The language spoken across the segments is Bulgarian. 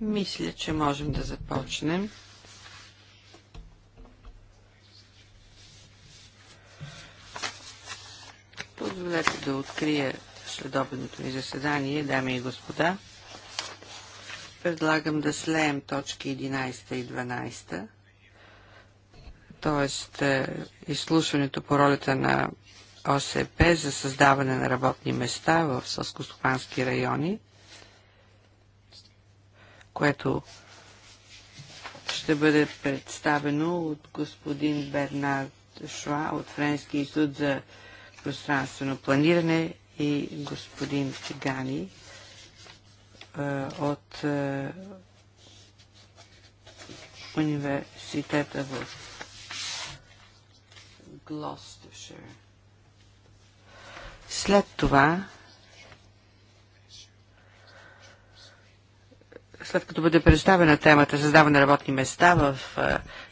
Мисля, че можем да започнем. Позволете да открия следобедното ни заседание, дами и господа. Предлагам да слеем точки 11 и 12, т.е. Е, изслушването по ролята на ОСП за създаване на работни места в сълскостопански райони, което ще бъде представено от господин Бернард Шуа от Френския институт за пространствено планиране и господин Тигани от университета в Gloucestershire. След това, след като бъде представена темата създаване на работни места в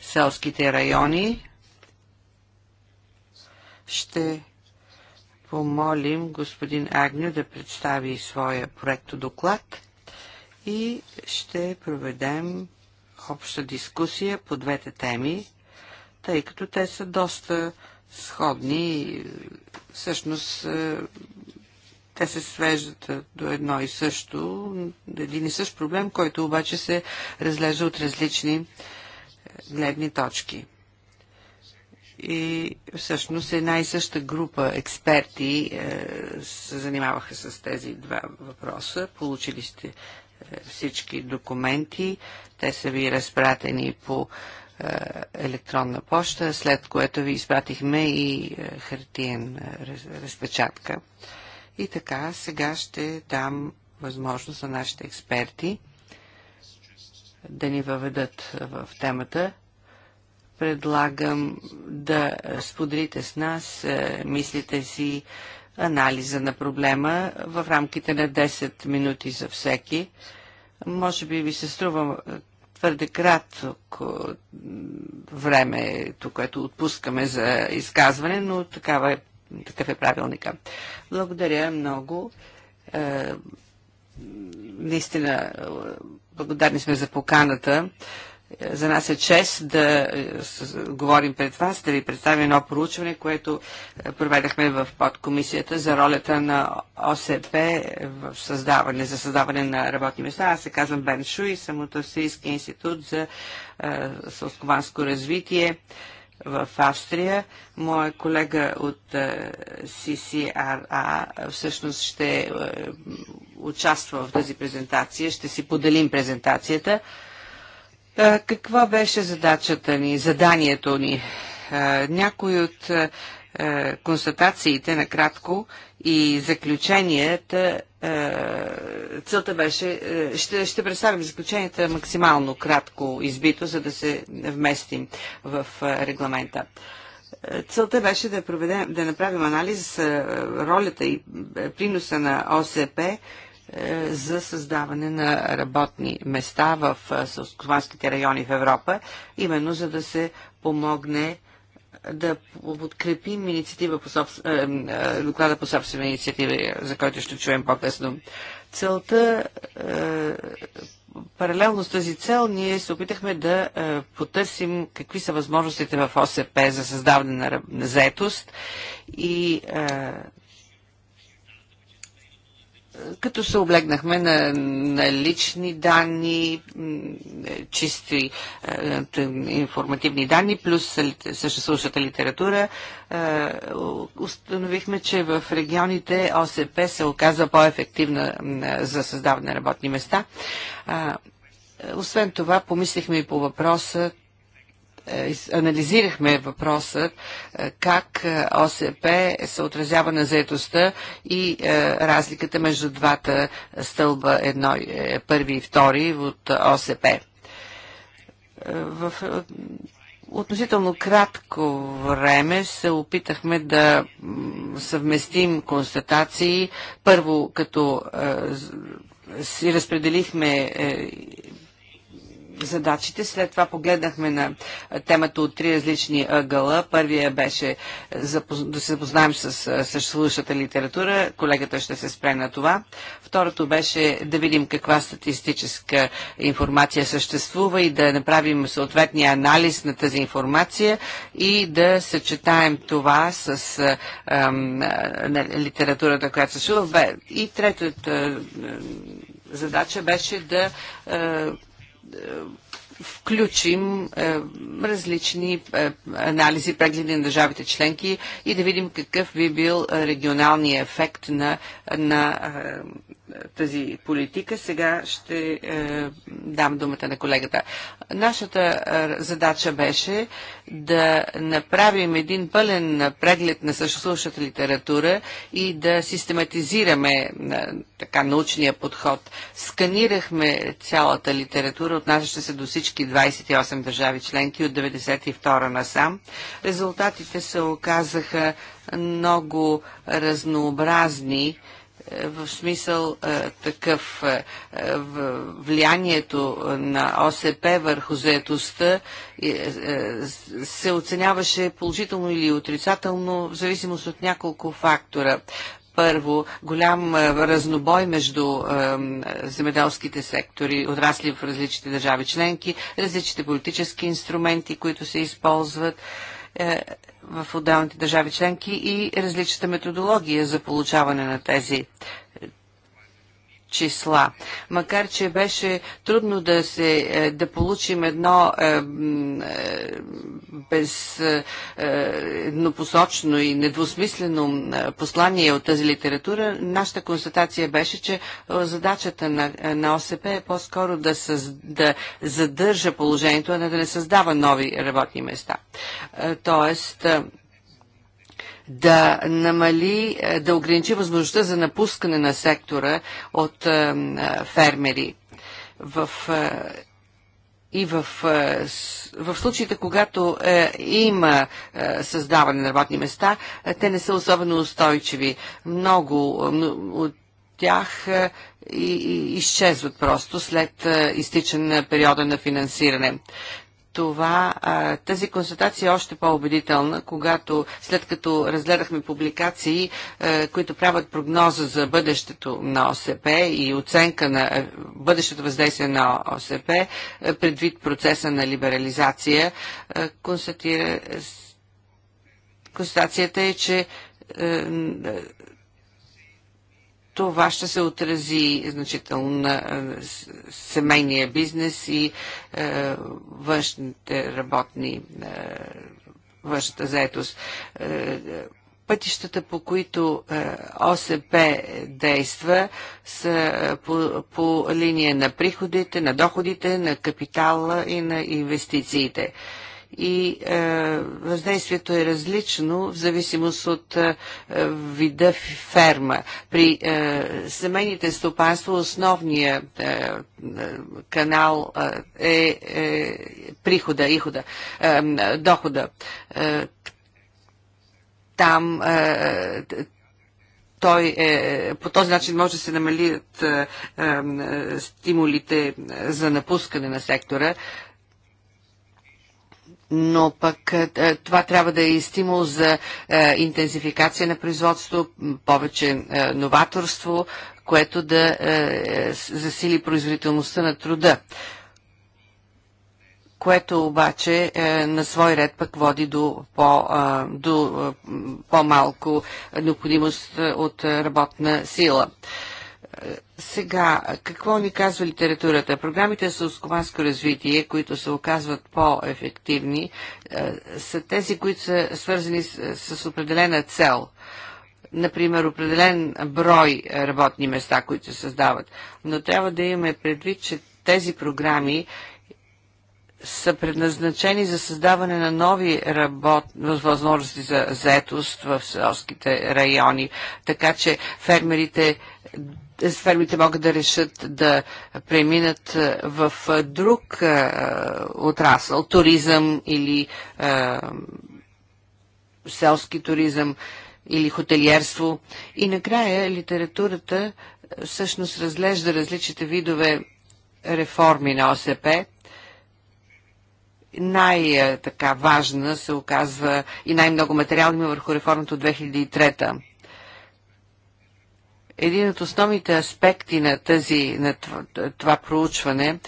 селските райони, ще помолим господин Агню да представи своя проектодоклад и ще проведем обща дискусия по двете теми, тъй като те са доста сходни. Всъщност е, те се свеждат до едно и също, един и същ проблем, който обаче се разглежда от различни е, гледни точки. И всъщност една и съща група експерти е, се занимаваха с тези два въпроса. Получили сте всички документи. Те са ви разпратени по е, електронна почта, след което ви изпратихме и е, хартиен е, разпечатка. И така, сега ще дам възможност на нашите експерти да ни въведат в темата. Предлагам да споделите с нас мислите си, анализа на проблема в рамките на 10 минути за всеки. Може би ви се струва твърде кратко времето, което отпускаме за изказване, но такава е, такъв е правилника. Благодаря много. Е, наистина, е, благодарни сме за поканата за нас е чест да е, говорим пред вас, да ви представим едно проучване, което е, проведахме в подкомисията за ролята на ОСП в създаване, за създаване на работни места. Аз се казвам Бен и съм от Австрийския институт за е, сълскованско развитие в Австрия. Моя колега от CCRA всъщност ще участва в тази презентация. Ще си поделим презентацията. Каква беше задачата ни, заданието ни? Някои от констатациите накратко и заключенията целта беше ще, ще представим заключенията максимално кратко избито, за да се вместим в регламента. Целта беше да, проведем, да направим анализ ролята и приноса на ОСП е, за създаване на работни места в е, селскостопанските райони в Европа, именно за да се помогне да подкрепим инициатива по собс... Е, доклада по собствена инициатива, за който ще чуем по-късно. Целта, паралелно с тази цел, ние се опитахме да потърсим какви са възможностите в ОСП за създаване на заетост и като се облегнахме на, на лични данни, е, чисти е, информативни данни, плюс съществуващата литература, е, установихме, че в регионите ОСП се оказа по-ефективна е, за създаване на работни места. Е, освен това, помислихме и по въпроса е, анализирахме въпроса е, как е, ОСП се отразява на заетостта и разликата между двата стълба, едно, първи и втори от ОСП. В относително кратко време се опитахме да съвместим констатации. Първо, като си разпределихме задачите. След това погледнахме на темата от три различни ъгъла. Първия беше да се запознаем с съществуващата литература. Колегата ще се спре на това. Второто беше да видим каква статистическа информация съществува и да направим съответния анализ на тази информация и да съчетаем това с ам, литературата, която съществува. И третата задача беше да включим е, различни е, анализи, прегледи на държавите членки и да видим какъв би бил регионалния ефект на, на е, тази политика. Сега ще е, дам думата на колегата. Нашата е, задача беше да направим един пълен преглед на съществуващата литература и да систематизираме е, така научния подход. Сканирахме цялата литература, отнасяща се до всички 28 държави членки от 92 насам. Резултатите се оказаха много разнообразни. Е, в смисъл е, такъв е, е, влиянието на ОСП върху заетостта се оценяваше положително или отрицателно в зависимост от няколко фактора първо голям разнобой между земеделските сектори, отрасли в различните държави членки, различните политически инструменти, които се използват в отделните държави членки и различната методология за получаване на тези числа. Макар, че беше трудно да, се, е, да получим едно е, е без е, е, еднопосочно и недвусмислено послание от тази литература, нашата констатация беше, че задачата на, на ОСП е по-скоро да, съз, да задържа положението, а не да не създава нови работни места. Тоест, да намали, е, да ограничи възможността за напускане на сектора от е, е, фермери. В и в, в случаите, когато има създаване на работни места, те не са особено устойчиви. Много от тях и, изчезват просто след изтичане на периода на финансиране това, тази констатация е още по-убедителна, когато след като разгледахме публикации, които правят прогноза за бъдещето на ОСП и оценка на бъдещето въздействие на ОСП, предвид процеса на либерализация, констатира, констатацията е, че това ще се отрази значително на е, семейния бизнес и е, външните работни, е, външната заетост. пътищата, по които ОСП действа, са по, по линия на приходите, на доходите, на капитала и на инвестициите и е, въздействието е различно в зависимост от е, вида ферма. При е, семейните стопанства основният е, е, канал е, е прихода, ихода, е, дохода. Е, там е, той е, по този начин може да се намалят е, е, стимулите за напускане на сектора но пък е, е, това трябва да е и стимул за е, интензификация на производство, повече новаторство, което да засили производителността на труда което обаче е, на свой ред пък води до, по, е, до е, по-малко необходимост от работна сила. Е, сега, какво ни казва литературата? Програмите за селскоманско развитие, които се оказват по-ефективни, е, са тези, които са свързани с, с определена цел например, определен брой работни места, които се създават. Но трябва да имаме предвид, че тези програми са предназначени за създаване на нови работ... възможности за заетост в селските райони, така че фермерите е, фермите могат да решат да преминат е, в е, друг отрасъл, туризъм или селски туризъм или хотелиерство. И накрая литературата всъщност разглежда различните видове реформи на ОСП. Най-така важна се оказва и най-много материал има върху реформата от 2003. Един от основните аспекти на, тази, на това, това проучване е,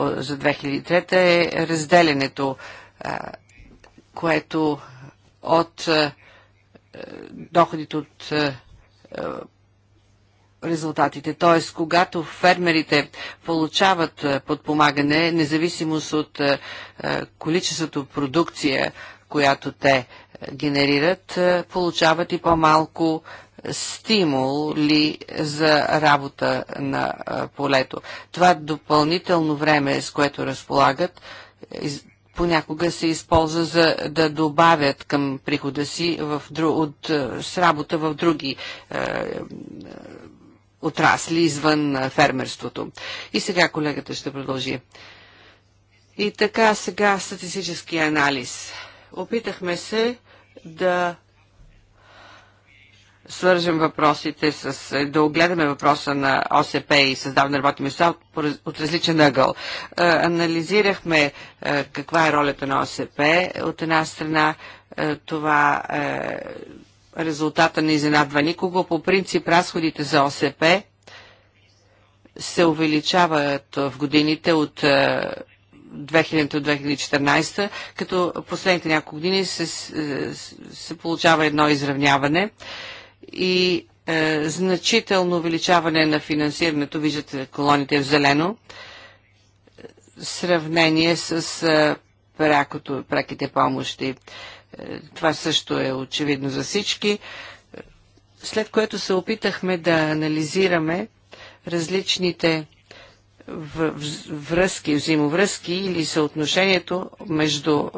за 2003 е разделянето, е, което от е, доходите от резултатите. Т.е. когато фермерите получават подпомагане, независимост от количеството продукция, която те генерират, получават и по-малко стимул ли за работа на полето. Това допълнително време, с което разполагат, понякога се използва за да добавят към прихода си в, от, с работа в други е, отрасли извън фермерството. И сега колегата ще продължи. И така сега статистически анализ. Опитахме се да свържем въпросите с... Е, да огледаме въпроса на ОСП и създаване на работни места от, от различен ъгъл. Е, анализирахме е, каква е ролята на ОСП. От една страна това е резултата не изненадва никого. По принцип разходите за ОСП се увеличават в годините от 2000-2014, като последните няколко години се, се получава едно изравняване и е, значително увеличаване на финансирането, виждате колоните в зелено, в сравнение с е, прякото, праките помощи. Е, това също е очевидно за всички. Е, след което се опитахме да анализираме различните връзки, взаимовръзки или съотношението между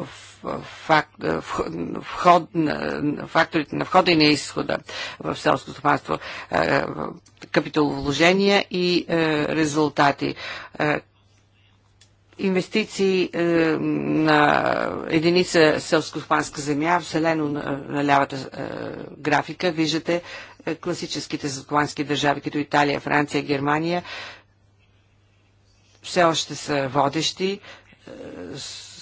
вход, факторите на входа и на изхода в селското стопанство, е, капиталовложения и е, резултати е, инвестиции е, на единица селско-стопанска земя, вселено на, на лявата е, графика, виждате е, класическите селскостопански държави, като Италия, Франция, Германия, все още са водещи. Е, с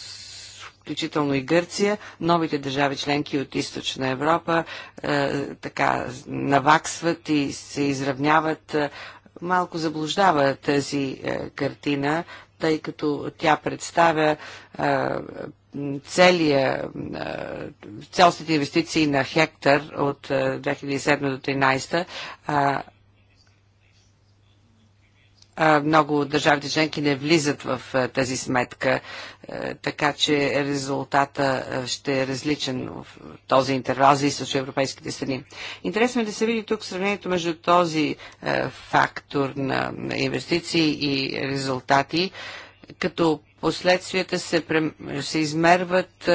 включително и Гърция, новите държави членки от източна Европа е, така наваксват и се изравняват. Е, малко заблуждава тази е, картина, тъй като тя представя е, целия, е, цялостните инвестиции на хектар от 2007 е, до 2013, много от държавите членки не влизат в тази сметка, така че резултата ще е различен в този интервал за европейските страни. Интересно е да се види тук сравнението между този фактор на инвестиции и резултати, като последствията се, се измерват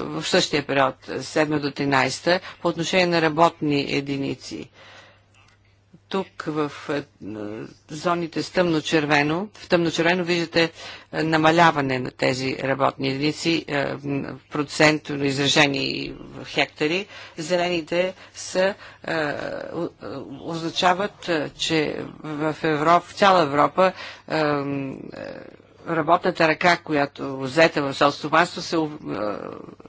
в същия период, 7 до 13, по отношение на работни единици тук в е, зоните с тъмно-червено, в тъмно-червено виждате е, намаляване на тези работни единици, е, процентно изражени в хектари. Зелените са, означават, че в Европа, в цяла Европа работната ръка, която взета в селстоманство, се е,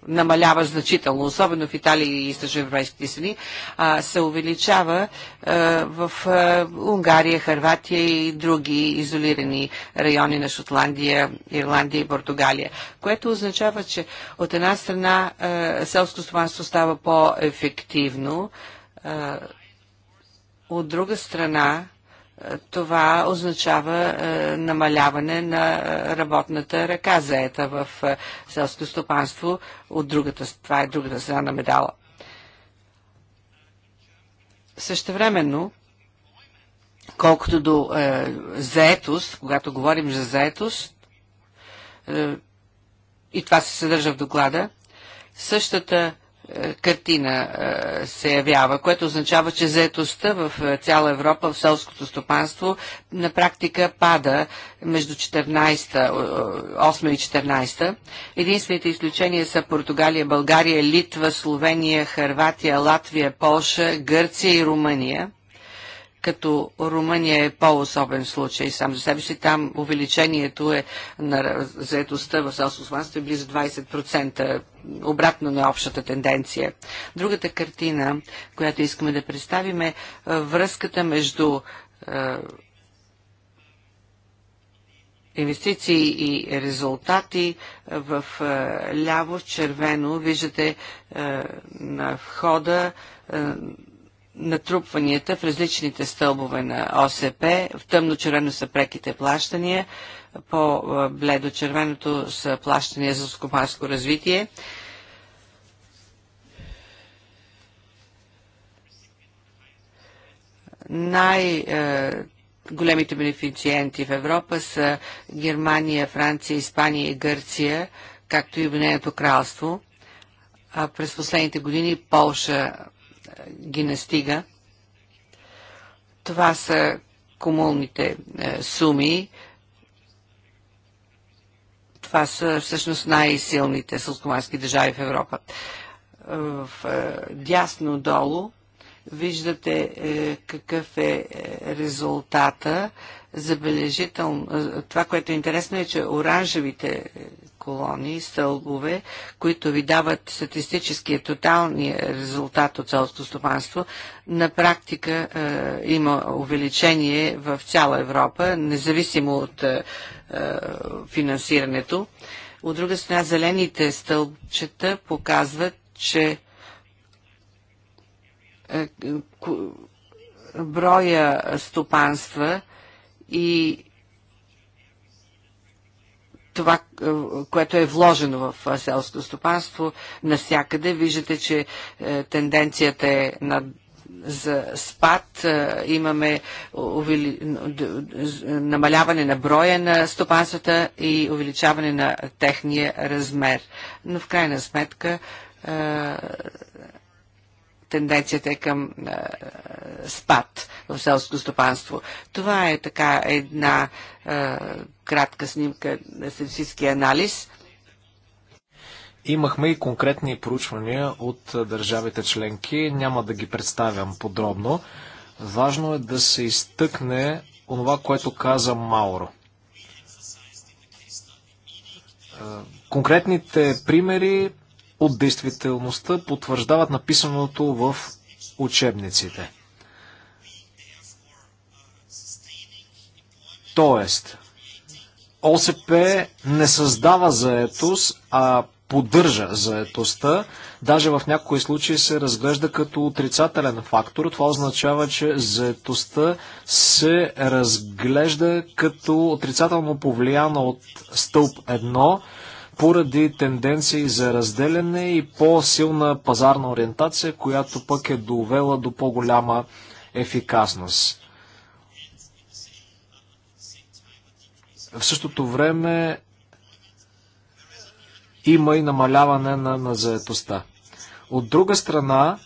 намалява значително, особено в Италия и източноевропейските страни, а се увеличава е, в е, Унгария, Харватия и други изолирани райони на Шотландия, Ирландия и Португалия, което означава, че от една страна е, става по-ефективно, е, от друга страна това означава е, намаляване на е, работната ръка заета в е, стопанство. От другата, това е другата страна на медала. Същевременно, колкото до е, заетост, когато говорим за заетост, е, и това се съдържа в доклада, същата картина е, се явява, което означава, че заетостта в е, цяла Европа в селското стопанство на практика пада между 8 и 14. Единствените изключения са Португалия, България, Литва, Словения, Харватия, Латвия, Полша, Гърция и Румъния като Румъния е по-особен случай сам за себе си. Там увеличението е на заедостта в селско е близо 20%, обратно на общата тенденция. Другата картина, която искаме да представим е връзката между инвестиции и резултати в ляво, червено, виждате е, на входа е, натрупванията в различните стълбове на ОСП. В тъмно-червено са преките плащания, по-бледо-червеното са плащания за скопанско развитие. Най- е, големите бенефициенти в Европа са Германия, Франция, Испания и Гърция, както и Обединеното кралство. А през последните години Полша ги настига. Това са комулните е, суми. Това са всъщност най-силните сълскомански държави в Европа. Е, в е, дясно долу виждате какъв е резултата. Забележително. Това, което е интересно е, че оранжевите колони, стълбове, които ви дават статистическия тоталния резултат от селското стопанство, на практика е, има увеличение в цяла Европа, независимо от е, е финансирането. От друга страна, зелените стълбчета показват, че е, броя стопанства и това, е, което е вложено в е, селското стопанство. Насякъде виждате, че е, тенденцията е на за спад, имаме увели... намаляване на броя на стопанствата и увеличаване на техния размер. Но в крайна сметка тенденцията е към е, спад в селското стопанство. Това е така една е, кратка снимка на статистически анализ. Имахме и конкретни проучвания от е, държавите членки. Няма да ги представям подробно. Важно е да се изтъкне онова, което каза Мауро. Е, конкретните примери от действителността потвърждават написаното в учебниците. Тоест, ОСП не създава заетост, а поддържа заетостта. Даже в някои случаи се разглежда като отрицателен фактор. Това означава, че заетостта се разглежда като отрицателно повлияна от стълб поради тенденции за разделяне и по-силна пазарна ориентация, която пък е довела до по-голяма ефикасност. В същото време има и намаляване на, на заетостта. От друга страна,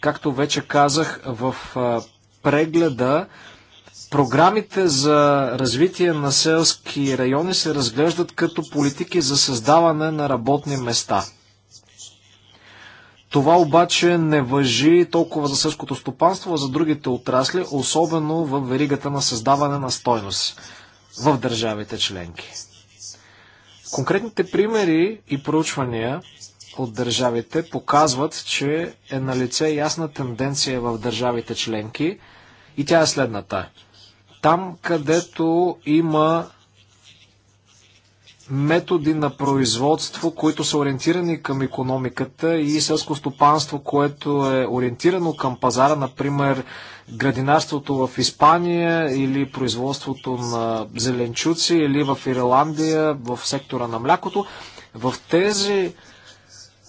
както вече казах, в прегледа Програмите за развитие на селски райони се разглеждат като политики за създаване на работни места. Това обаче не въжи толкова за сърското стопанство, а за другите отрасли, особено в веригата на създаване на стойност в държавите членки. Конкретните примери и проучвания от държавите показват, че е на лице ясна тенденция в държавите членки и тя е следната – там, където има методи на производство, които са ориентирани към економиката и селско стопанство, което е ориентирано към пазара, например градинарството в Испания или производството на зеленчуци или в Ирландия в сектора на млякото. В тези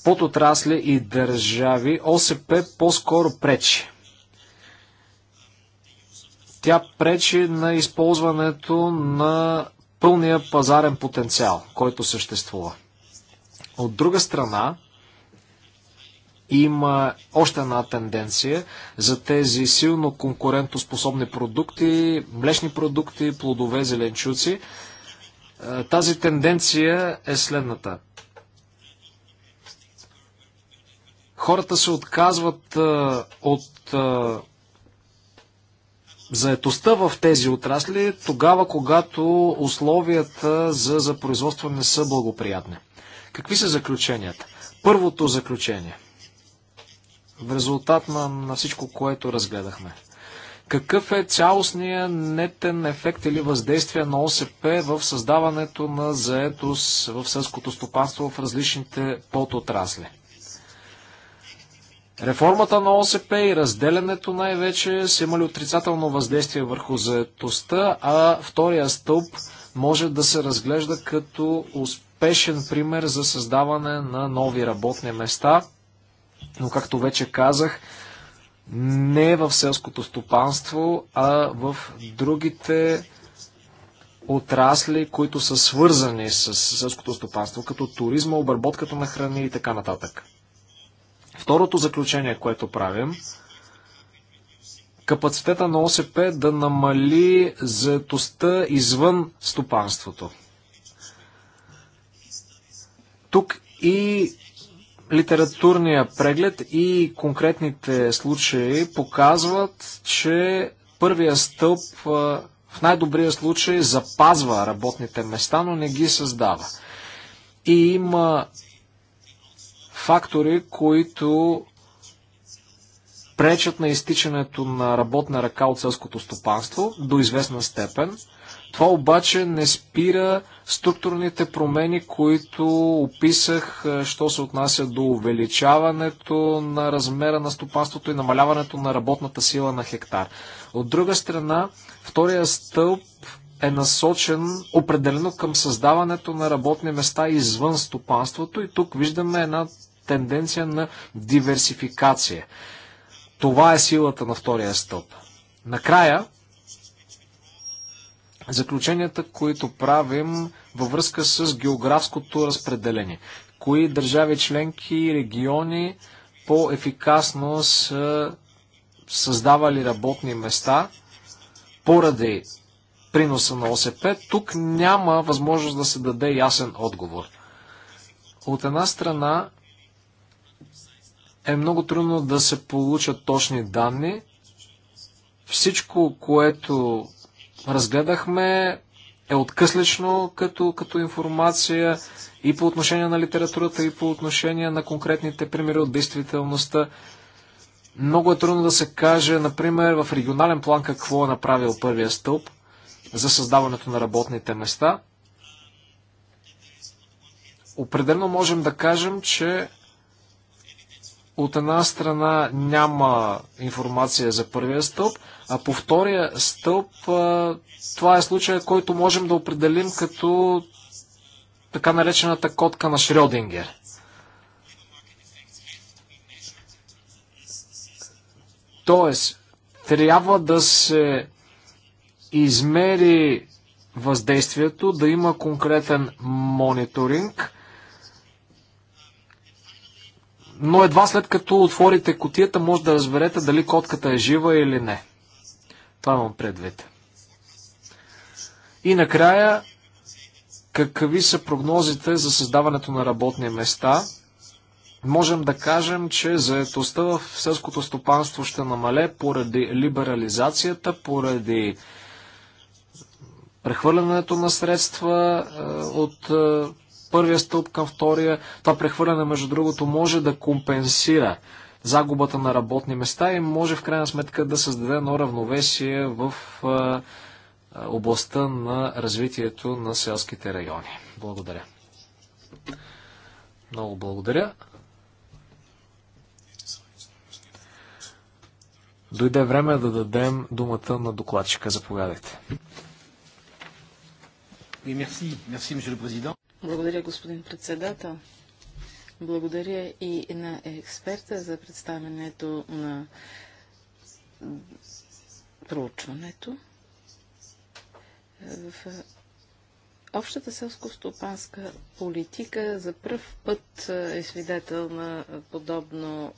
подотрасли и държави ОСП по-скоро пречи. Тя пречи на използването на пълния пазарен потенциал, който съществува. От друга страна, има още една тенденция за тези силно конкурентоспособни продукти, млечни продукти, плодове, зеленчуци. Е, тази тенденция е следната. Хората се отказват е, от е, заетостта в тези отрасли, тогава когато условията за, за производство не са благоприятни. Какви са заключенията? Първото заключение. В резултат на, на всичко, което разгледахме. Какъв е цялостният нетен ефект или въздействие на ОСП в създаването на заетост в сълското стопанство в различните подотрасли? Реформата на ОСП и разделянето най-вече са имали отрицателно въздействие върху заетостта, а втория стълб може да се разглежда като успешен пример за създаване на нови работни места, но както вече казах, не в селското стопанство, а в другите отрасли, които са свързани с селското стопанство, като туризма, обработката на храни и така нататък. Второто заключение, което правим, капацитета на ОСП да намали заетостта извън стопанството. Тук и литературния преглед и конкретните случаи показват, че първия стълб в най-добрия случай запазва работните места, но не ги създава. И има фактори, които пречат на изтичането на работна ръка от селското стопанство до известна степен. Това обаче не спира структурните промени, които описах, е, що се отнася до увеличаването на размера на стопанството и намаляването на работната сила на хектар. От друга страна, втория стълб е насочен определено към създаването на работни места извън стопанството и тук виждаме една тенденция на диверсификация. Това е силата на втория стълб. Накрая, заключенията, които правим във връзка с географското разпределение. Кои държави членки и региони по-ефикасно са създавали работни места поради приноса на ОСП, тук няма възможност да се даде ясен отговор. От една страна е много трудно да се получат точни данни. Всичко, което разгледахме, е откъслично като, като информация и по отношение на литературата, и по отношение на конкретните примери от действителността. Много е трудно да се каже, например, в регионален план какво е направил първия стълб за създаването на работните места. Определено можем да кажем, че от една страна няма информация за първия стълб, а по втория стълб това е случая, който можем да определим като така наречената котка на Шрёдингер. Тоест, трябва да се измери въздействието, да има конкретен мониторинг но едва след като отворите котията, може да разберете дали котката е жива или не. Това имам предвид. И накрая, какви са прогнозите за създаването на работни места? Можем да кажем, че заетостта в селското стопанство ще намале поради либерализацията, поради прехвърлянето на средства е, от е, първия стълб към втория. Това прехвърляне, между другото, може да компенсира загубата на работни места и може в крайна сметка да създаде едно равновесие в областта на развитието на селските райони. Благодаря. Много благодаря. Дойде време да дадем думата на докладчика. Заповядайте. Благодаря, господин председател. Благодаря и на експерта за представянето на проучването. В общата селско-стопанска политика за пръв път е свидетел на подобно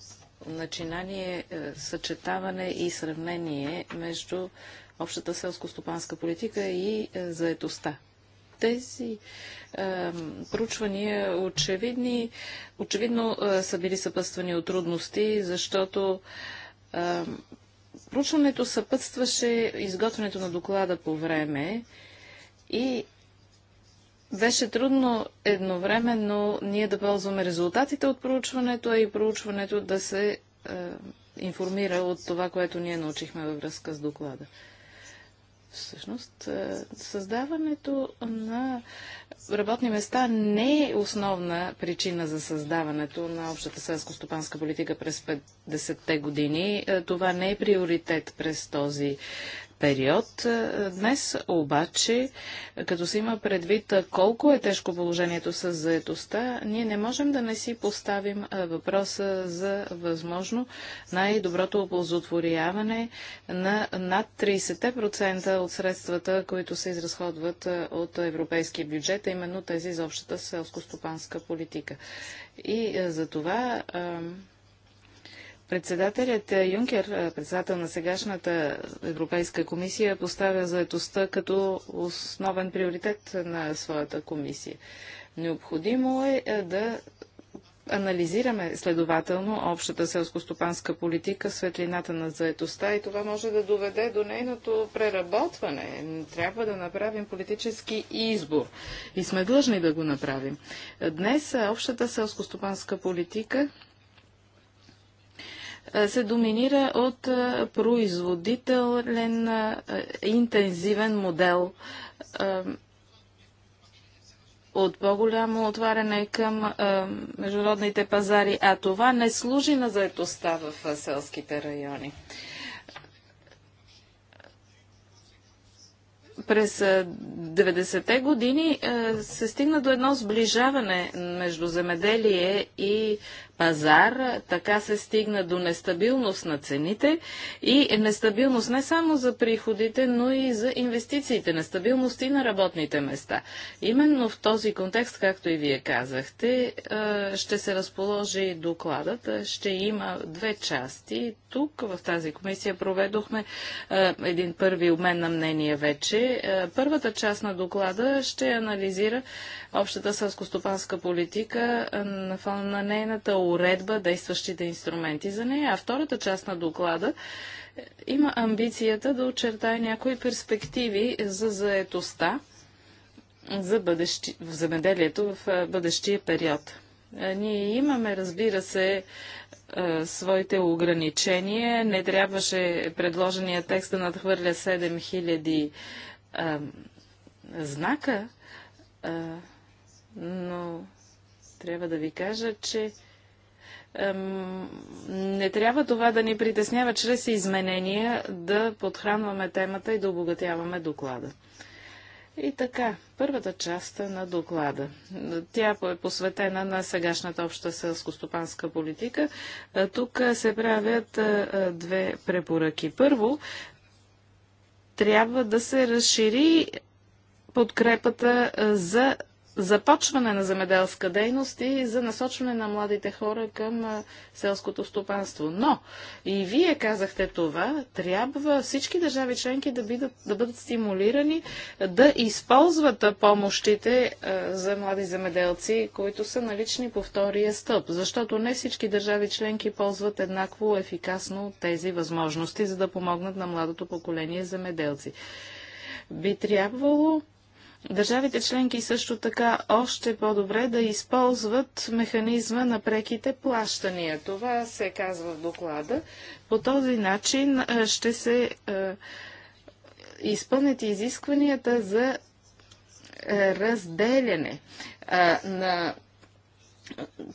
начинание, е, съчетаване и сравнение между общата селско-стопанска политика и е, заетостта тези проучвания очевидни, очевидно са били съпътствани от трудности, защото проучването съпътстваше изготвянето на доклада по време и беше трудно едновременно ние да ползваме резултатите от проучването, а и проучването да се информира от това, което ние научихме във връзка с доклада. Всъщност, е, създаването на работни места не е основна причина за създаването на общата селско-стопанска политика през 50-те години. Е, това не е приоритет през този период. Днес обаче, като се има предвид колко е тежко положението с заедостта, ние не можем да не си поставим въпроса за възможно най-доброто оползотворяване на над 30% от средствата, които се изразходват от европейския бюджет, а именно тези за общата селско-стопанска политика. И за това Председателят е, Юнкер, е, председател на сегашната Европейска комисия, поставя заетостта като основен приоритет на своята комисия. Необходимо е, е да анализираме следователно общата селскостопанска политика, светлината на заетостта и това може да доведе до нейното преработване. Трябва да направим политически избор и сме длъжни да го направим. Днес общата селскостопанска политика се доминира от производителен интензивен модел от по-голямо отваряне към международните пазари, а това не служи на заетостта в селските райони. през 90-те години се стигна до едно сближаване между земеделие и пазар, така се стигна до нестабилност на цените и нестабилност не само за приходите, но и за инвестициите, нестабилност и на работните места. Именно в този контекст, както и вие казахте, ще се разположи докладът. Ще има две части. Тук в тази комисия проведохме един първи обмен на мнение вече. Първата част на доклада ще анализира общата сълскостопанска политика на фона на нейната уредба, действащите инструменти за нея. А втората част на доклада е, има амбицията да очертае някои перспективи за заетостта за бъдещи, в земеделието в е, бъдещия период. Е, ние имаме, разбира се, своите ограничения. Не трябваше предложения текст да надхвърля 7000 а, знака, а, но трябва да ви кажа, че не трябва това да ни притеснява чрез изменения да подхранваме темата и да обогатяваме доклада. И така, първата част на доклада. Тя е посветена на сегашната обща сълско-стопанска политика. Е, тук се правят е, е, две препоръки. Първо, трябва да се разшири подкрепата за започване на земеделска дейност и за насочване на младите хора към селското стопанство. Но и вие казахте това, трябва всички държави членки да, бидат, да бъдат стимулирани да използват помощите за млади земеделци, които са налични по втория стъп, защото не всички държави членки ползват еднакво ефикасно тези възможности, за да помогнат на младото поколение земеделци. Би трябвало Държавите членки също така още по-добре да използват механизма на преките плащания. Това се казва в доклада. По този начин ще се изпълнят изискванията за разделяне на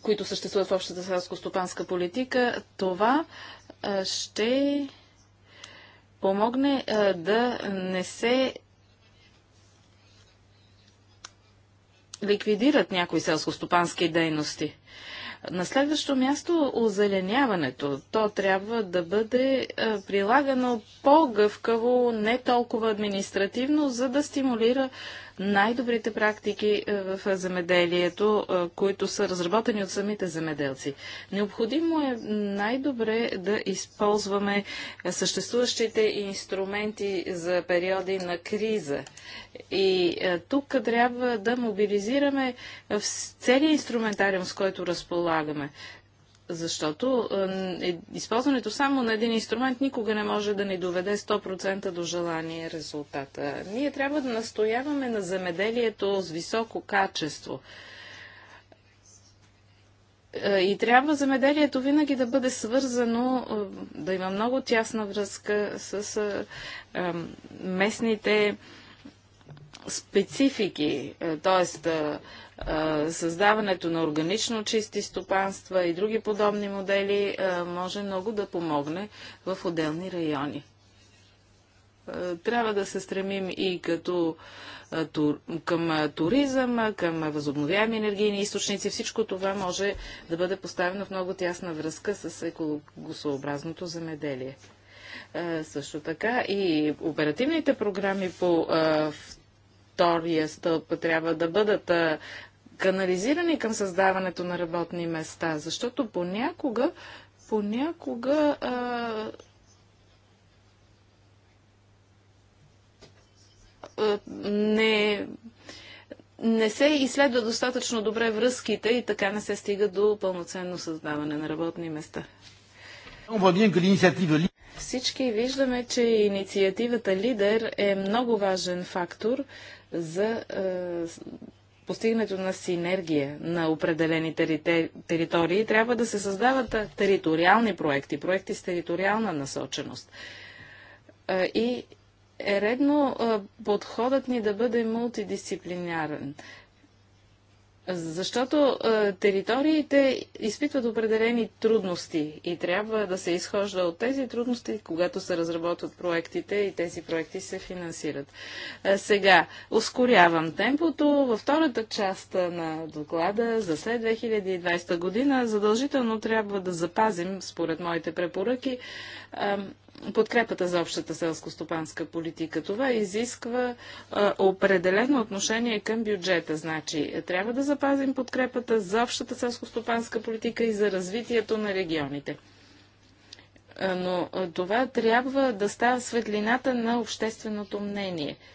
които съществуват в общата селско-стопанска политика, това ще помогне да не се ликвидират някои селско-стопански дейности. На следващо място озеленяването. То трябва да бъде прилагано по-гъвкаво, не толкова административно, за да стимулира най-добрите практики е, в земеделието, е, които са разработени от самите земеделци. Необходимо е най-добре да използваме съществуващите инструменти за периоди на криза. И е, тук трябва да мобилизираме целият инструментариум, с който разполагаме. Защото е, е, използването само на един инструмент никога не може да ни доведе 100% до желания резултата. Ние трябва да настояваме на замеделието с високо качество. Е, и трябва замеделието винаги да бъде свързано, е, да има много тясна връзка с местните специфики, т.е създаването на органично чисти стопанства и други подобни модели може много да помогне в отделни райони. Трябва да се стремим и като към туризъм, към възобновяеми енергийни източници. Всичко това може да бъде поставено в много тясна връзка с екологосообразното земеделие. Също така и оперативните програми по втория стълб трябва да бъдат канализирани към създаването на работни места, защото понякога, понякога а, не, не се изследва достатъчно добре връзките и така не се стига до пълноценно създаване на работни места. Всички виждаме, че инициативата Лидер е много важен фактор за е, постигането на синергия на определени територии, трябва да се създават териториални проекти, проекти с териториална насоченост. И е редно подходът ни да бъде мултидисциплинарен. Защото е, териториите изпитват определени трудности и трябва да се изхожда от тези трудности, когато се разработват проектите и тези проекти се финансират. Е, сега, ускорявам темпото. Във втората част на доклада за след 2020 година задължително трябва да запазим, според моите препоръки, е, подкрепата за общата селско-стопанска политика. Това изисква а, определено отношение към бюджета. Значи, трябва да запазим подкрепата за общата селско-стопанска политика и за развитието на регионите. но а, това трябва да става светлината на общественото мнение –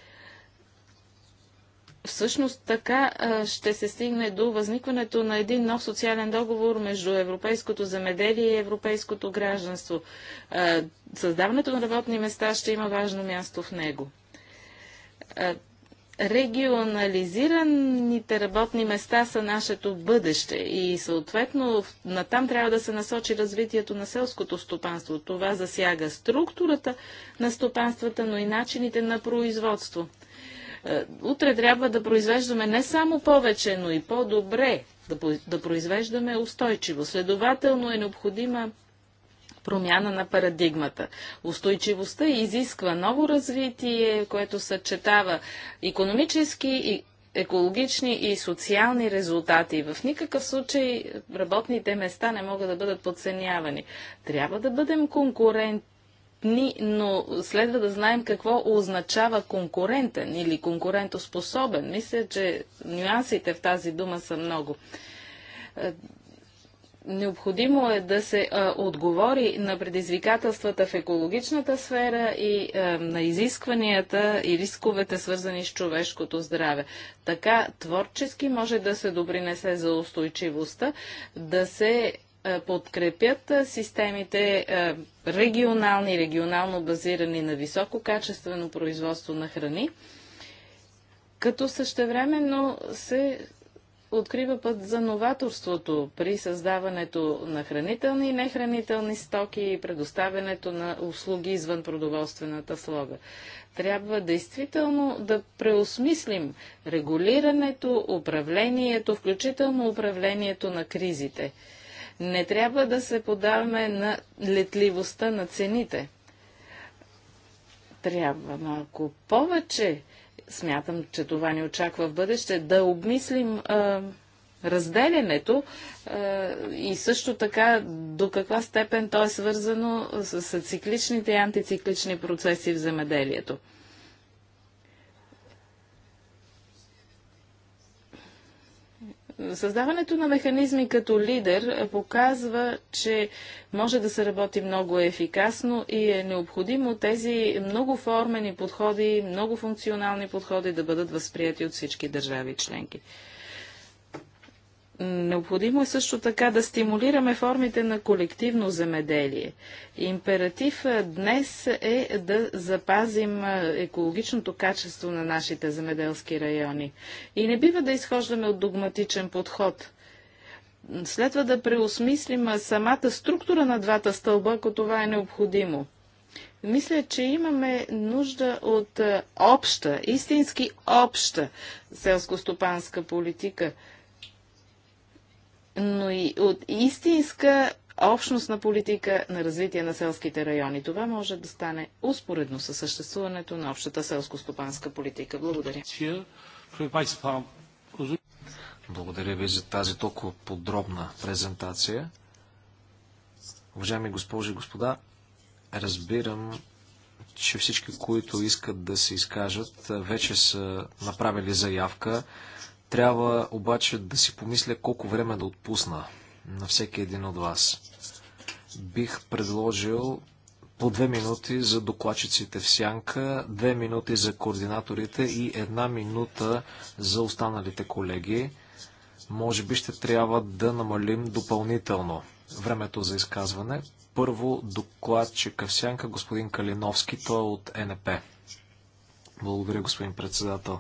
Всъщност така ще се стигне до възникването на един нов социален договор между европейското земеделие и европейското гражданство. Създаването на работни места ще има важно място в него регионализираните работни места са нашето бъдеще и съответно натам трябва да се насочи развитието на селското стопанство. Това засяга структурата на стопанствата, но и начините на производство. Е, утре трябва да произвеждаме не само повече, но и по-добре, да, да произвеждаме устойчиво. Следователно е необходима промяна на парадигмата. Устойчивостта изисква ново развитие, което съчетава економически и екологични и социални резултати. В никакъв случай работните места не могат да бъдат подценявани. Трябва да бъдем конкурентни ни, но следва да знаем какво означава конкурентен или конкурентоспособен. Мисля, че нюансите в тази дума са много. Е, необходимо е да се а, е, отговори на предизвикателствата в екологичната сфера и а, е, на изискванията и рисковете, свързани с човешкото здраве. Така творчески може да се допринесе за устойчивостта, да се е, подкрепят е, системите е, регионални, регионално базирани на висококачествено производство на храни, като същевременно се открива път за новаторството при създаването на хранителни и нехранителни стоки и предоставянето на услуги извън продоволствената слога. Трябва действително да преосмислим регулирането, управлението, включително управлението на кризите – не трябва да се подаваме на летливостта на цените. Трябва малко повече, смятам, че това ни очаква в бъдеще, да обмислим а, разделянето а, и също така до каква степен то е свързано с, с цикличните и антициклични процеси в земеделието. Създаването на механизми като лидер показва, че може да се работи много ефикасно и е необходимо тези многоформени подходи, много функционални подходи да бъдат възприяти от всички държави членки. Необходимо е също така да стимулираме формите на колективно земеделие. Императив днес е да запазим екологичното качество на нашите земеделски райони. И не бива да изхождаме от догматичен подход. Следва да преосмислим самата структура на двата стълба, ако това е необходимо. Мисля, че имаме нужда от обща, истински обща селско-стопанска политика – но и от истинска общностна политика на развитие на селските райони. Това може да стане успоредно със съществуването на общата селско-стопанска политика. Благодаря. Благодаря ви за тази толкова подробна презентация. Уважаеми госпожи и господа, разбирам, че всички, които искат да се изкажат, вече са направили заявка. Трябва обаче да си помисля колко време да отпусна на всеки един от вас. Бих предложил по две минути за докладчиците в сянка, две минути за координаторите и една минута за останалите колеги. Може би ще трябва да намалим допълнително времето за изказване. Първо докладчика в сянка господин Калиновски, той е от НП. Благодаря, господин председател.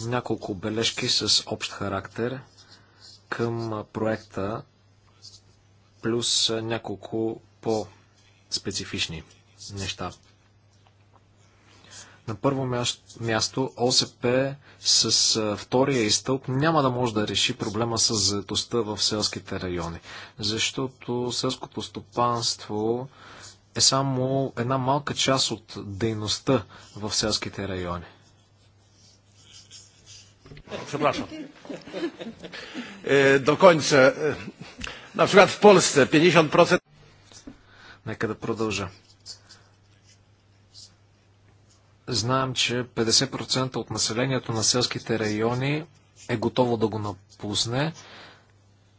Няколко бележки с общ характер към проекта, плюс няколко по-специфични неща. На първо място ОСП с втория изтълб няма да може да реши проблема с заедостта в селските райони, защото селското стопанство е само една малка част от дейността в селските райони. Przepraszam. E, do końca. E, na przykład w Polsce 50%. Нека да продължа. Знаем, че 50% от населението на селските райони е готово да го напусне.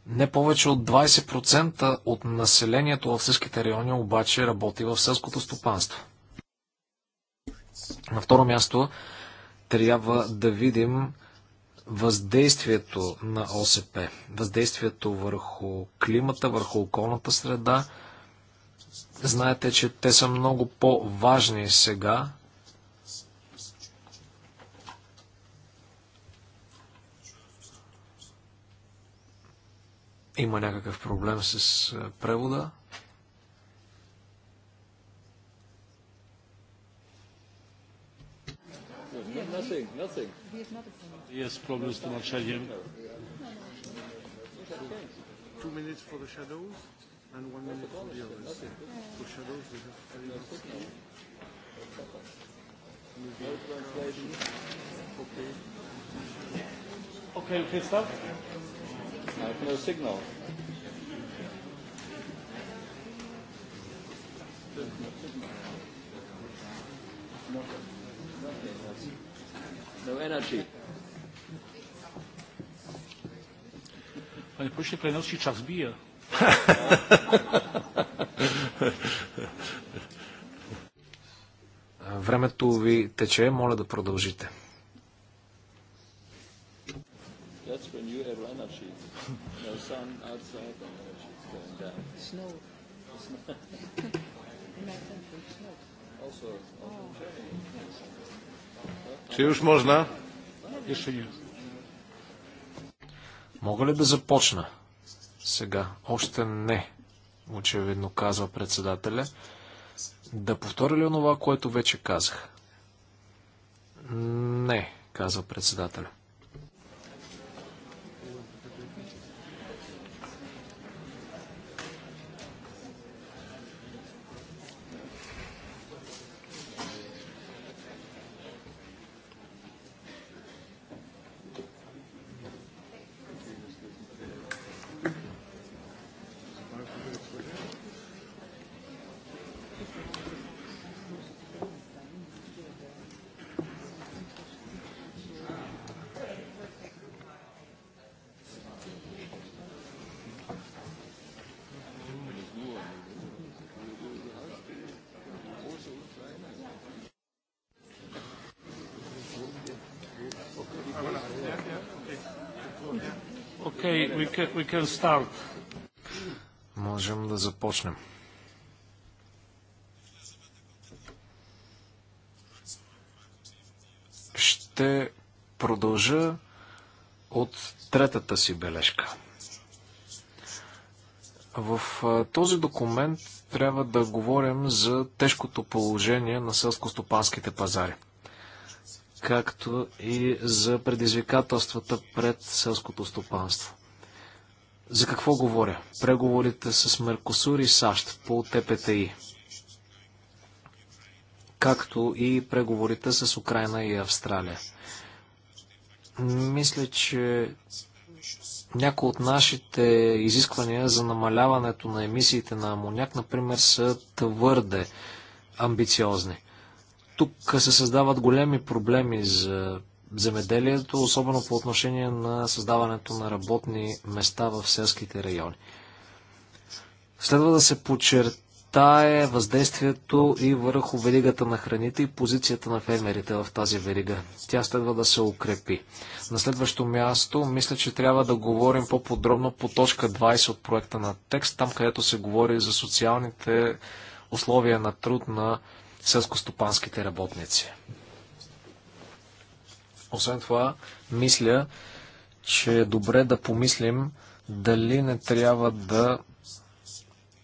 Не повече от 20% от населението в селските райони обаче работи в селското стопанство. На второ място трябва да видим въздействието на ОСП, въздействието върху климата, върху околната среда. Знаете, че те са много по-важни сега. Има някакъв проблем с превода. Nothing, nothing. Jest problem z tłumaczeniem. Two minutes for the shadows and one minute for the others. For shadows we have three minutes. Okay. Okay, okay, stop. I have no signal. wyśle kolejności czas bije. Времето ви тече, моля да продължите. That's when you have energy. No sun outside and energy is going down. Snow. Also, also Czy już można? Jeszcze nie. Мога ли да започна? Сега. Още не, очевидно казва председателя. Да повторя ли онова, което вече казах? Не, казва председателя. we can start. Можем да започнем. Ще продължа от третата си бележка. В този документ трябва да говорим за тежкото положение на селско-стопанските пазари, както и за предизвикателствата пред селското стопанство. За какво говоря? Преговорите с Меркосур и САЩ по ТПТИ, както и преговорите с Украина и Австралия. Мисля, че някои от нашите изисквания за намаляването на емисиите на амоняк, например, са твърде амбициозни. Тук се създават големи проблеми за земеделието, особено по отношение на създаването на работни места в селските райони. Следва да се подчертае въздействието и върху веригата на храните и позицията на фермерите в тази верига. Тя следва да се укрепи. На следващо място, мисля, че трябва да говорим по-подробно по точка 20 от проекта на текст, там където се говори за социалните условия на труд на селскостопанските работници. Освен това, мисля, че е добре да помислим дали не трябва да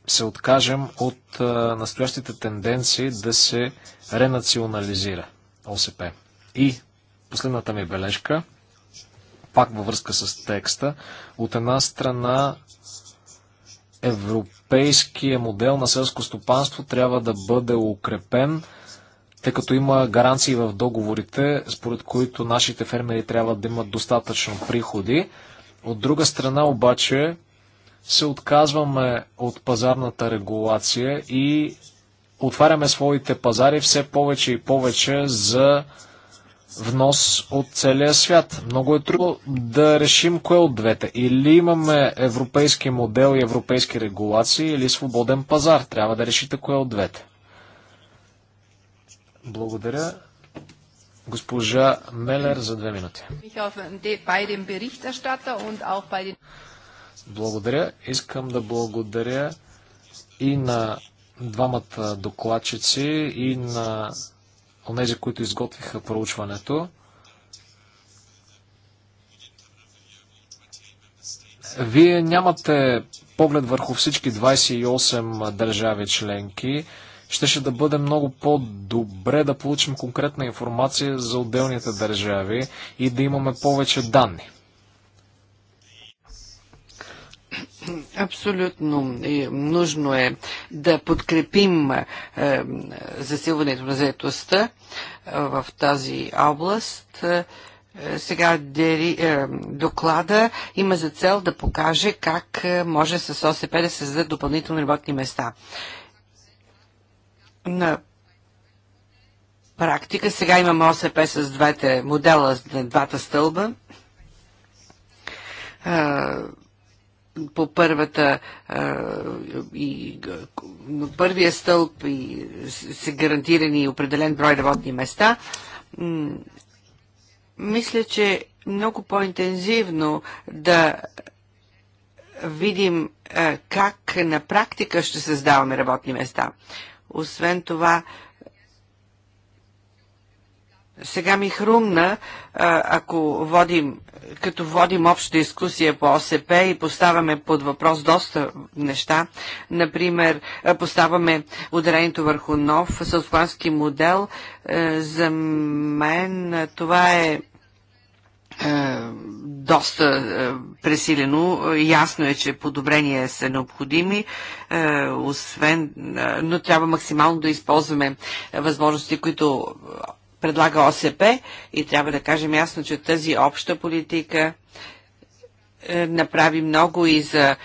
се откажем от настоящите тенденции да се ренационализира ОСП. И последната ми бележка, пак във връзка с текста, от една страна европейския модел на селско стопанство трябва да бъде укрепен, тъй като има гаранции в договорите, според които нашите фермери трябва да имат достатъчно приходи. От друга страна обаче се отказваме от пазарната регулация и отваряме своите пазари все повече и повече за внос от целия свят. Много е трудно да решим кое от двете. Или имаме европейски модел и европейски регулации, или свободен пазар. Трябва да решите кое от двете. Благодаря. Госпожа Мелер за две минути. Благодаря. Искам да благодаря и на двамата докладчици и на онези, които изготвиха проучването. Вие нямате поглед върху всички 28 държави членки. Щеше да бъде много по-добре да получим конкретна информация за отделните държави и да имаме повече данни. Абсолютно нужно е да подкрепим е, засилването на заетостта е, в тази област. Е, сега дери, е, доклада има за цел да покаже как е, може с ОСП да създадат допълнителни работни места. Е, на практика. Сега имаме ОСП с двете модела, на двата стълба. По първата и първия стълб и се гарантирани определен брой работни места. Мисля, че много по-интензивно да видим как на практика ще създаваме работни места. Освен това, сега ми хрумна, ако водим, като водим обща дискусия по ОСП и поставяме под въпрос доста неща, например, поставяме ударението върху нов селсклански модел, за мен това е е, доста е, пресилено. Ясно е, че подобрения са необходими, е, освен, но трябва максимално да използваме възможности, които предлага ОСП и трябва да кажем ясно, че тази обща политика направи много и за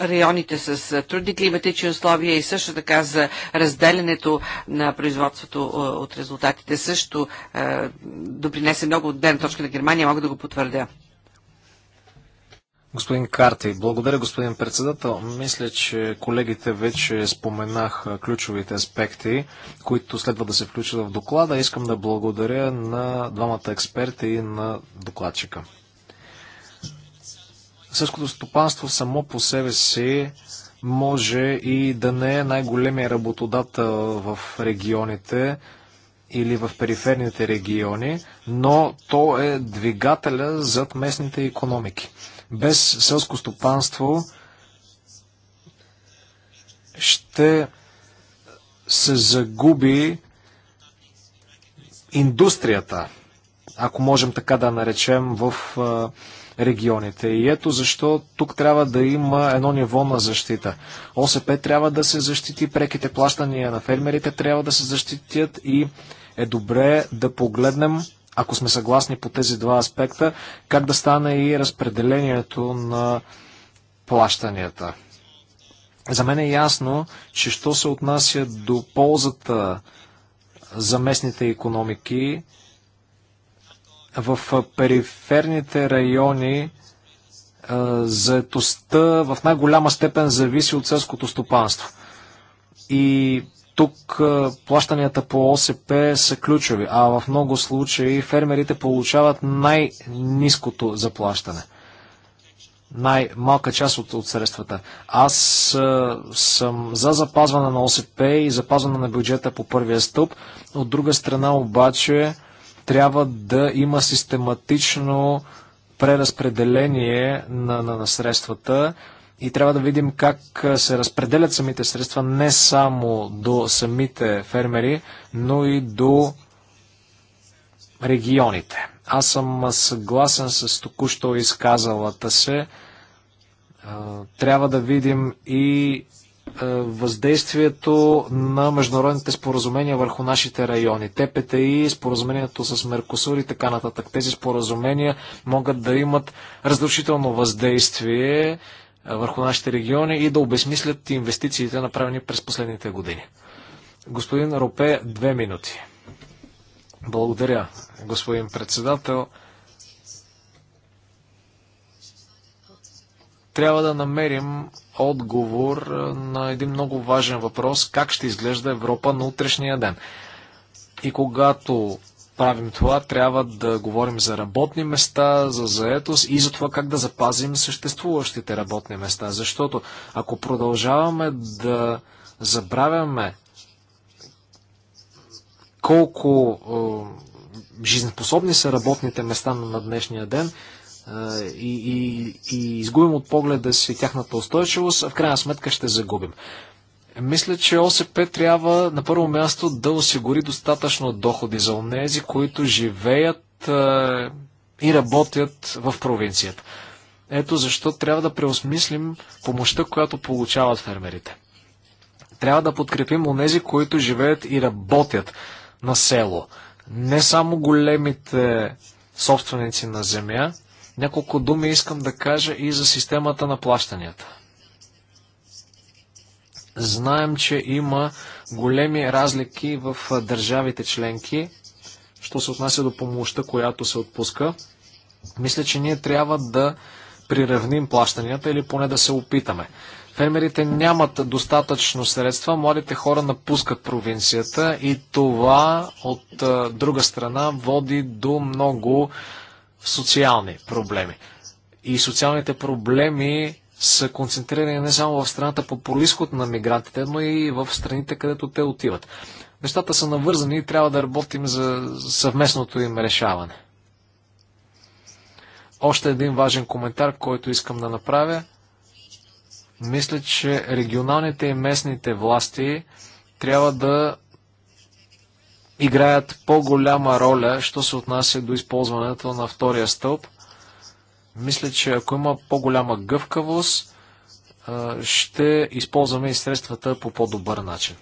районите с трудни климатични условия и също така за разделянето на производството от резултатите също допринесе много от ден точка на Германия, мога да го потвърдя. Господин Карти, благодаря господин председател. Мисля, че колегите вече споменах ключовите аспекти, които следва да се включат в доклада. Искам да благодаря на двамата експерти и на докладчика. Сърското стопанство само по себе си може и да не е най-големия работодател в регионите или в периферните региони, но то е двигателя зад местните економики. Без селско стопанство ще се загуби индустрията, ако можем така да наречем, в регионите. И ето защо тук трябва да има едно ниво на защита. ОСП трябва да се защити, преките плащания на фермерите трябва да се защитят и е добре да погледнем ако сме съгласни по тези два аспекта, как да стане и разпределението на плащанията. За мен е ясно, че що се отнася до ползата за местните економики, в периферните райони заетостта в най-голяма степен зависи от селското стопанство. И тук плащанията по ОСП са ключови, а в много случаи фермерите получават най-низкото заплащане. Най-малка част от, от средствата. Аз а, съм за запазване на ОСП и запазване на бюджета по първия стълб. От друга страна обаче трябва да има систематично преразпределение на, на, на средствата и трябва да видим как се разпределят самите средства не само до самите фермери, но и до регионите. Аз съм съгласен с току-що изказалата се. Трябва да видим и е, въздействието на международните споразумения върху нашите райони. ТПТИ, споразумението с Меркосур и така нататък. Тези споразумения могат да имат разрушително въздействие е, върху нашите региони и да обесмислят инвестициите, направени през последните години. Господин Ропе, две минути. Благодаря, господин председател. Трябва да намерим отговор на един много важен въпрос как ще изглежда Европа на утрешния ден. И когато правим това, трябва да говорим за работни места, за заетост и за това как да запазим съществуващите работни места. Защото ако продължаваме да забравяме колко е, жизнеспособни са работните места на днешния ден, и, и, и изгубим от погледа си тяхната устойчивост, а в крайна сметка ще загубим. Мисля, че ОСП трябва на първо място да осигури достатъчно доходи за онези, които живеят а, и работят в провинцията. Ето защо трябва да преосмислим помощта, която получават фермерите. Трябва да подкрепим онези, които живеят и работят на село. Не само големите собственици на земя, няколко думи искам да кажа и за системата на плащанията. Знаем, че има големи разлики в държавите членки, що се отнася до помощта, която се отпуска. Мисля, че ние трябва да приравним плащанията или поне да се опитаме. Фермерите нямат достатъчно средства, младите хора напускат провинцията и това от друга страна води до много социални проблеми. И социалните проблеми са концентрирани не само в страната по происход на мигрантите, но и в страните, където те отиват. Нещата са навързани и трябва да работим за съвместното им решаване. Още един важен коментар, който искам да направя. Мисля, че регионалните и местните власти трябва да играят по-голяма роля, що се отнася до използването на втория стълб. Мисля, че ако има по-голяма гъвкавост, ще използваме и средствата по по-добър начин.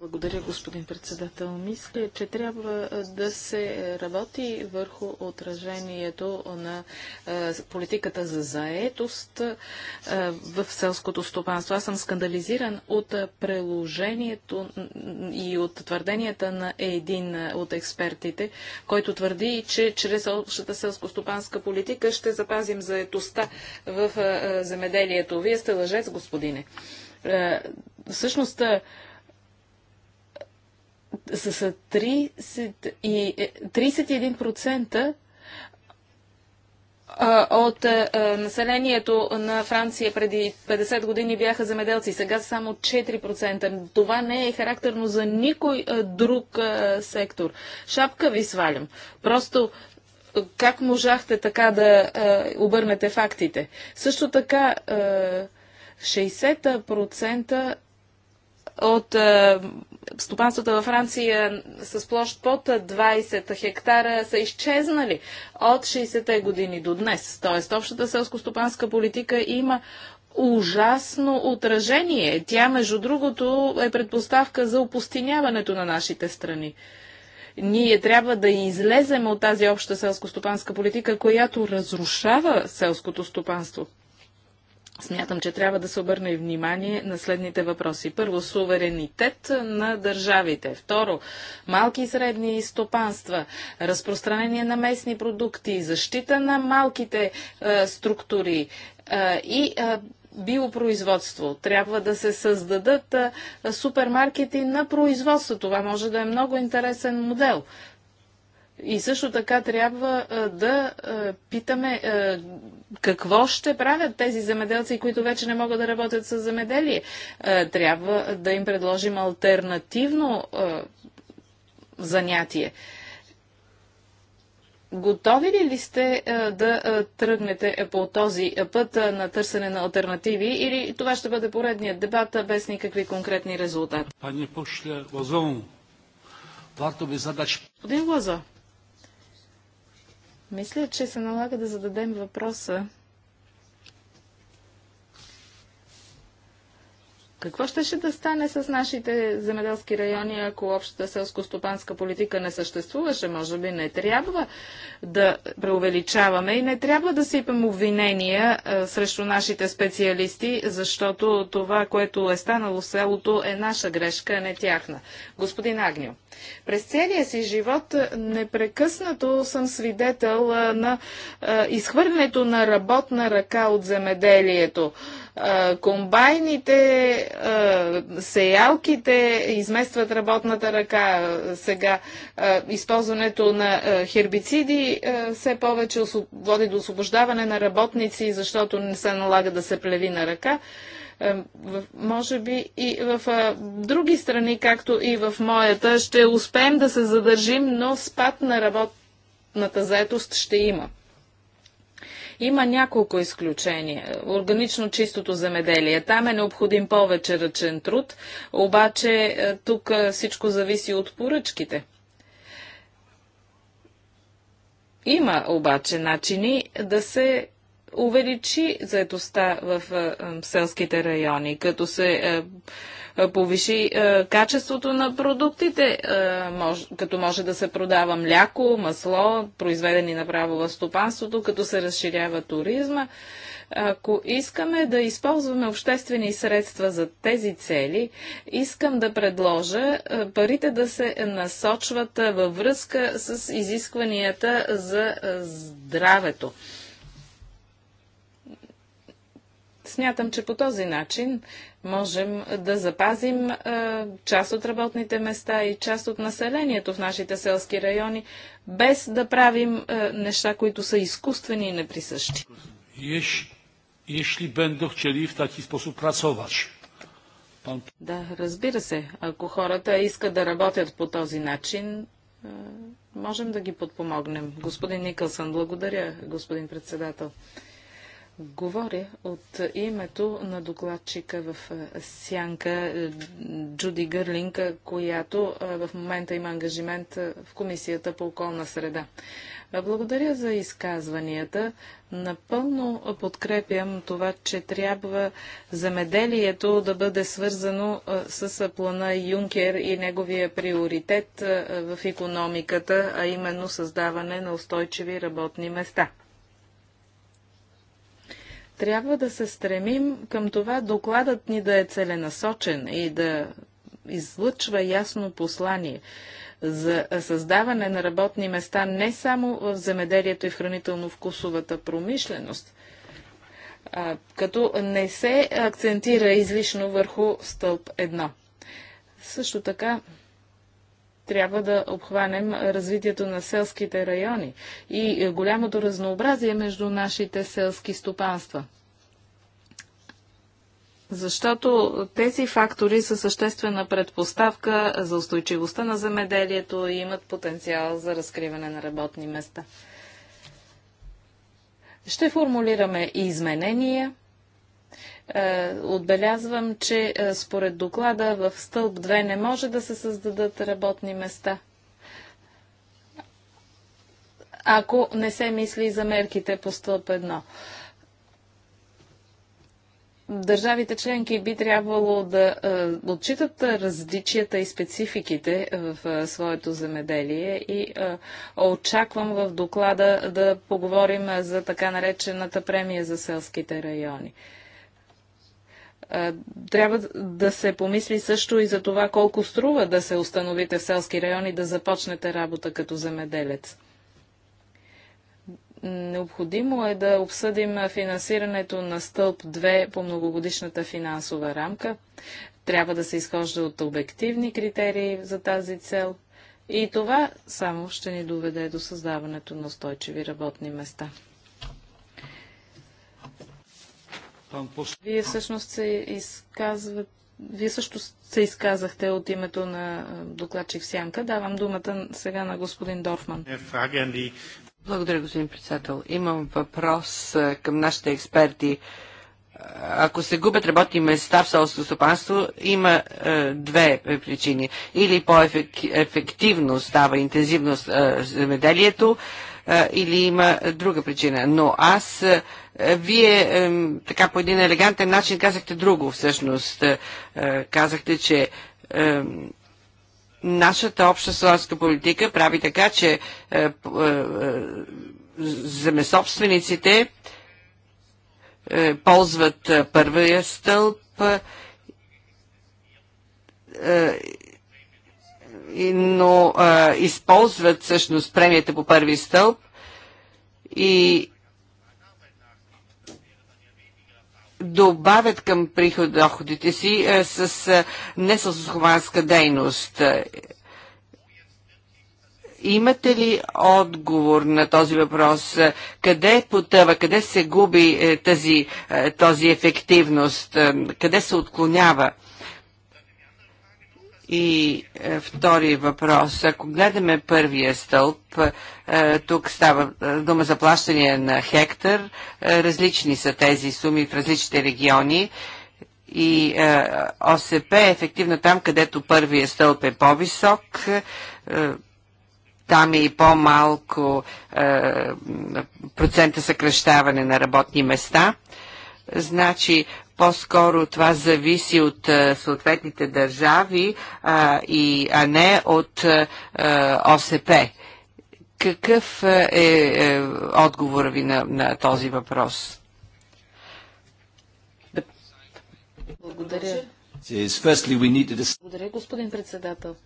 Благодаря, господин председател. Мисля, че трябва да се работи върху отражението на политиката за заетост в селското стопанство. Аз съм скандализиран от приложението и от твърденията на един от експертите, който твърди, че чрез общата селско-стопанска политика ще запазим заетостта в земеделието. Вие сте лъжец, господине всъщност с 30 31% е, от населението на Франция преди 50 години бяха земеделци, сега само 4%. Това не е характерно за никой друг сектор. Шапка ви свалям. Просто как можахте така да обърнете фактите? Също така 60% от е, стопанствата във Франция с площ под 20 хектара са изчезнали от 60-те години до днес. Тоест, общата селско-стопанска политика има ужасно отражение. Тя, между другото, е предпоставка за опустиняването на нашите страни. Ние трябва да излезем от тази обща селско-стопанска политика, която разрушава селското стопанство. Смятам, че трябва да се обърне внимание на следните въпроси. Първо, суверенитет на държавите. Второ, малки и средни стопанства, разпространение на местни продукти, защита на малките е, структури е, и е, биопроизводство. Трябва да се създадат е, супермаркети на производство. Това може да е много интересен модел. И също така трябва а, да а, питаме а, какво ще правят тези земеделци, които вече не могат да работят с земеделие. Трябва да им предложим альтернативно занятие. Готови ли сте да тръгнете по този път на търсене на альтернативи или това ще бъде поредният дебат без никакви конкретни резултати? Пани Пушля, Лазон, би Господин Лазо, мисля, че се налага да зададем въпроса Какво щеше да стане с нашите земеделски райони, ако общата селско-стопанска политика не съществуваше? Може би не трябва да преувеличаваме и не трябва да сипем обвинения а, е, срещу нашите специалисти, защото това, което е станало в селото, е наша грешка, а не тяхна. Господин Агнио, през целия си живот е, непрекъснато съм свидетел а, е, на а, изхвърлянето на работна ръка от земеделието комбайните, сеялките изместват работната ръка. Сега използването на хербициди все повече води до освобождаване на работници, защото не се налага да се плеви на ръка. Може би и в други страни, както и в моята, ще успеем да се задържим, но спад на работната заетост ще има. Има няколко изключения. Органично чистото земеделие. Там е необходим повече ръчен труд, обаче е, тук е, всичко зависи от поръчките. Има обаче начини да се увеличи заедостта в е, селските райони, като се повиши е, качеството на продуктите, е, като може да се продава мляко, масло, произведени направо в стопанството, като се разширява туризма. Ако искаме да използваме обществени средства за тези цели, искам да предложа е, парите да се насочват във връзка с изискванията за здравето. Смятам, че по този начин можем да запазим е, част от работните места и част от населението в нашите селски райони, без да правим е, неща, които са изкуствени и неприсъщи. Ешли będą chcieli w taki sposób pracować. Да, разбира се. Ако хората искат да работят по този начин, можем да ги подпомогнем. Господин Никълсън, благодаря, господин председател. Говоря от името на докладчика в е, Сянка е, Джуди Гърлинг, която е, в момента има ангажимент в Комисията по околна среда. Благодаря за изказванията. Напълно подкрепям това, че трябва замеделието да бъде свързано с плана Юнкер и неговия приоритет в економиката, а именно създаване на устойчиви работни места. Трябва да се стремим към това докладът ни да е целенасочен и да излъчва ясно послание за създаване на работни места не само в земеделието и в хранително-вкусовата промишленост, а, като не се акцентира излишно върху стълб едно. Също така трябва да обхванем развитието на селските райони и е, голямото разнообразие между нашите селски стопанства. Защото тези фактори са съществена предпоставка за устойчивостта на земеделието и имат потенциал за разкриване на работни места. Ще формулираме и изменения е, отбелязвам, че е, според доклада в стълб 2 не може да се създадат работни места, ако не се мисли за мерките по стълб 1 държавите членки би трябвало да е, отчитат различията и спецификите в е, своето земеделие и е, очаквам в доклада да поговорим за така наречената премия за селските райони. Е, трябва да се помисли също и за това колко струва да се установите в селски райони да започнете работа като земеделец. Необходимо е да обсъдим финансирането на стълб 2 по многогодишната финансова рамка. Трябва да се изхожда от обективни критерии за тази цел. И това само ще ни доведе до създаването на устойчиви работни места. Вие всъщност се изказват вие също се изказахте от името на докладчик Сянка. Давам думата сега на господин Дорфман. Е, ами- Благодаря, господин председател. Имам въпрос към нашите експерти. Ако се губят работни места в селското стопанство, има е, две причини. Или по-ефективно става интензивност е, земеделието, е, или има друга причина. Но аз е, вие така по един елегантен начин казахте друго всъщност. Е, казахте, че нашата обща славянска политика прави така, че е, е, земесобствениците ползват първия стълб но а, използват всъщност премията по първи стълб и добавят към приходите си е, с е, несълсохоманска дейност. Имате ли отговор на този въпрос? Къде потъва, къде се губи е, тази, е, ефективност? къде се отклонява? И е, втори въпрос. Ако гледаме първия стълб, е, тук става е, дума за плащане на хектар. Е, различни са тези суми в различните региони. И е, ОСП е ефективно там, където първия стълб е по-висок. Е, там е и по-малко е, процента съкръщаване на работни места. Значи, по-скоро това зависи от е, съответните държави, а, и, а не от а, е, е, ОСП. Какъв е, е отговора ви на, на този въпрос? Благодаря. Благодаря, господин председател,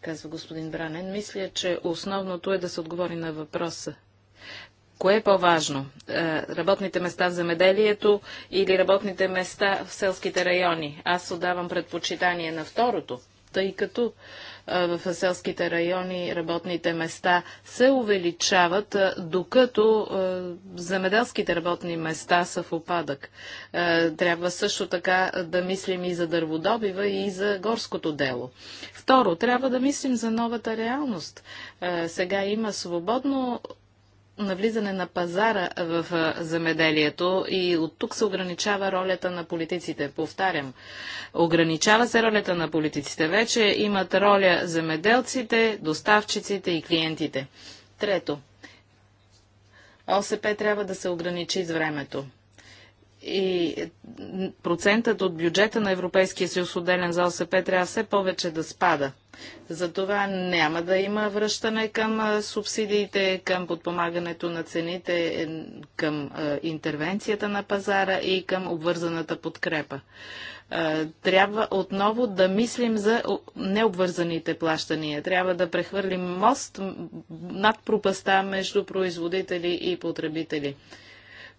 казва господин Бранен. Мисля, че основното е да се отговори на въпроса Кое е по-важно? Е, работните места в земеделието или работните места в селските райони? Аз отдавам предпочитание на второто, тъй като е, в селските райони работните места се увеличават, е, докато земеделските работни места са в опадък. Трябва също така да мислим и за дърводобива и за горското дело. Второ, трябва да мислим за новата реалност. Сега има свободно навлизане на пазара в земеделието и от тук се ограничава ролята на политиците. Повтарям, ограничава се ролята на политиците. Вече имат роля замеделците, доставчиците и клиентите. Трето, ОСП трябва да се ограничи с времето и процентът от бюджета на Европейския съюз отделен за ОСП трябва все повече да спада. Затова няма да има връщане към субсидиите, към подпомагането на цените, е, към интервенцията на пазара и към обвързаната подкрепа. Трябва отново да мислим за необвързаните плащания. Трябва да прехвърлим мост над пропаста между производители и потребители.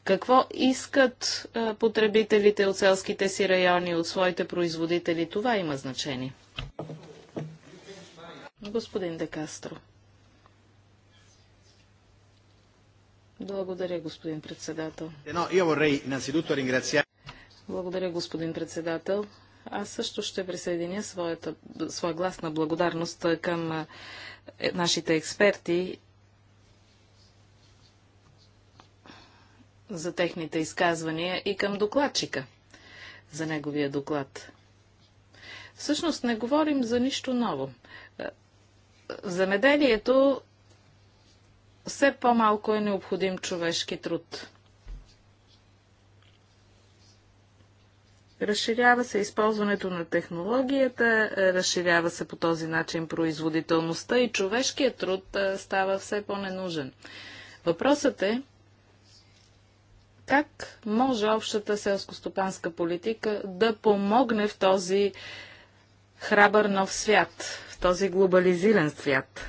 Какво искат потребителите от селските си райони, от своите производители? Това има значение. Господин Декастро. Благодаря, господин председател. Е, Благодаря, господин председател. Аз също ще присъединя своя глас на благодарност към е, нашите експерти за техните изказвания и към докладчика за неговия доклад. Всъщност не говорим за нищо ново. Замеделието все по-малко е необходим човешки труд. Разширява се използването на технологията, разширява се по този начин производителността и човешкият труд става все по-ненужен. Въпросът е как може общата селско-стопанска политика да помогне в този храбър нов свят, в този глобализиран свят?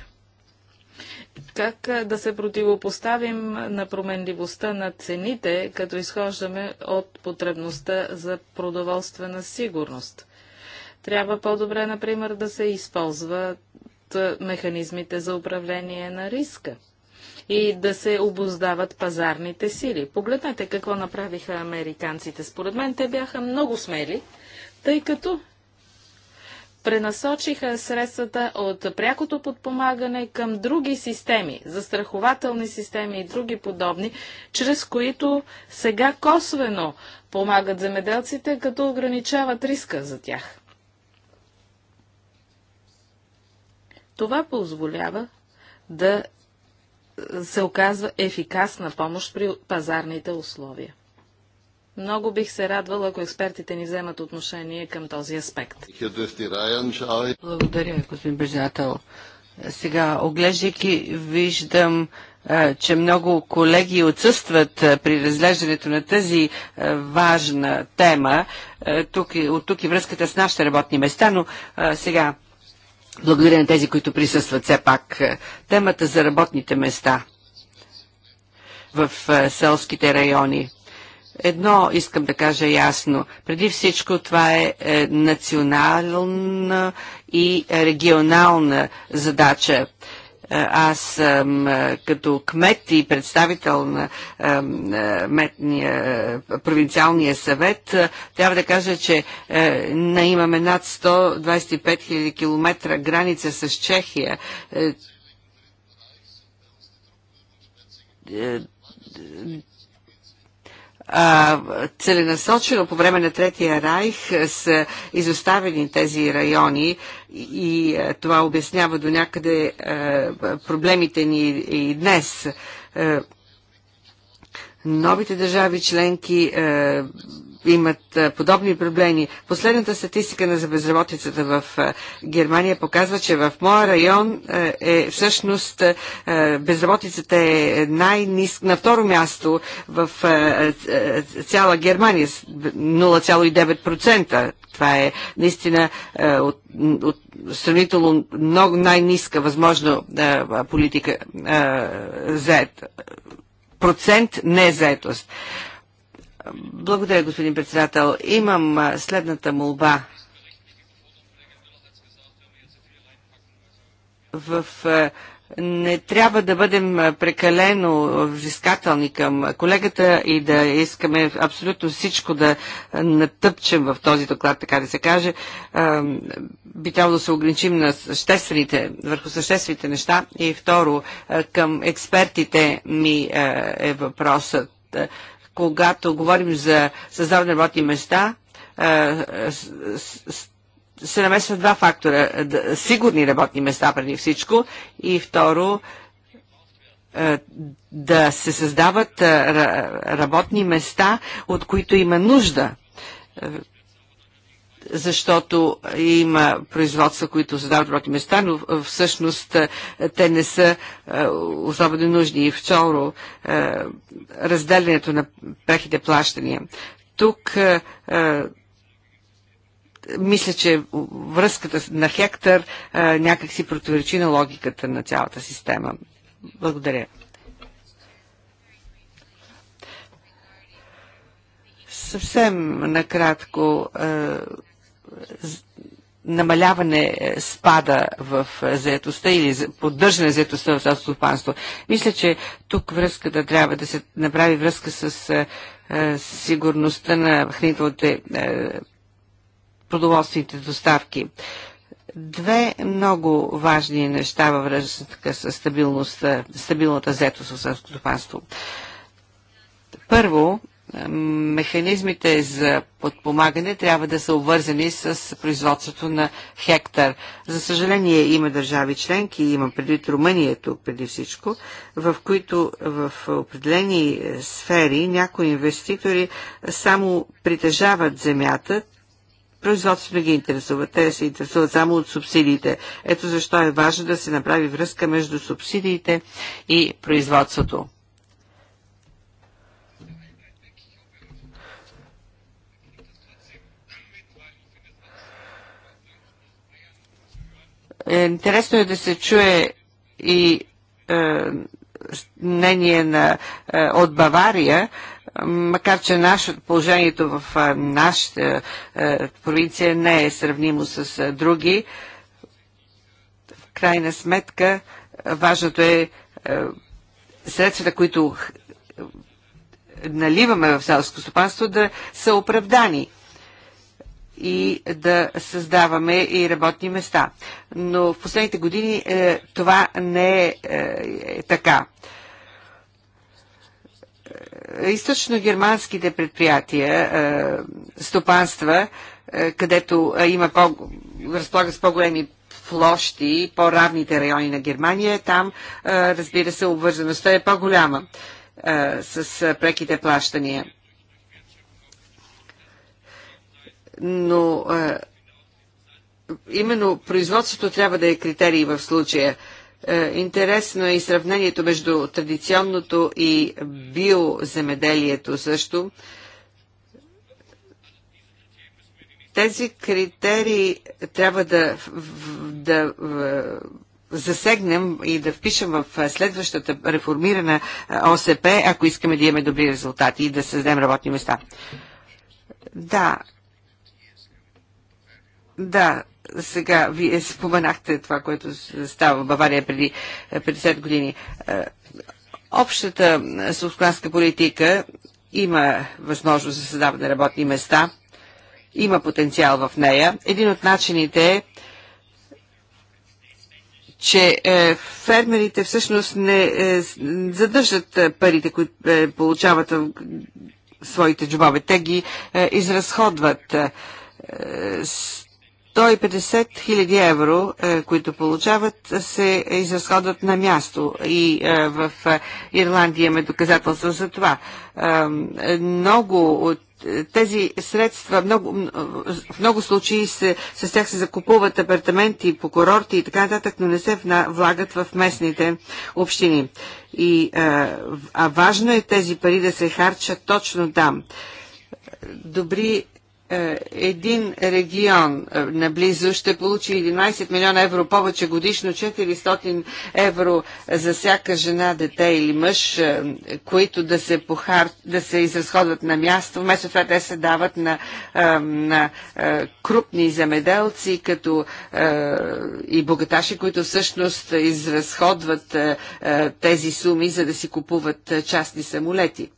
Как да се противопоставим на променливостта на цените, като изхождаме от потребността за продоволствена сигурност? Трябва по-добре, например, да се използват механизмите за управление на риска и да се обоздават пазарните сили. Погледнете какво направиха американците. Според мен те бяха много смели, тъй като пренасочиха средствата от прякото подпомагане към други системи, застрахователни системи и други подобни, чрез които сега косвено помагат земеделците, като ограничават риска за тях. Това позволява да се оказва ефикасна помощ при пазарните условия. Много бих се радвала, ако експертите ни вземат отношение към този аспект. Благодаря, господин Бежател. Сега, оглеждайки, виждам, че много колеги отсъстват при разглеждането на тази важна тема. Тук, от тук и връзката с нашите работни места, но сега благодаря на тези, които присъстват все пак. Темата за работните места в селските райони. Едно искам да кажа ясно. Преди всичко това е, е национална и регионална задача. Е, аз е, като кмет и представител на е, метния, провинциалния съвет. Трябва да кажа, че не имаме над 125 000 км граница с Чехия а, целенасочено по време на Третия райх са изоставени тези райони и а, това обяснява до някъде а, проблемите ни и днес. А, новите държави членки имат подобни проблеми. Последната статистика на за безработицата в Германия показва, че в моя район е всъщност безработицата е най ниск на второ място в цяла Германия 0,9%. Това е наистина от, от сравнително много най ниска възможно политика за процент незаетост. Благодаря, господин председател. Имам следната молба. В не трябва да бъдем прекалено взискателни към колегата и да искаме абсолютно всичко да натъпчем в този доклад, така да се каже. Би трябвало да се ограничим на съществените, върху съществените неща. И второ, към експертите ми е въпросът когато говорим за създаване на работни места, се намесват два фактора. Сигурни работни места преди всичко и второ да се създават работни места, от които има нужда защото има производства, които създават работни места, но всъщност е, те не са е, особено нужни. И второ, е, разделянето на прехите плащания. Тук мисля, че връзката на хектар някак си противоречи на логиката на цялата система. Благодаря. Съвсем накратко намаляване е, спада в е, заетостта или поддържане заетостта в селското стопанство. Мисля, че тук връзката трябва да се направи връзка с а, е, сигурността на хранителните а, продоволствените доставки. Две много важни неща във връзка с стабилността, стабилната заетост в селското стопанство. Първо, механизмите за подпомагане трябва да са обвързани с производството на хектар. За съжаление има държави членки, има предвид Румъния тук преди всичко, в които в определени е, сфери някои инвеститори само притежават земята, производството ги интересува. Те се интересуват само от субсидиите. Ето защо е важно да се направи връзка между субсидиите и производството. Е, интересно е да се чуе и е, мнение на, е, от Бавария, макар че наше, положението в е, нашата е, е, провинция не е сравнимо с е, други. В крайна сметка, важното е, е средствата, които наливаме в селско стопанство, да са оправдани и да създаваме и работни места. Но в последните години е, това не е, е, е така. Е, източно-германските предприятия, е, стопанства, е, където е, има по, разполага с по-големи площи, по-равните райони на Германия, там, е, разбира се, обвързаността е по-голяма с преките плащания но а, е, именно производството трябва да е критерий в случая. Е, интересно е и сравнението между традиционното и биоземеделието също. Тези критерии трябва да, да засегнем и да впишем в следващата реформирана ОСП, ако искаме да имаме добри резултати и да създадем работни места. Да, да, сега вие споменахте това, което става в Бавария преди 50 е, години. Е, общата селскостопанска политика има възможност за създаване на работни места, има потенциал в нея. Един от начините е че е, фермерите всъщност не задържат парите, които получават в своите джобове. Те ги изразходват. 150 000 евро, е, които получават, се изразходват на място и е, в е, Ирландия имаме доказателство за това. Много от тези средства много, в много случаи се, с тях се закупуват апартаменти по курорти и така нататък, но не се влагат в местните общини. И, а важно е тези пари да се харчат точно там. Добри е, един регион е, наблизо ще получи 11 милиона евро повече годишно, 400 евро за всяка жена, дете или мъж, е, които да се, похар... да се изразходват на място. Вместо това те се дават на, на крупни земеделци като и богаташи, които всъщност изразходват тези суми, за да си купуват частни самолети.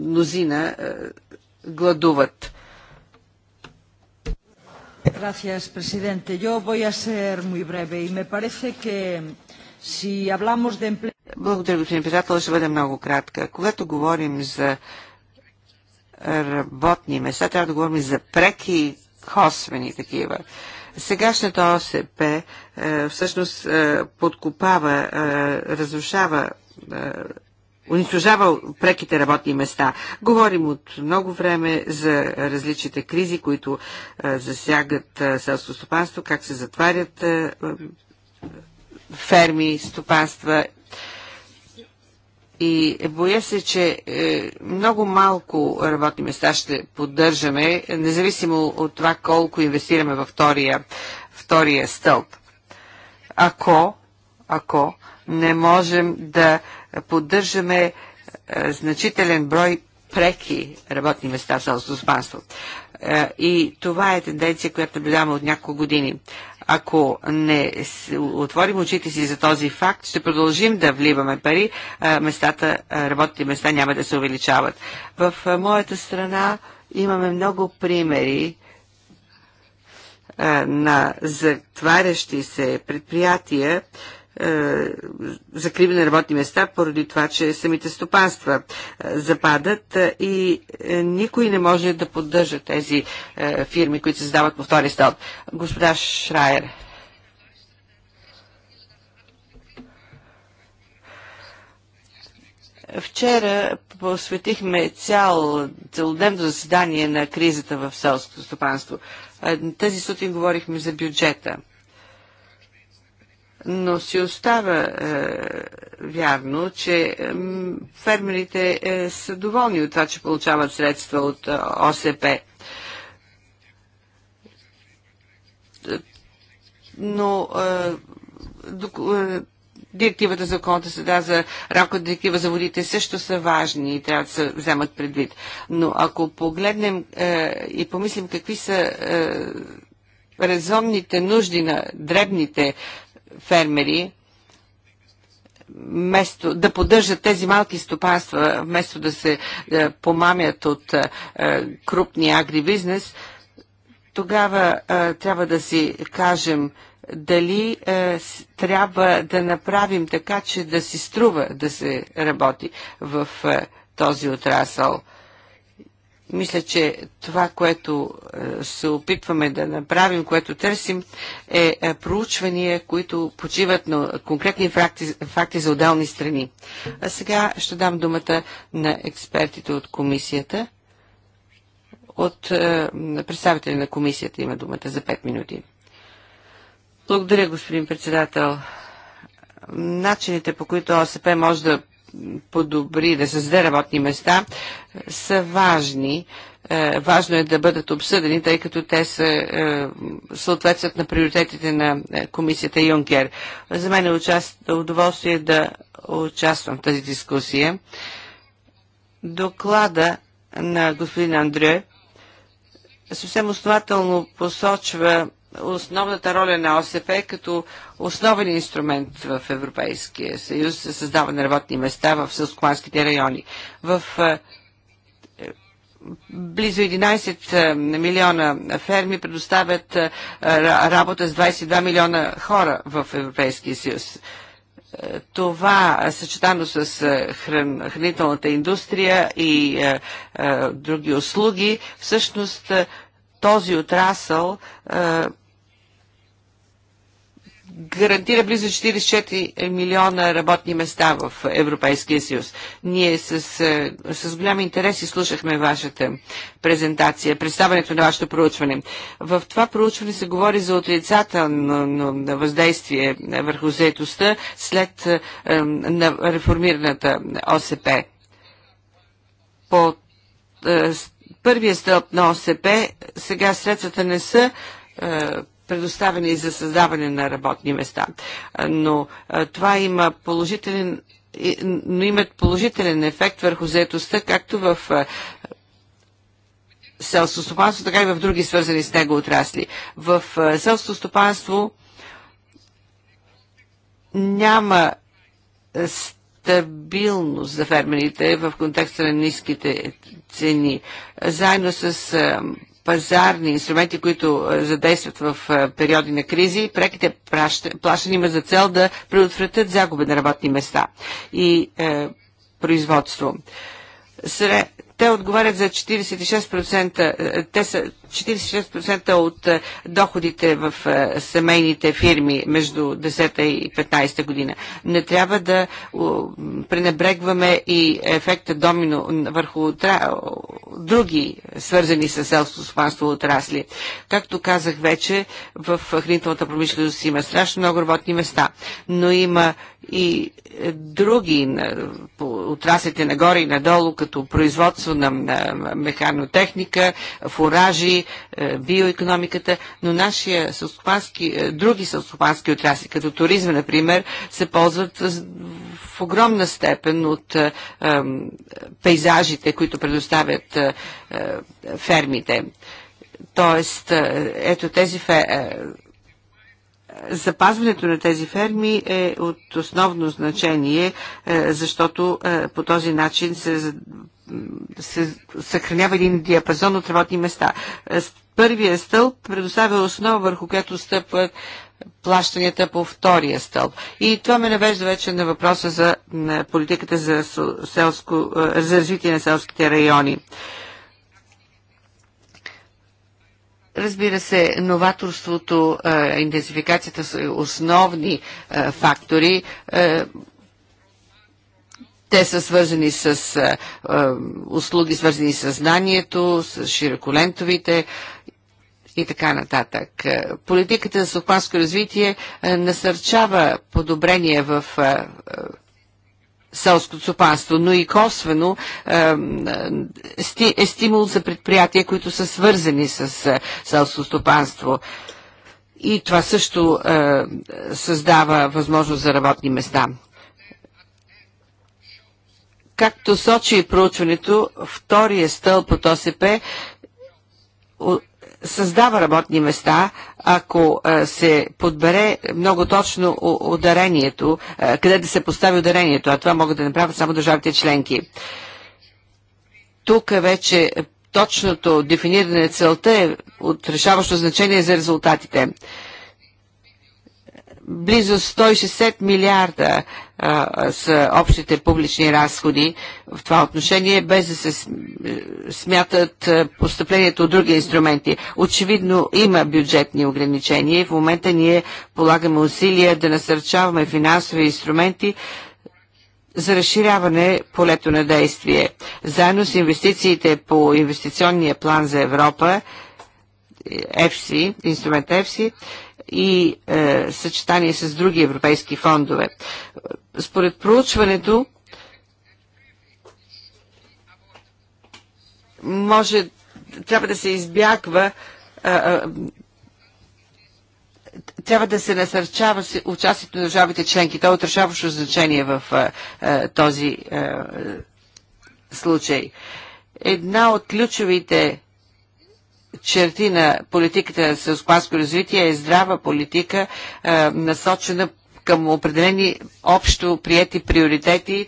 Мнозина гладуват. Gracias, presidente. Yo voy a ser muy breve y me parece que si hablamos de empleo... Благодаря, господин председател. Ще бъда много кратка. Когато говорим за работни места, трябва да говорим за преки косвени такива. Сегашната ОСП е, всъщност е, подкопава, е, разрушава е, унищожавал преките работни места. Говорим от много време за различните кризи, които е, засягат е, селско стопанство, как се затварят е, ферми, стопанства и боя се, че много малко работни места ще поддържаме, независимо от това колко инвестираме във втория, втория стълб. Ако, ако не можем да поддържаме е, значителен брой преки работни места в селско стопанство. Е, и това е тенденция, която наблюдаваме от няколко години. Ако не отворим очите си за този факт, ще продължим да вливаме пари, е, местата, работните места няма да се увеличават. В моята страна имаме много примери на затварящи се предприятия, е, закриване на работни места, поради това, че самите стопанства е, западат е, и никой не може да поддържа тези фирми, които се създават по втори стълб. Господа Шрайер. Вчера посветихме цял, целодневно заседание на кризата в селското стопанство. Тази сутрин говорихме за бюджета но си остава е, вярно, че е, фермерите е, са доволни от това, че получават средства от е, ОСП. Но е, е, директивата за околната среда, за рамка директива за водите също са важни и трябва да се вземат предвид. Но ако погледнем е, и помислим какви са е, резонните нужди на дребните фермери вместо да поддържат тези малки стопанства, вместо да се е, помамят от е, е крупния агрибизнес, тогава е, трябва да си кажем дали е, трябва да направим така, че да си струва да се работи в е, този отрасъл. Мисля, че това, което е, се опитваме да направим, което търсим, е, е проучвания, които почиват на конкретни факти, факти за отделни страни. А сега ще дам думата на експертите от комисията. От е, представители на комисията има думата за 5 минути. Благодаря, господин председател начините, по които ОСП може да подобри, да създаде работни места, са важни. Е, важно е да бъдат обсъдени, тъй като те са, е, съответстват на приоритетите на е, комисията Юнкер. За мен е удоволствие да участвам в тази дискусия. Доклада на господин Андре съвсем основателно посочва основната роля на ОСП е като основен инструмент в Европейския съюз за създаване на работни места в селскоманските райони. В е, е, близо 11 е, милиона ферми предоставят работа с 22 милиона хора в Европейския съюз. Това, съчетано с хран, хранителната индустрия и е, е, други услуги, всъщност този отрасъл е, гарантира близо 44 милиона работни места в Европейския съюз. Ние с, е, с голям интерес и слушахме вашата презентация, представянето на вашето проучване. В това проучване се говори за отрицателно въздействие върху заетостта след е, на реформираната ОСП. По е, първия стълб на ОСП сега средствата не са предоставени за създаване на работни места. Но това има положителен, но имат положителен ефект върху заетостта, както в селско стопанство, така и в други свързани с него отрасли. В селско стопанство няма стабилност за фермерите в контекста на ниските цени. Заедно с пазарни инструменти, които е, задействат в е, периоди на кризи, преките плащания има за цел да предотвратят загуби на работни места и е, производство. Сред те отговарят за 46%, е, те са 46% от е, доходите в е, семейните фирми между 10 и 15 година. Не трябва да пренебрегваме и ефекта домино върху други свързани с селско отрасли. Както казах вече, в хранителната промишленост има страшно много работни места, но има и други отраслите нагоре и надолу, като производство на механотехника, фуражи, е, биоекономиката, но нашия селскопански, е, други селскопански отрасли, като туризма, например, се ползват в огромна степен от е, пейзажите, които предоставят фермите. Тоест, ето тези запазването на тези ферми е от основно значение, е, защото е, по този начин се, се съхранява един диапазон от работни места. Е, първия стълб предоставя основа, върху която стъпват плащанията по втория стълб. И това ме навежда вече на въпроса за политиката за, селско, за развитие на селските райони. Разбира се, новаторството, интенсификацията са основни фактори. Те са свързани с услуги, свързани с знанието, с широколентовите и така нататък. Политиката за стопанско развитие насърчава подобрение в селското стопанство, но и косвено е стимул за предприятия, които са свързани с е, селското стопанство. И това също е, създава възможност за работни места. Както сочи и проучването, втория стълб от ОСП създава работни места, ако се подбере много точно ударението, къде да се постави ударението, а това могат да направят само държавите членки. Тук вече точното дефиниране целта е от решаващо значение за резултатите близо 160 милиарда а, са общите публични разходи в това отношение, без да се смятат постъплението от други инструменти. Очевидно има бюджетни ограничения и в момента ние полагаме усилия да насърчаваме финансови инструменти, за разширяване полето на действие. Заедно с инвестициите по инвестиционния план за Европа, ЕФСИ, инструмент Ефси, и е, съчетание с други европейски фондове. Според проучването може трябва да се избягва е, е трябва да се насърчава участието на държавите членки. То е отрешаващо значение в е, е, този е, случай. Една от ключовите черти на политиката за селскопанско развитие е здрава политика, е, насочена към определени общо прияти приоритети,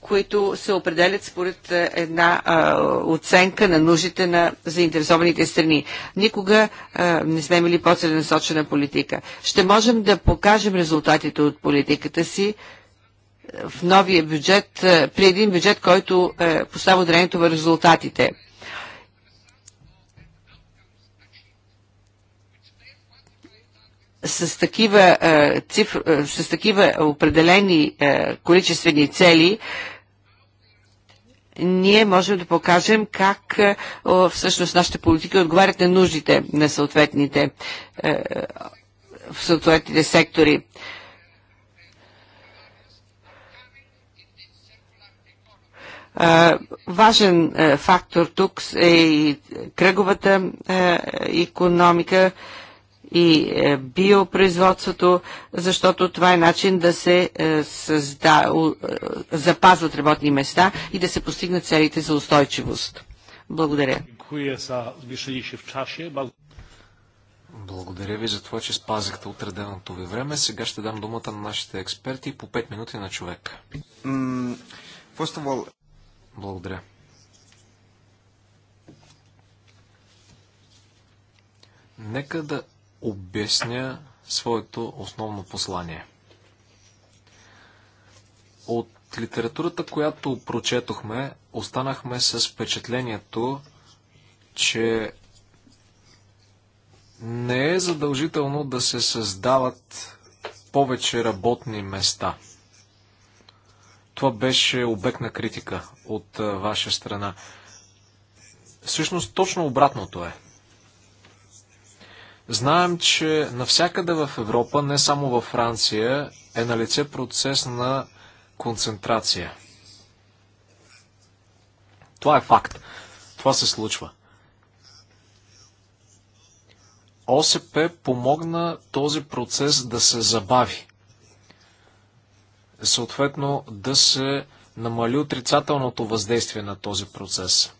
които се определят според е, една а, е, оценка на нуждите на заинтересованите страни. Никога а, не сме имали по-целенасочена политика. Ще можем да покажем резултатите от политиката си в новия бюджет, а, при един бюджет, който а, поставя ударението в резултатите. с такива, е, цифр, е, с такива определени е, количествени цели, ние можем да покажем как всъщност нашите политики отговарят на нуждите на съответните, в съответните сектори. Важен фактор тук е и кръговата економика, и е, биопроизводството, защото това е начин да се е, създа, е, запазват работни места и да се постигнат целите за устойчивост. Благодаря. Благодаря ви за това, че спазихте отреденото ви време. Сега ще дам думата на нашите експерти по 5 минути на човек. Благодаря. Нека да обясня своето основно послание. От литературата, която прочетохме, останахме с впечатлението, че не е задължително да се създават повече работни места. Това беше обект на критика от ваша страна. Всъщност точно обратното е. Знаем, че навсякъде в Европа, не само във Франция, е на лице процес на концентрация. Това е факт. Това се случва. ОСП помогна този процес да се забави. Съответно, да се намали отрицателното въздействие на този процес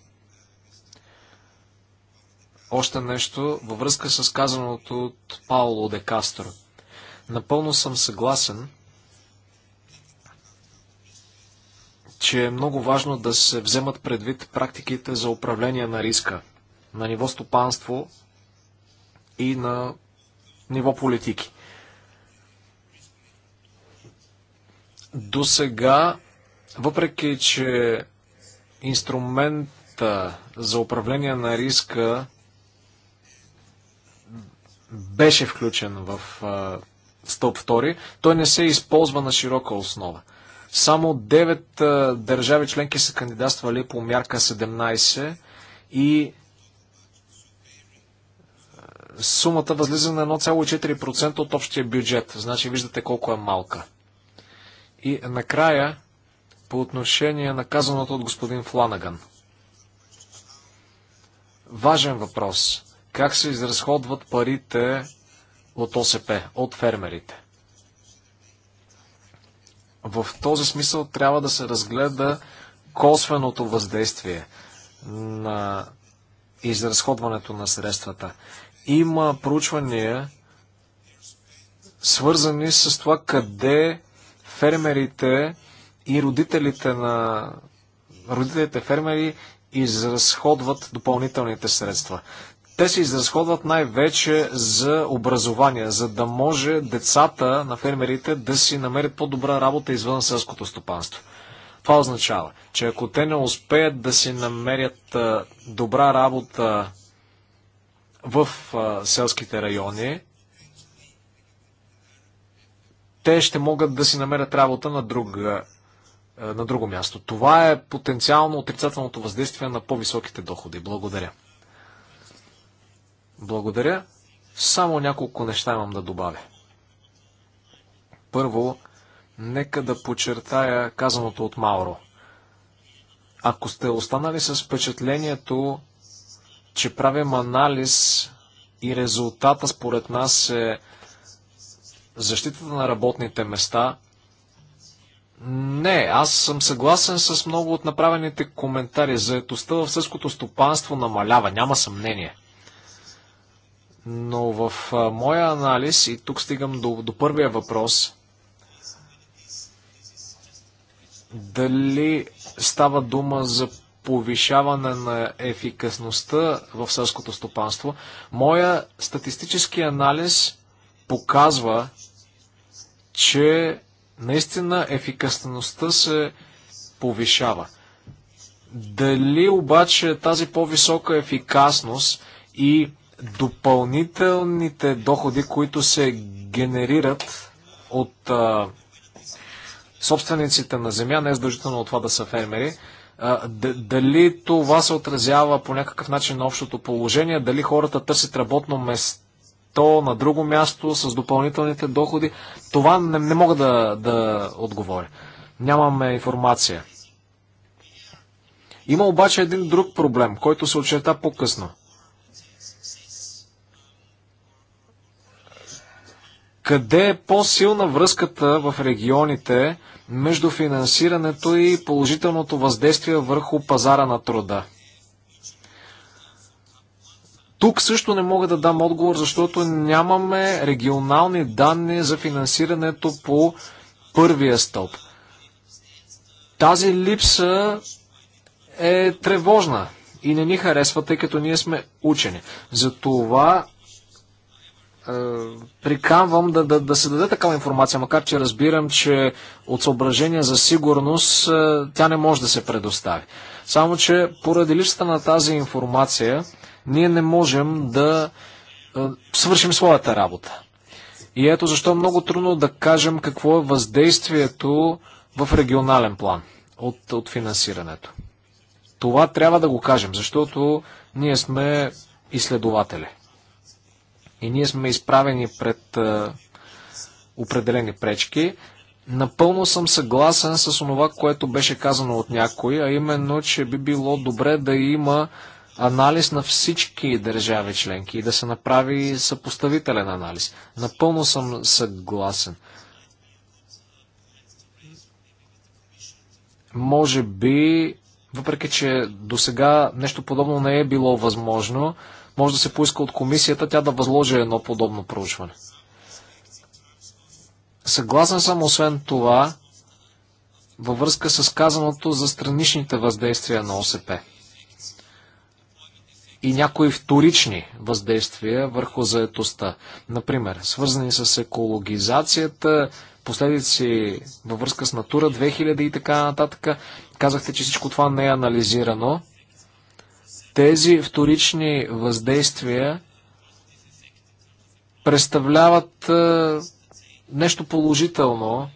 още нещо във връзка с казаното от Пауло де Кастро. Напълно съм съгласен, че е много важно да се вземат предвид практиките за управление на риска на ниво стопанство и на ниво политики. До сега, въпреки че инструмента за управление на риска беше включен в стълб 2, той не се използва на широка основа. Само 9 държави членки са кандидатствали по мярка 17 и сумата възлиза на 1,4% от общия бюджет. Значи виждате колко е малка. И накрая, по отношение на казаното от господин Фланаган. Важен въпрос как се изразходват парите от ОСП, от фермерите. В този смисъл трябва да се разгледа косвеното въздействие на изразходването на средствата. Има проучвания, свързани с това къде фермерите и родителите на родителите фермери изразходват допълнителните средства. Те се изразходват най-вече за образование, за да може децата на фермерите да си намерят по-добра работа извън селското стопанство. Това означава, че ако те не успеят да си намерят добра работа в селските райони, те ще могат да си намерят работа на, друга, на друго място. Това е потенциално отрицателното въздействие на по-високите доходи. Благодаря. Благодаря. Само няколко неща имам да добавя. Първо, нека да подчертая казаното от Мауро. Ако сте останали с впечатлението, че правим анализ и резултата според нас е защитата на работните места, не, аз съм съгласен с много от направените коментари. Заетостта в сълското стопанство намалява, няма съмнение – но в моя анализ, и тук стигам до, до първия въпрос, дали става дума за повишаване на ефикасността в селското стопанство. Моя статистически анализ показва, че наистина ефикасността се повишава. Дали обаче тази по-висока ефикасност и допълнителните доходи, които се генерират от а, собствениците на земя, не е задължително от това да са фермери, а, дали това се отразява по някакъв начин на общото положение, дали хората търсят работно место на друго място с допълнителните доходи, това не, не мога да, да отговоря. Нямаме информация. Има обаче един друг проблем, който се очерта по-късно – къде е по-силна връзката в регионите между финансирането и положителното въздействие върху пазара на труда? Тук също не мога да дам отговор, защото нямаме регионални данни за финансирането по първия стълб. Тази липса е тревожна и не ни харесва, тъй като ние сме учени. Затова е, приканвам да, да, да се даде такава информация, макар че разбирам, че от съображения за сигурност е, тя не може да се предостави. Само, че поради липсата на тази информация, ние не можем да е, свършим своята работа. И ето защо е много трудно да кажем какво е въздействието в регионален план от, от финансирането. Това трябва да го кажем, защото ние сме изследователи и ние сме изправени пред а, определени пречки. Напълно съм съгласен с това, което беше казано от някой, а именно, че би било добре да има анализ на всички държави членки и да се направи съпоставителен анализ. Напълно съм съгласен. Може би, въпреки че до сега нещо подобно не е било възможно, може да се поиска от комисията тя да възложи едно подобно проучване. Съгласен съм освен това във връзка с казаното за страничните въздействия на ОСП и някои вторични въздействия върху заетостта. Например, свързани с екологизацията, последици във връзка с Натура 2000 и така нататък. Казахте, че всичко това не е анализирано. Тези вторични въздействия представляват е, нещо положително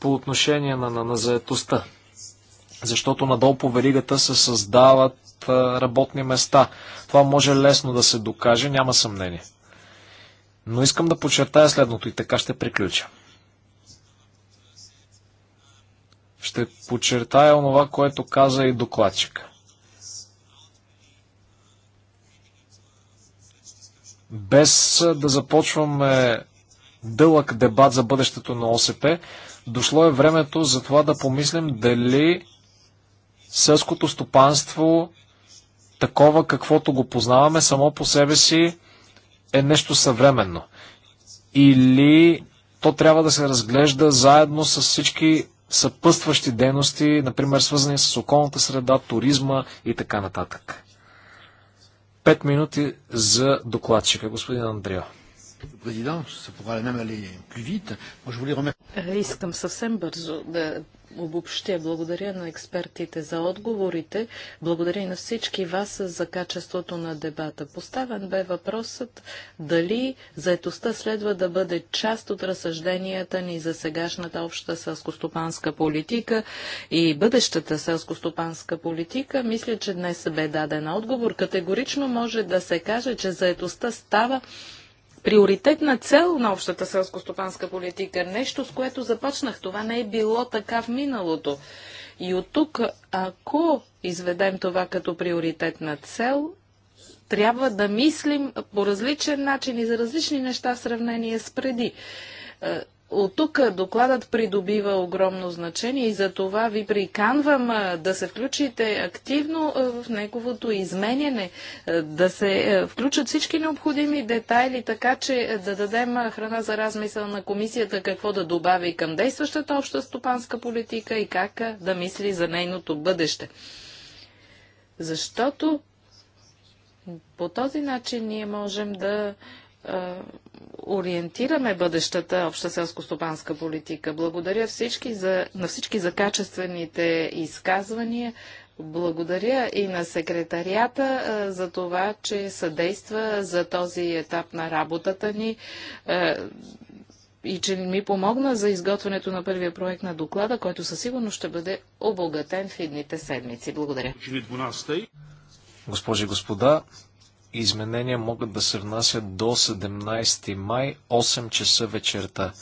по отношение на, на, на заетостта. Защото надолу по веригата се създават е, работни места. Това може лесно да се докаже, няма съмнение. Но искам да подчертая следното и така ще приключа. Ще подчертая онова, което каза и докладчика. без да започваме дълъг дебат за бъдещето на ОСП, дошло е времето за това да помислим дали селското стопанство, такова каквото го познаваме само по себе си, е нещо съвременно. Или то трябва да се разглежда заедно с всички съпътстващи дейности, например свързани с околната среда, туризма и така нататък. Пет минути за докладчика, господин Андрео. Нали, е, искам съвсем бързо да обобщя. Благодаря на експертите за отговорите. Благодаря и на всички вас за качеството на дебата. Поставен бе въпросът дали заетостта следва да бъде част от разсъжденията ни за сегашната обща селскостопанска политика и бъдещата селскостопанска политика. Мисля, че днес бе даден отговор. Категорично може да се каже, че заетостта става приоритетна цел на общата селско-стопанска политика. Нещо, с което започнах. Това не е било така в миналото. И от тук, ако изведем това като приоритетна цел, трябва да мислим по различен начин и за различни неща в сравнение с преди. Е, от тук докладът придобива огромно значение и за това ви приканвам да се включите активно в неговото изменяне, да се включат всички необходими детайли, така че да дадем храна за размисъл на комисията какво да добави към действащата обща стопанска политика и как да мисли за нейното бъдеще. Защото по този начин ние можем да е, ориентираме бъдещата обща селско-стопанска политика. Благодаря всички за, на всички за качествените изказвания. Благодаря и на секретарията е, за това, че съдейства за този етап на работата ни е, и че ми помогна за изготвянето на първия проект на доклада, който със сигурност ще бъде обогатен в едните седмици. Благодаря. Госпожи и господа, Изменения могат да се внасят до 17 май, 8 часа вечерта.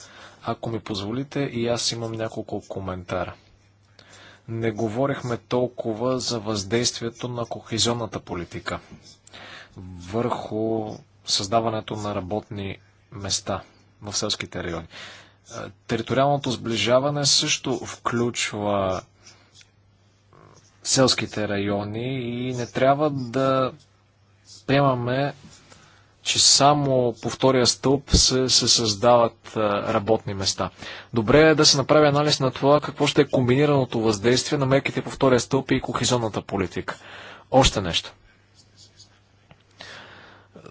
Ако ми позволите, и аз имам няколко коментара. Не говорихме толкова за въздействието на кохезионната политика върху създаването на работни места в селските райони. Е, териториалното сближаване също включва селските райони и не трябва да приемаме, че само по втория стълб се, се създават работни места. Добре е да се направи анализ на това какво ще е комбинираното въздействие на мерките по втория стълб и кохезионната политика. Още нещо.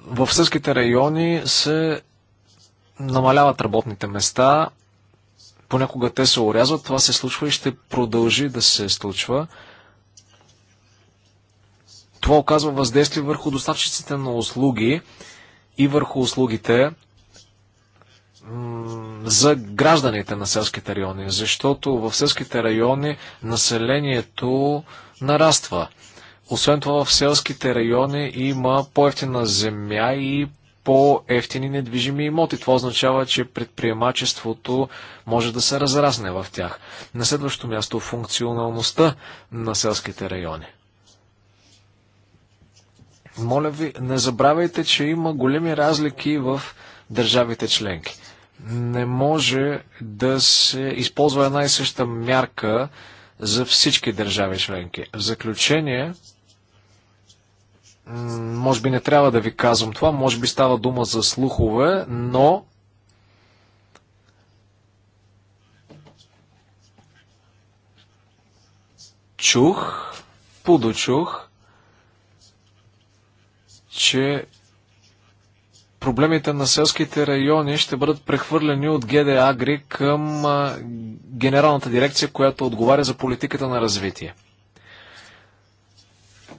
В сърските райони се намаляват работните места, понякога те се урязват, това се случва и ще продължи да се случва. Това оказва въздействие върху доставчиците на услуги и върху услугите за гражданите на селските райони, защото в селските райони населението нараства. Освен това в селските райони има по-ефтина земя и по-ефтини недвижими имоти. Това означава, че предприемачеството може да се разрасне в тях. На следващо място функционалността на селските райони. Моля ви, не забравяйте, че има големи разлики в държавите членки. Не може да се използва една и съща мярка за всички държави членки. В заключение, може би не трябва да ви казвам това, може би става дума за слухове, но чух, подочух, че проблемите на селските райони ще бъдат прехвърлени от ГД Агри към генералната дирекция, която отговаря за политиката на развитие.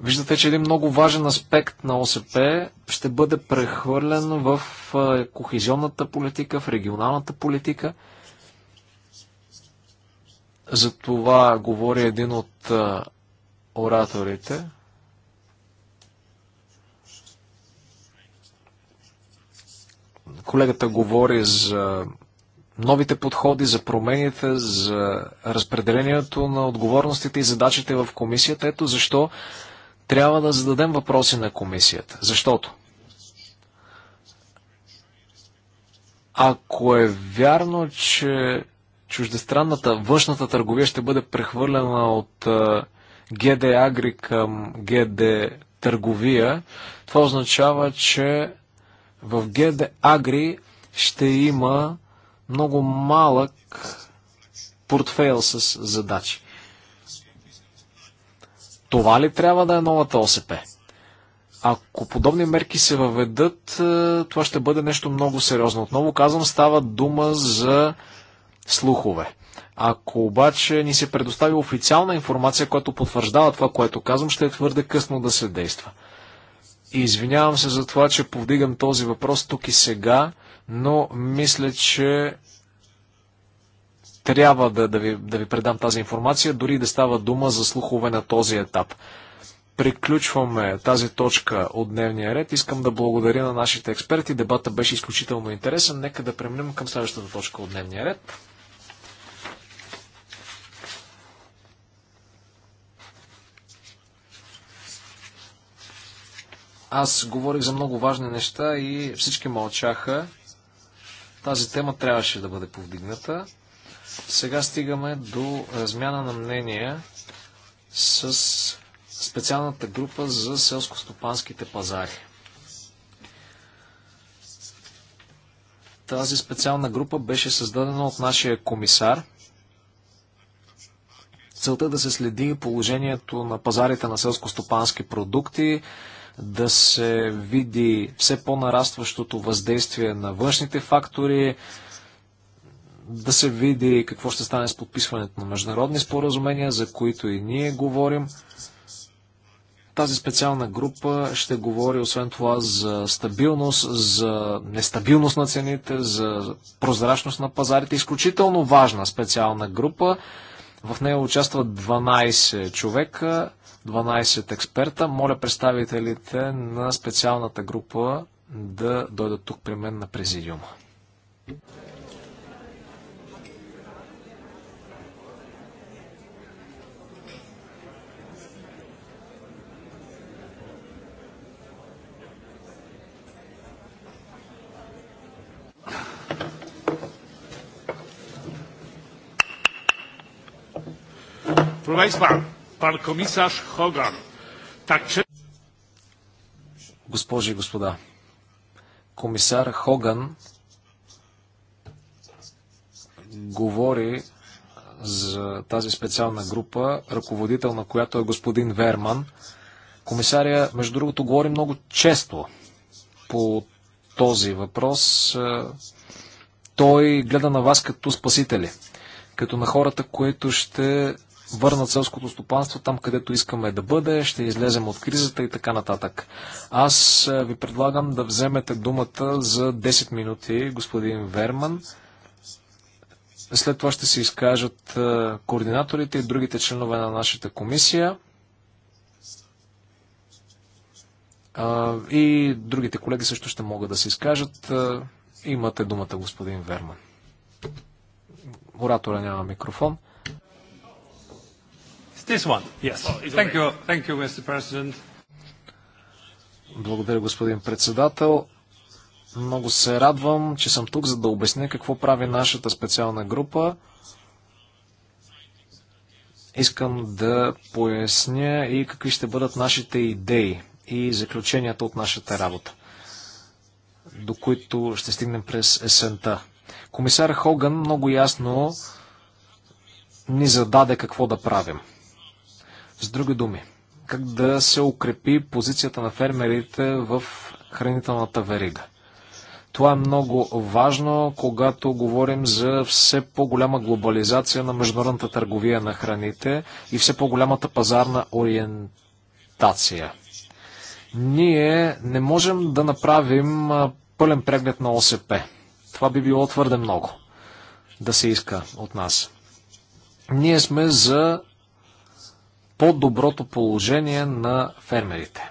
Виждате, че един много важен аспект на ОСП ще бъде прехвърлен в кохезионната политика, в регионалната политика. За това говори един от ораторите. Колегата говори за новите подходи, за промените, за разпределението на отговорностите и задачите в комисията. Ето защо трябва да зададем въпроси на комисията. Защото ако е вярно, че чуждестранната външната търговия ще бъде прехвърлена от ГД Агри към ГД Търговия, това означава, че в ГД Агри ще има много малък портфейл с задачи. Това ли трябва да е новата ОСП? Ако подобни мерки се въведат, е, това ще бъде нещо много сериозно. Отново казвам, става дума за слухове. Ако обаче ни се предостави официална информация, която потвърждава това, което казвам, ще е твърде късно да се действа. И извинявам се за това, че повдигам този въпрос тук и сега, но мисля, че трябва да, да, ви, да ви предам тази информация, дори да става дума за слухове на този етап. Приключваме тази точка от дневния ред. Искам да благодаря на нашите експерти. Дебата беше изключително интересен. Нека да преминем към следващата точка от дневния ред. Аз говорих за много важни неща и всички мълчаха. Тази тема трябваше да бъде повдигната. Сега стигаме до размяна на мнения с специалната група за селско-стопанските пазари. Тази специална група беше създадена от нашия комисар. Целта е да се следи положението на пазарите на селско-стопански продукти, да се види все по-нарастващото въздействие на външните фактори, да се види какво ще стане с подписването на международни споразумения, за които и ние говорим. Тази специална група ще говори освен това за стабилност, за нестабилност на цените, за прозрачност на пазарите. Изключително важна специална група. В нея участват 12 човека, 12 експерта. Моля представителите на специалната група да дойдат тук при мен на президиума. Proszę Państwa, pan komisarz Hogan. Tak czy... Госпожи и господа, комисар Хоган говори за тази специална група, ръководител на която е господин Верман. Комисария, между другото, говори много често по този въпрос. Той гледа на вас като спасители, като на хората, които ще върнат селското стопанство там, където искаме да бъде, ще излезем от кризата и така нататък. Аз е, ви предлагам да вземете думата за 10 минути, господин Верман. След това ще се изкажат е, координаторите и другите членове на нашата комисия. И другите колеги също ще могат да се изкажат. Е, имате думата, господин Верман. Оратора няма микрофон. Oh, Благодаря, господин председател. Много се радвам, че съм тук, за да обясня какво прави нашата специална група. Искам да поясня и какви ще бъдат нашите идеи и заключенията от нашата работа, до които ще стигнем през есента. Комисар Хоган много ясно ни зададе какво да правим – с други думи, как да се укрепи позицията на фермерите в хранителната верига. Това е много важно, когато говорим за все по-голяма глобализация на международната търговия на храните и все по-голямата пазарна ориентация. Ние не можем да направим пълен преглед на ОСП. Това би било твърде много да се иска от нас. Ние сме за по-доброто положение на фермерите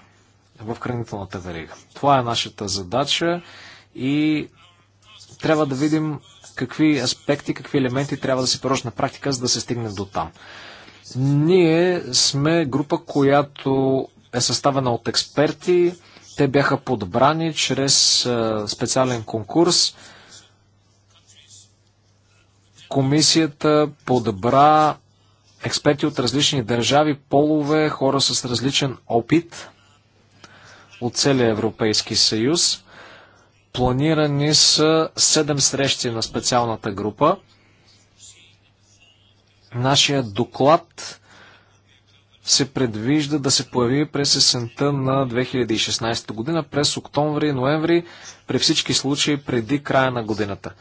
в хранителната верига. Това е нашата задача и трябва да видим какви аспекти, какви елементи трябва да се приложат на практика, за да се стигне до там. Ние сме група, която е съставена от експерти. Те бяха подбрани чрез е, специален конкурс. Комисията подбра експерти от различни държави, полове, хора с различен опит от целия Европейски съюз. Планирани са 7 срещи на специалната група. Нашия доклад се предвижда да се появи през есента на 2016 година, през октомври и ноември, при всички случаи преди края на годината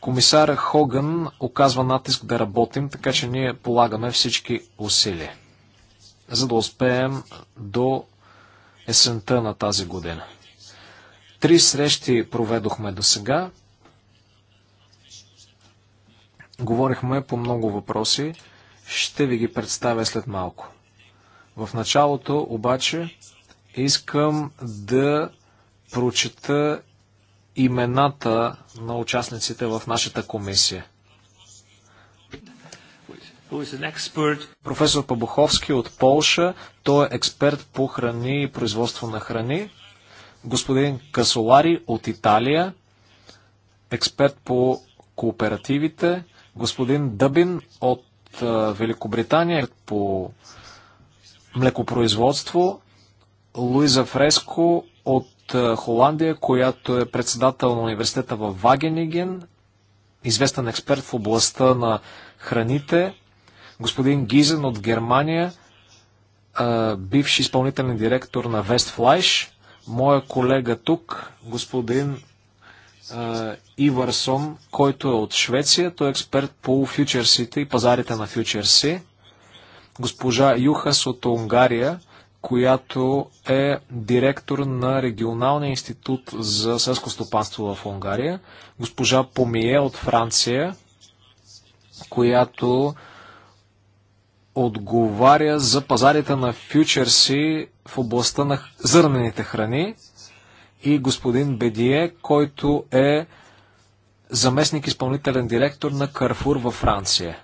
комисаря Хоган оказва натиск да работим, така че ние полагаме всички усилия, за да успеем до есента на тази година. Три срещи проведохме до сега. Говорихме по много въпроси. Ще ви ги представя след малко. В началото обаче искам да прочета имената на участниците в нашата комисия. Професор Пабуховски от Полша, той е експерт по храни и производство на храни. Господин Касолари от Италия, експерт по кооперативите. Господин Дъбин от Великобритания по млекопроизводство. Луиза Фреско от от е, Холандия, която е председател на университета в Вагениген, известен експерт в областта на храните, господин Гизен от Германия, е, бивш изпълнителен директор на Вестфлайш, моя колега тук, господин е, Иварсон, който е от Швеция. Той е експерт по фьючерсите и пазарите на фьючерси. Госпожа Юхас от Унгария, която е директор на Регионалния институт за селско стопанство в Унгария, госпожа Помие от Франция, която отговаря за пазарите на фьючерси в областта на зърнените храни и господин Бедие, който е заместник изпълнителен директор на Карфур във Франция.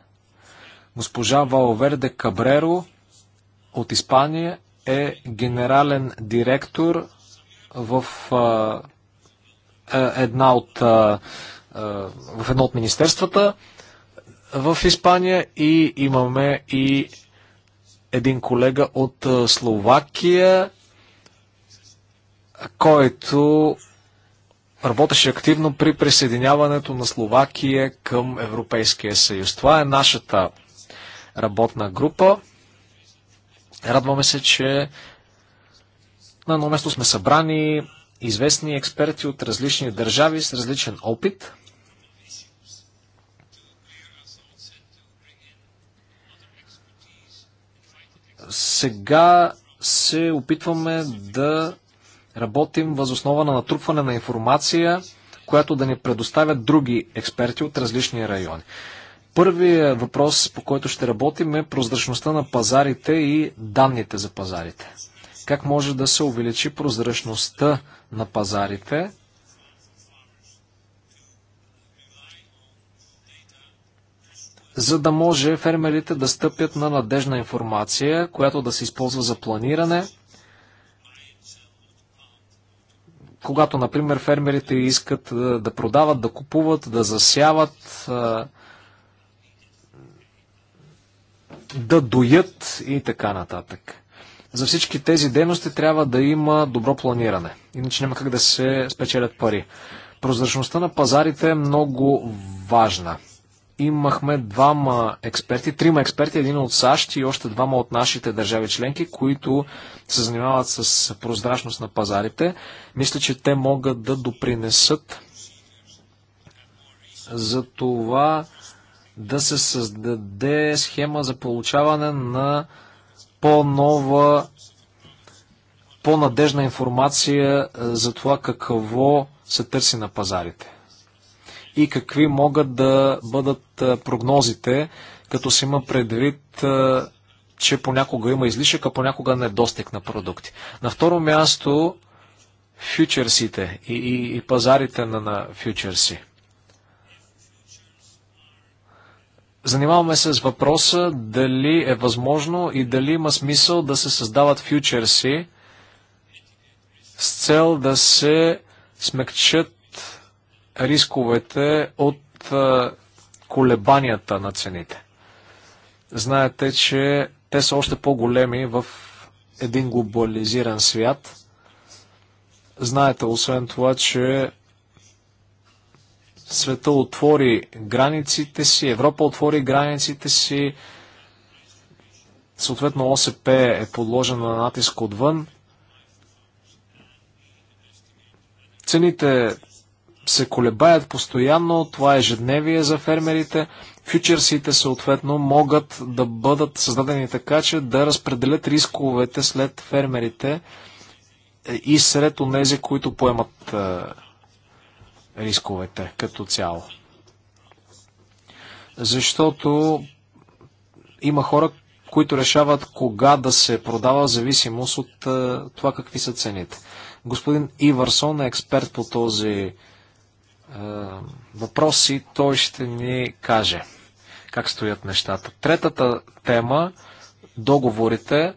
Госпожа Валверде Кабреро от Испания е генерален директор в а, е, една от, а, в едно от министерствата в Испания и имаме и един колега от Словакия, който работеше активно при присъединяването на Словакия към Европейския съюз. Това е нашата работна група. Радваме се, че на едно место сме събрани известни експерти от различни държави с различен опит. Сега се опитваме да работим възоснова на натрупване на информация, която да ни предоставят други експерти от различни райони. Първият въпрос, по който ще работим е прозрачността на пазарите и данните за пазарите. Как може да се увеличи прозрачността на пазарите? за да може фермерите да стъпят на надежна информация, която да се използва за планиране, когато, например, фермерите искат е, да продават, да купуват, да засяват, е, да доят и така нататък. За всички тези дейности трябва да има добро планиране, иначе няма как да се спечелят пари. Прозрачността на пазарите е много важна. Имахме двама експерти, трима експерти, един от САЩ и още двама от нашите държави членки, които се занимават с прозрачност на пазарите. Мисля, че те могат да допринесат за това да се създаде схема за получаване на по-нова, по-надежна информация е, за това какво се търси на пазарите и какви могат да бъдат е, прогнозите, като се има предвид, е, че понякога има излишък, а понякога недостиг на продукти. На второ място, фьючерсите и, и, и пазарите на, на фьючерси. Занимаваме се с въпроса дали е възможно и дали има смисъл да се създават фьючерси с цел да се смекчат рисковете от колебанията на цените. Знаете, че те са още по-големи в един глобализиран свят. Знаете, освен това, че Света отвори границите си, Европа отвори границите си, съответно ОСП е подложена на натиск отвън. Цените се колебаят постоянно, това е ежедневие за фермерите. Фьючерсите съответно могат да бъдат създадени така, че да разпределят рисковете след фермерите и сред онези, които поемат е, рисковете като цяло. Защото има хора, които решават кога да се продава в зависимост от това какви са цените. Господин Иварсон е експерт по този въпрос и той ще ни каже как стоят нещата. Третата тема договорите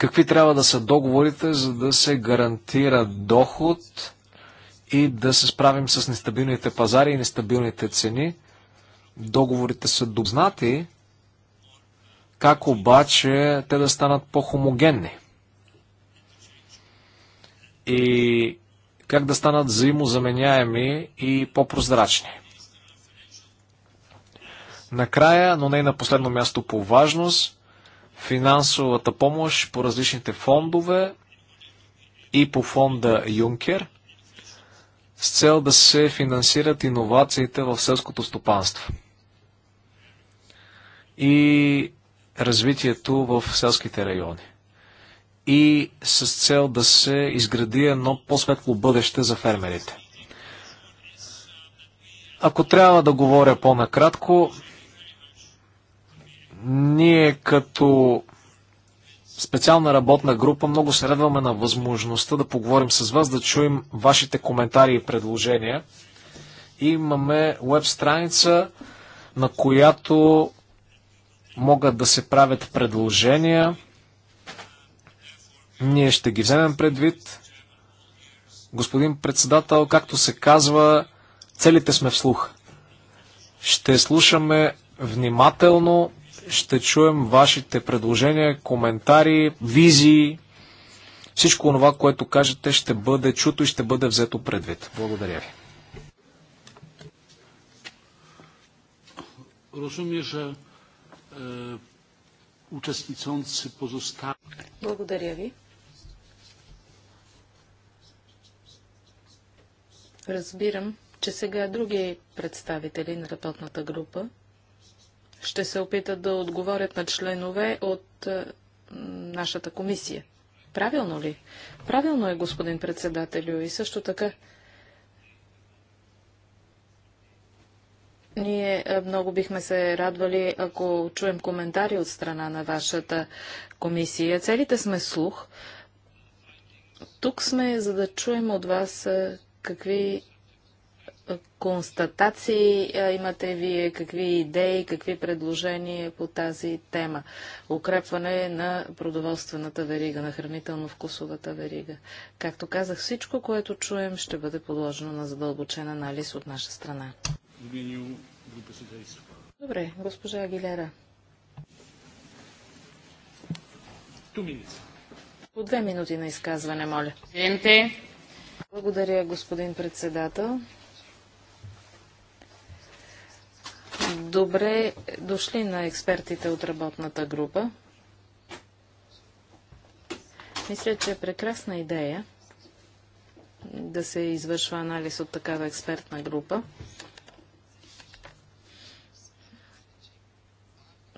какви трябва да са договорите, за да се гарантира доход и да се справим с нестабилните пазари и нестабилните цени. Договорите са дознати, как обаче те да станат по-хомогенни и как да станат взаимозаменяеми и по-прозрачни. Накрая, но не на последно място по важност, финансовата помощ по различните фондове и по фонда Юнкер с цел да се финансират иновациите в селското стопанство и развитието в селските райони и с цел да се изгради едно по-светло бъдеще за фермерите. Ако трябва да говоря по-накратко, ние като специална работна група много се радваме на възможността да поговорим с вас, да чуем вашите коментари и предложения. Имаме веб страница, на която могат да се правят предложения. Ние ще ги вземем предвид. Господин председател, както се казва, целите сме в слух. Ще слушаме внимателно ще чуем вашите предложения, коментари, визии. Всичко това, което кажете, ще бъде чуто и ще бъде взето предвид. Благодаря ви. Е, Благодаря ви. Разбирам, че сега други представители на работната група ще се опитат да отговорят на членове от е, нашата комисия. Правилно ли? Правилно е, господин председателю, и също така. Ние е, много бихме се радвали, ако чуем коментари от страна на вашата комисия. Целите сме слух. Тук сме, за да чуем от вас е, какви констатации имате вие, какви идеи, какви предложения по тази тема? Укрепване на продоволствената верига, на хранително-вкусовата верига. Както казах, всичко, което чуем, ще бъде подложено на задълбочен анализ от наша страна. Добре, госпожа Агилера. По две минути на изказване, моля. Благодаря, господин председател. Добре дошли на експертите от работната група. Мисля, че е прекрасна идея да се извършва анализ от такава експертна група.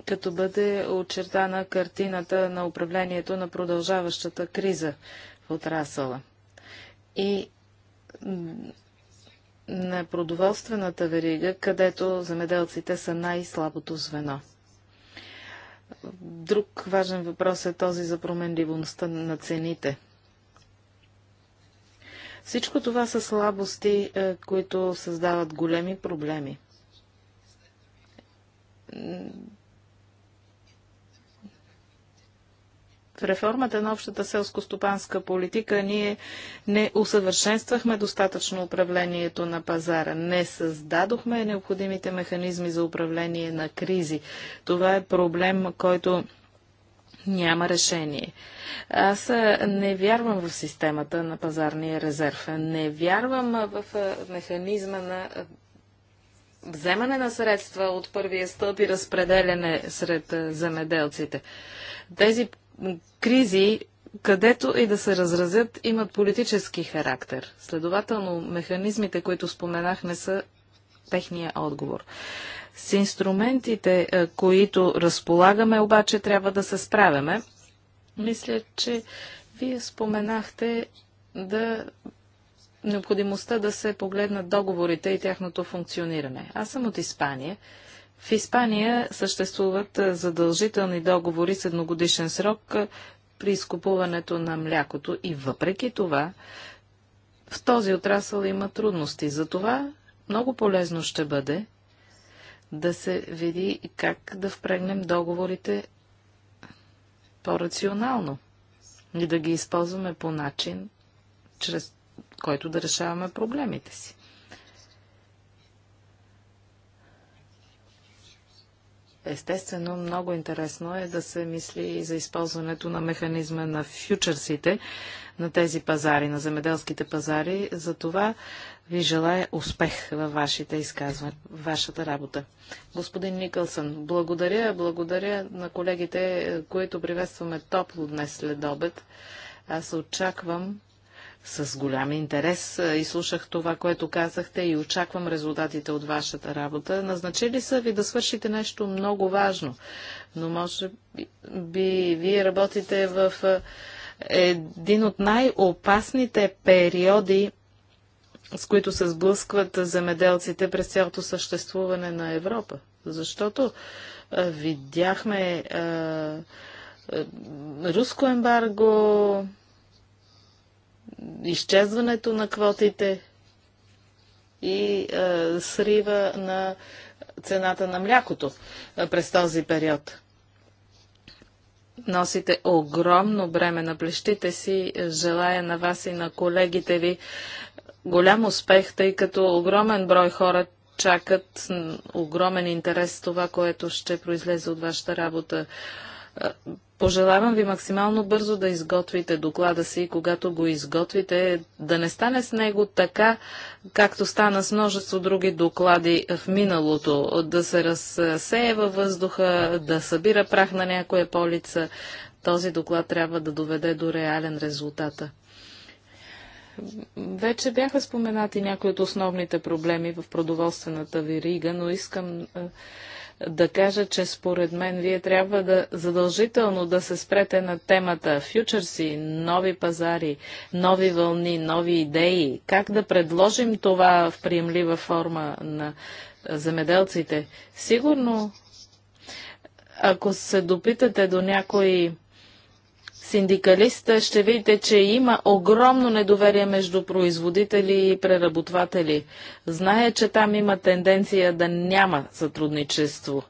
като бъде очертана картината на управлението на продължаващата криза в отрасъла. И на продоволствената верига, където земеделците са най-слабото звено. Друг важен въпрос е този за променливостта на цените. Всичко това са слабости, е, които създават големи проблеми В реформата на общата селско-стопанска политика ние не усъвършенствахме достатъчно управлението на пазара, не създадохме необходимите механизми за управление на кризи. Това е проблем, който няма решение. Аз не вярвам в системата на пазарния резерв. Не вярвам в механизма на вземане на средства от първия стълб и разпределяне сред земеделците. Тези кризи, където и да се разразят, имат политически характер. Следователно, механизмите, които споменах, не са техния отговор. С инструментите, е, които разполагаме, обаче трябва да се справяме. Мисля, че вие споменахте да необходимостта да се погледнат договорите и тяхното функциониране. Аз съм от Испания в Испания съществуват задължителни договори с едногодишен срок при изкупуването на млякото и въпреки това в този отрасъл има трудности. Затова много полезно ще бъде да се види как да впрегнем договорите по-рационално и да ги използваме по начин, чрез който да решаваме проблемите си. Естествено, много интересно е да се мисли и за използването на механизма на фьючерсите на тези пазари, на земеделските пазари. За това ви желая успех във вашите изказвания, вашата работа. Господин Никълсън, благодаря, благодаря на колегите, които приветстваме топло днес след обед. Аз очаквам с голям интерес и слушах това, което казахте и очаквам резултатите от вашата работа. Назначили са ви да свършите нещо много важно, но може би вие работите в един от най-опасните периоди, с които се сблъскват земеделците през цялото съществуване на Европа. Защото видяхме руско ембарго, изчезването на квотите и е, срива на цената на млякото е, през този период. Носите огромно бреме на плещите си. Желая на вас и на колегите ви голям успех, тъй като огромен брой хора чакат огромен интерес това, което ще произлезе от вашата работа. Пожелавам ви максимално бързо да изготвите доклада си и когато го изготвите, да не стане с него така, както стана с множество други доклади в миналото, да се разсее във въздуха, да събира прах на някоя полица. Този доклад трябва да доведе до реален резултат. Вече бяха споменати някои от основните проблеми в продоволствената верига, но искам да кажа, че според мен вие трябва да задължително да се спрете на темата фьючерси, нови пазари, нови вълни, нови идеи. Как да предложим това в приемлива форма на земеделците? Сигурно, ако се допитате до някои синдикалиста, ще видите, че има огромно недоверие между производители и преработватели. Зная, че там има тенденция да няма сътрудничество.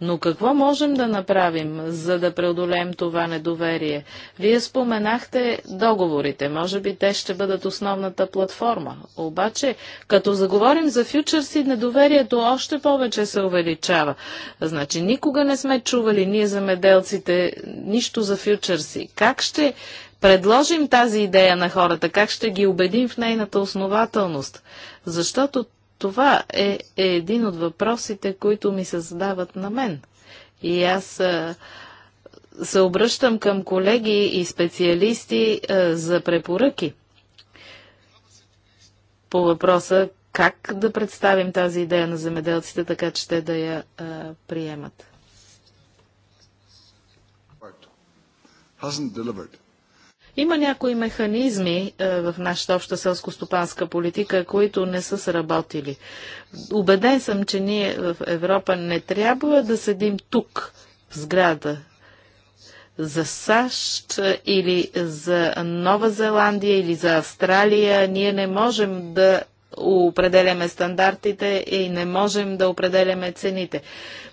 Но какво можем да направим, за да преодолеем това недоверие? Вие споменахте договорите. Може би те ще бъдат основната платформа. Обаче, като заговорим за фьючерси, недоверието още повече се увеличава. Значи, никога не сме чували ние замеделците нищо за фьючерси. Как ще предложим тази идея на хората? Как ще ги убедим в нейната основателност? Защото това е, е, един от въпросите, които ми се задават на мен. И аз се обръщам към колеги и специалисти за препоръки по въпроса как да представим тази идея на земеделците, така че те да я приемат. Има някои механизми е, в нашата обща селско-стопанска политика, които не са сработили. Убеден съм, че ние в Европа не трябва да седим тук, в сграда, за САЩ или за Нова Зеландия или за Австралия. Ние не можем да определяме стандартите и не можем да определяме цените.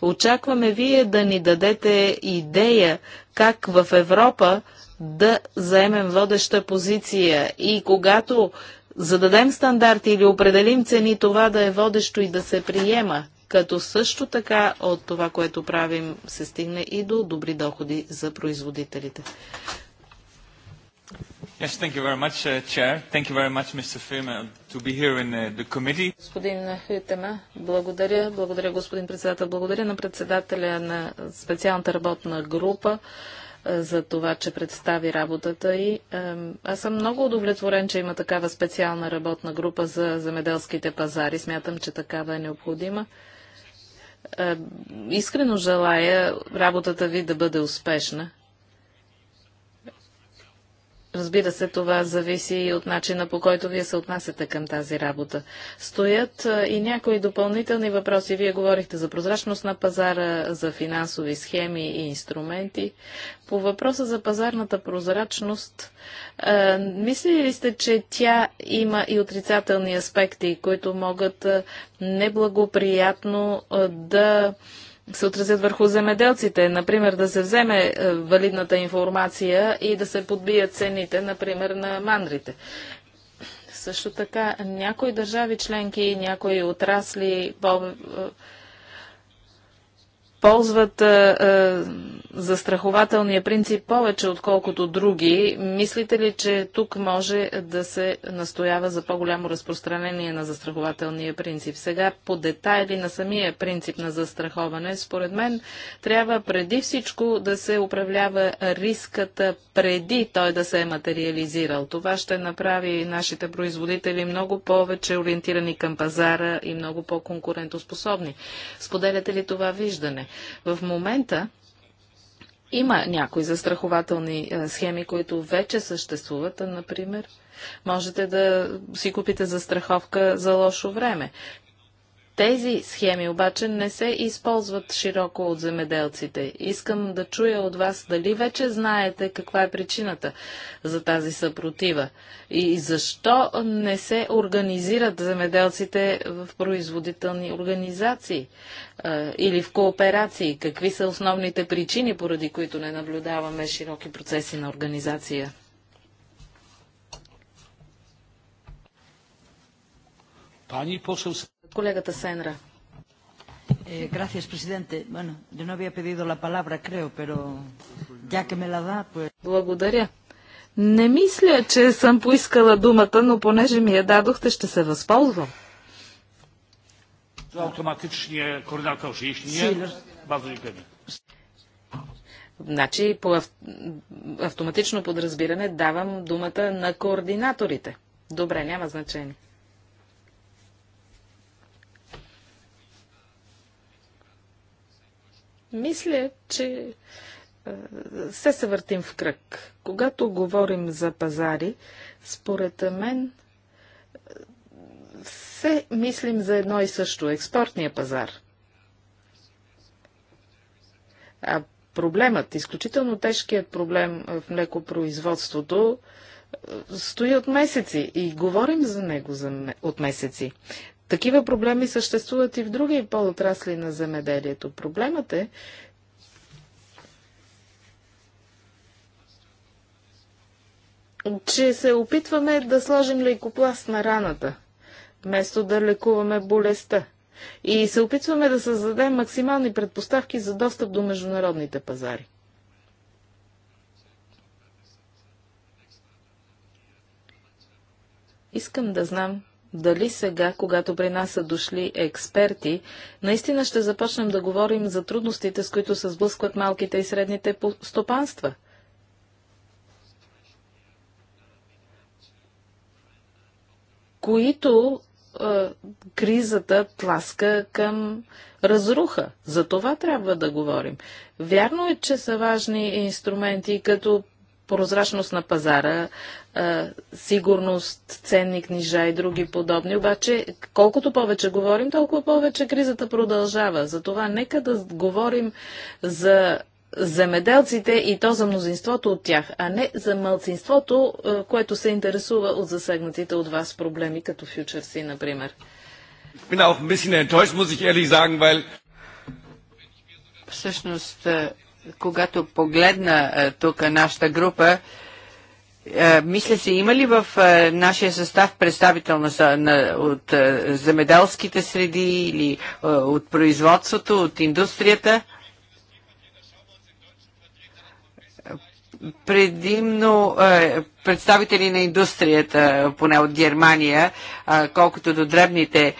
Очакваме вие да ни дадете идея как в Европа да заемем водеща позиция и когато зададем стандарти или определим цени, това да е водещо и да се приема, като също така от това, което правим, се стигне и до добри доходи за производителите. Yes, thank you very much, uh, Chair. Thank you very much, Mr. Firma, to be here in uh, the committee. Господин Хютема, благодаря. Благодаря, господин председател. Благодаря на председателя на специалната работна група. Uh, е, за това, че представи работата и е, аз съм много удовлетворен, че има такава специална работна група за замеделските пазари. Смятам, че такава е необходима. Е, искрено желая работата ви да бъде успешна Разбира се, това зависи и от начина по който вие се отнасяте към тази работа. Стоят и някои допълнителни въпроси. Вие говорихте за прозрачност на пазара, за финансови схеми и инструменти. По въпроса за пазарната прозрачност, мислили ли сте, че тя има и отрицателни аспекти, които могат неблагоприятно да се отразят върху земеделците. Например, да се вземе е, валидната информация и да се подбият цените, например, на мандрите. Също така, някои държави членки, някои отрасли е, ползват е, застрахователния принцип повече, отколкото други. Мислите ли, че тук може да се настоява за по-голямо разпространение на застрахователния принцип? Сега по детайли на самия принцип на застраховане, според мен трябва преди всичко да се управлява риската преди той да се е материализирал. Това ще направи нашите производители много повече ориентирани към пазара и много по-конкурентоспособни. Споделяте ли това виждане? В момента има някои застрахователни е, схеми, които вече съществуват. Например, можете да си купите застраховка за лошо време. Тези схеми обаче не се използват широко от земеделците. Искам да чуя от вас дали вече знаете каква е причината за тази съпротива и защо не се организират земеделците в производителни организации а, или в кооперации. Какви са основните причини, поради които не наблюдаваме широки процеси на организация? Пани посъл Колегата Сенра. Eh, gracias, presidente. Bueno, yo no había pedido la palabra, creo, pero ya que me la da, pues... Благодаря. Не мисля, че съм поискала думата, но понеже ми я дадохте, ще се възползвам. Автоматичния координатор, ще не, базови Значи, по автоматично подразбиране давам думата на координаторите. Добре, няма значение. Мисля, че се се въртим в кръг. Когато говорим за пазари, според мен се мислим за едно и също – експортния пазар. А проблемът, изключително тежкият проблем в млекопроизводството, стои от месеци и говорим за него за, от месеци. Такива проблеми съществуват и в други по-отрасли на земеделието. Проблемът е, че се опитваме да сложим лейкопласт на раната, вместо да лекуваме болестта. И се опитваме да създадем максимални предпоставки за достъп до международните пазари. Искам да знам дали сега, когато при нас са дошли експерти, наистина ще започнем да говорим за трудностите, с които се сблъскват малките и средните стопанства. които е, кризата тласка към разруха. За това трябва да говорим. Вярно е, че са важни инструменти като прозрачност на пазара, сигурност, ценни книжа и други подобни. Обаче, колкото повече говорим, толкова повече кризата продължава. Затова нека да говорим за земеделците и то за мнозинството от тях, а не за мълцинството, което се интересува от засегнатите от вас проблеми, като фьючерси, например. Всъщност, когато погледна е, тук нашата група, е, мисля се, има ли в е, нашия състав представител на, на, от земеделските среди или от производството, от индустрията? Предимно представители на индустрията, поне от Германия, колкото до дребните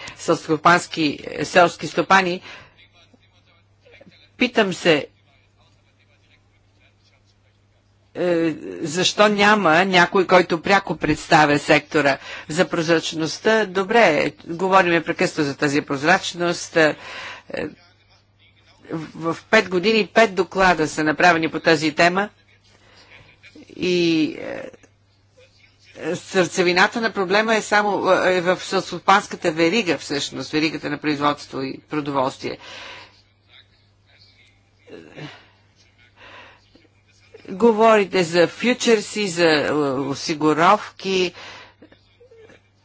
селски стопани. Питам се, е, защо няма някой, който пряко представя сектора за прозрачността? Добре, говорим прекъсто за тази прозрачност. Е, в пет години пет доклада са направени по тази тема и е, сърцевината на проблема е само в сълсопанската верига, всъщност, веригата на производство и продоволствие. Говорите за фьючерси, за е, осигуровки,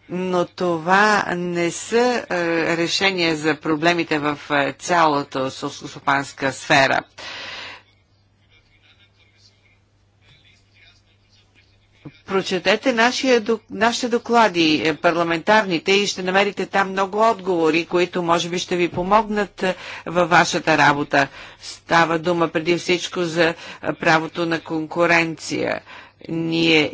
но това не са е, решения за проблемите в е, цялата сълскостопанска сфера. прочетете нашия, нашите доклади, е, парламентарните, и ще намерите там много отговори, които може би ще ви помогнат е, във вашата работа. Става дума преди всичко за е, правото на конкуренция. Ние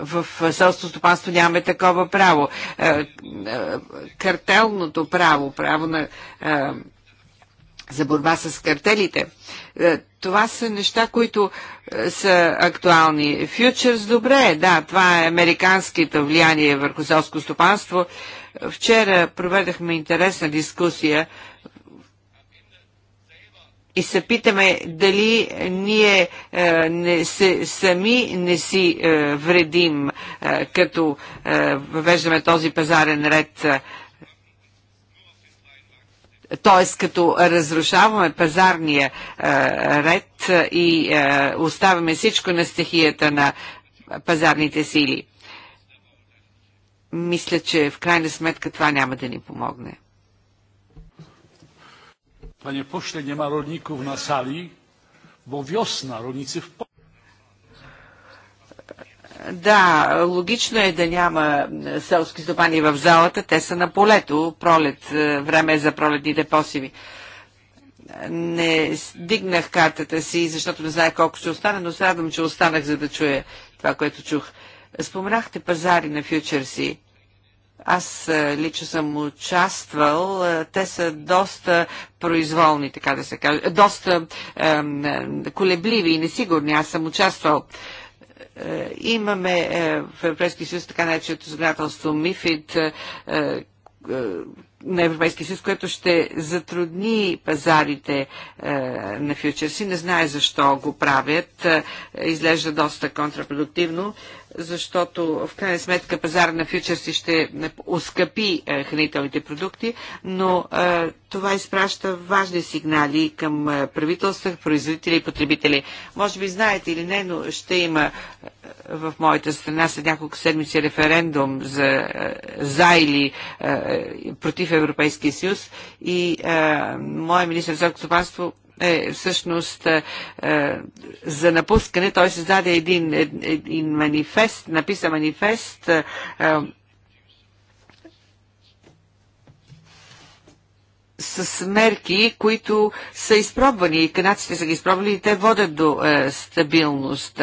в селско стопанство нямаме такова право. Картелното право, право на за борба с картелите. Е, това са неща, които е, са актуални. Фьючерс, добре, да, това е американските влияние върху селско стопанство. Вчера проведахме интересна дискусия и се питаме дали ние е, не, се, сами не си е, вредим, е, като е, въвеждаме този пазарен ред. Е, т.е. като разрушаваме пазарния е, ред е, и е, оставяме всичко на стихията на пазарните сили. Мисля, че в крайна сметка това няма да ни помогне. Пане Пошле, няма родников на сали, бо вьосна родници в да, логично е да няма селски стопани в залата. Те са на полето. Пролет, е, време е за пролетните посеви. Не дигнах картата си, защото не знае колко ще остане, но се радвам, че останах, за да чуя това, което чух. Споменахте пазари на фьючерси. Аз е, лично съм участвал. Е, те са доста произволни, така да се каже. Доста колебливи и несигурни. Аз съм участвал. Е, имаме е, в Европейския съюз така нареченото законодателство МИФИД, е, на Европейския съюз, което ще затрудни пазарите е, на фьючерси. Не знае защо го правят. Е, изглежда доста контрапродуктивно защото в крайна сметка пазар на фьючерси ще оскъпи е, хранителните продукти, но е, това изпраща важни сигнали към е, правителства, производители и потребители. Може би знаете или не, но ще има в моята страна след няколко седмици референдум за, за или против Европейския съюз и моят министр за стопанство е всъщност е, е, за напускане. Той създаде един, е, един манифест, написа манифест е, е с мерки, които са изпробвани канадците са ги изпробвали и те водят до е, стабилност.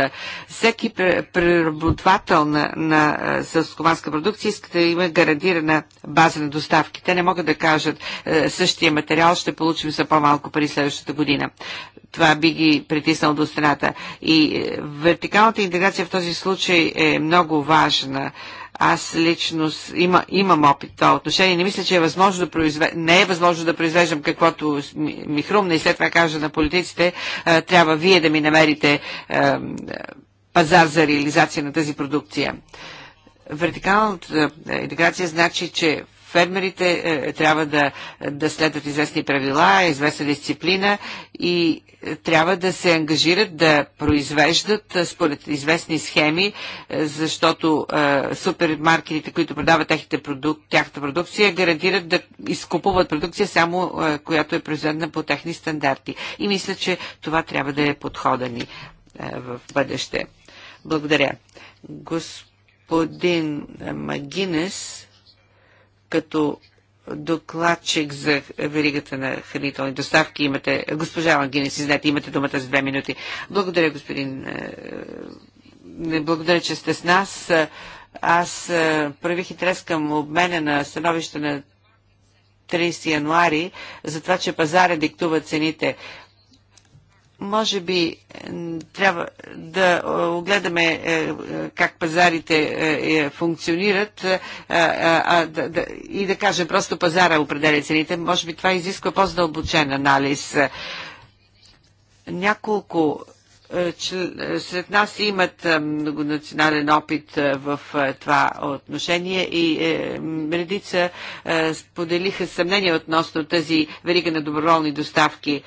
Всеки преработвател на, на е, селскоманска продукция иска да има гарантирана база на доставки. Те не могат да кажат е, същия материал ще получим за по-малко пари следващата година. Това би ги притиснал до страната. И е, вертикалната интеграция в този случай е много важна. Е, аз лично има, имам опит в това отношение. Не мисля, че е възможно да произве... не е възможно да произвеждам каквото ми хрумна и след това кажа на политиците. Трябва вие да ми намерите пазар за реализация на тази продукция. Вертикалната интеграция значи, че Фермерите е, трябва да, да следват известни правила, известна дисциплина и е, трябва да се ангажират да произвеждат е, според известни схеми, е, защото е, супермаркетите, които продават техните продук, тяхната продукция, гарантират да изкупуват продукция само е, която е произведена по техни стандарти. И мисля, че това трябва да е подхода ни е, в бъдеще. Благодаря. Господин Магинес като докладчик за веригата на хранителни доставки. Имате, госпожа си знаете, имате думата за две минути. Благодаря, господин. Е, благодаря, че сте с нас. Аз е, правих интерес към обмена на становище на 30 януари за това, че пазара диктува цените може би е, трябва да е, огледаме е, как пазарите функционират и да кажем просто пазара определя цените. Може би това изисква по здълбочен анализ. Няколко сред нас имат многонационален опит в това отношение и редица споделиха съмнение относно тази верига на доброволни доставки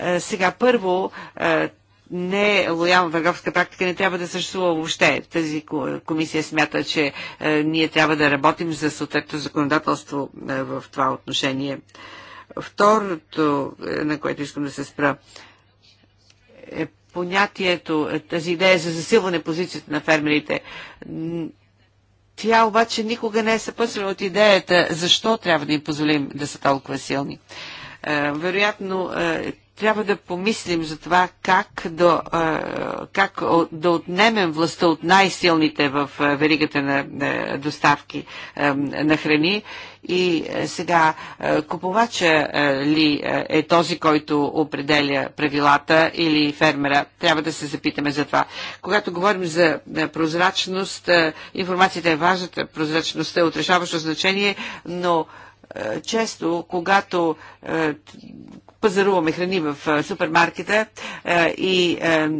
е, сега първо е, не лоялна търговска практика не трябва да съществува въобще. Тази комисия смята, че е, ние трябва да работим за съответното законодателство в това отношение. Второто, на което искам да се спра, е понятието, тази идея за засилване позицията на фермерите. Тя обаче никога не е съпъсвана от идеята защо трябва да им позволим да са толкова силни вероятно трябва да помислим за това как да, как да отнемем властта от най-силните в веригата на доставки на храни. И сега купувача ли е този, който определя правилата или фермера? Трябва да се запитаме за това. Когато говорим за прозрачност, информацията е важна, прозрачността е отрешаващо значение, но често, когато пазаруваме храни в супермаркета и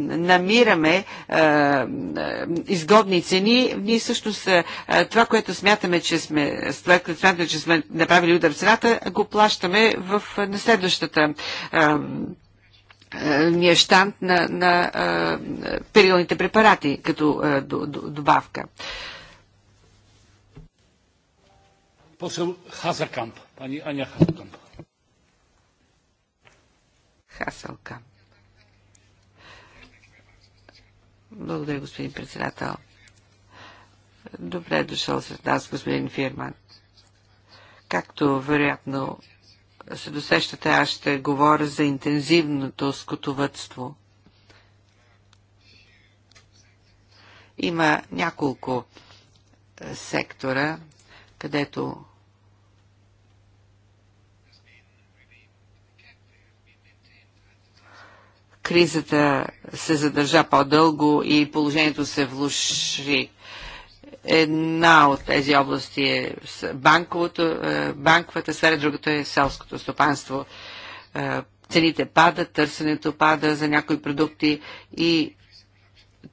намираме изгодни цени, ние всъщност това, което смятаме, че сме, което смятаме, че сме направили удар в цената, го плащаме в на следващата ние штант на, на перилните препарати като добавка. После Хазакамп, пани Аня Хазакамп. Хаселка. Благодаря, господин председател. Добре е дошъл сред нас, господин Фирман. Както вероятно се досещате, аз ще говоря за интензивното скотовътство. Има няколко сектора, където кризата се задържа по-дълго и положението се влуши. Една от тези области е банковото, е, банковата сфера, другата е селското стопанство. Е, цените падат, търсенето пада за някои продукти и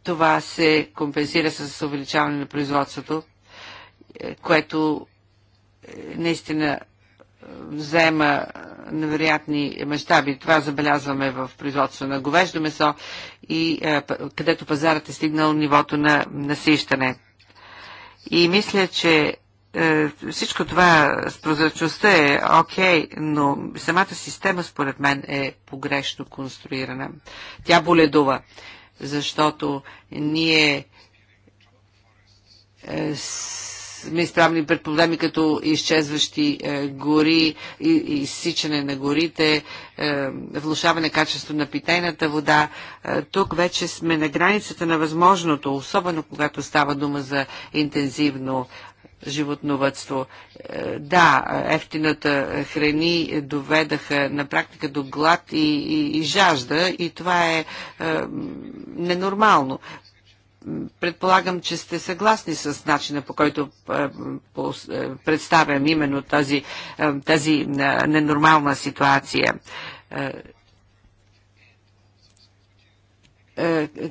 това се компенсира с увеличаване на производството, е, което наистина взема е, невероятни мащаби. Това забелязваме в производство на говеждо месо и е, където пазарът е стигнал нивото на насищане. И мисля, че е, всичко това с прозрачността е окей, okay, но самата система според мен е погрешно конструирана. Тя боледува, защото ние сме изправени пред проблеми като изчезващи е, гори, и, изсичане на горите, е, влушаване качеството на питейната вода. Е, тук вече сме на границата на възможното, особено когато става дума за интензивно животновътство. Е, да, ефтината храни доведаха на практика до глад и, и, и жажда и това е, е ненормално предполагам, че сте съгласни с начина по който е, е, представям именно е, тази, тази ненормална ситуация.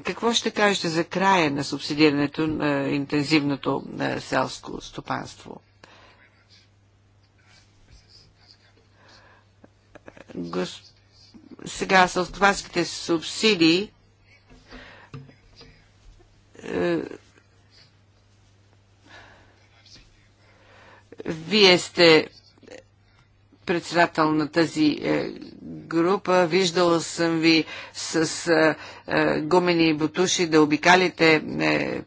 Какво ще кажете за края на субсидирането на интензивното селско стопанство? Сега с субсидии е, вие сте председател на тази е, група. Виждала съм ви с е, е, гумени бутуши да обикалите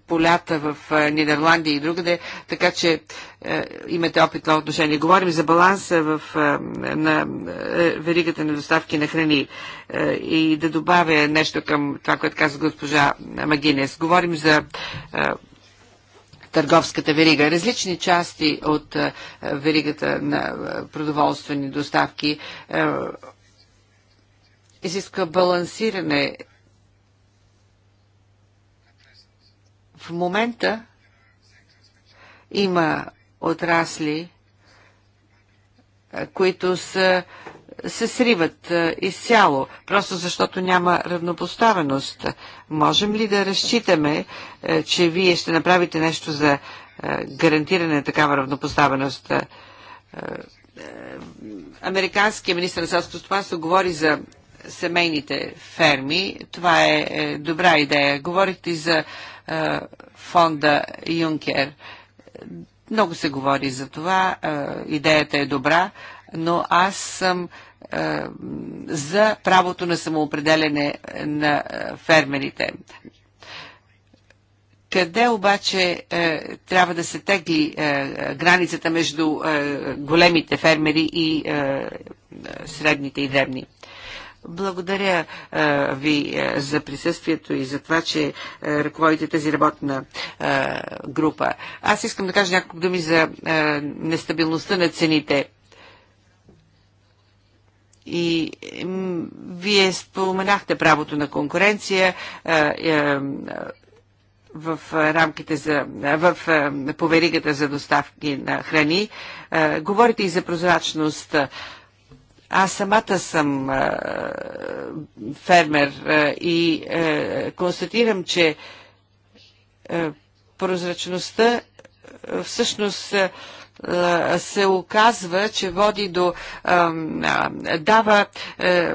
полята в Нидерландия и другаде, така че имате опит това отношение. Говорим за баланса в, на веригата на доставки на храни и да добавя нещо към това, което каза госпожа Магинес. Говорим за търговската верига. Различни части от е, веригата на е, продоволствени доставки е, изисква балансиране. В момента има отрасли, които са се сриват е, изцяло, просто защото няма равнопоставеност. Можем ли да разчитаме, е, че вие ще направите нещо за е, гарантиране на такава равнопоставеност? Американският министр на селското стопанство говори за семейните ферми. Това е добра идея. Говорихте и за фонда Юнкер. Много се говори за това. Идеята е добра, но аз съм е, за правото на самоопределене на е, фермерите. Къде обаче е, трябва да се тегли е, границата между е, големите фермери и е, средните и древни? Благодаря е, ви е, за присъствието и за това, че е, ръководите тази работна е, група. Аз искам да кажа няколко думи за е, нестабилността на цените. И вие споменахте правото на конкуренция в рамките за, в поверигата за доставки на храни. Говорите и за прозрачност. Аз самата съм фермер и констатирам, че прозрачността всъщност е, се оказва, че води до дава е,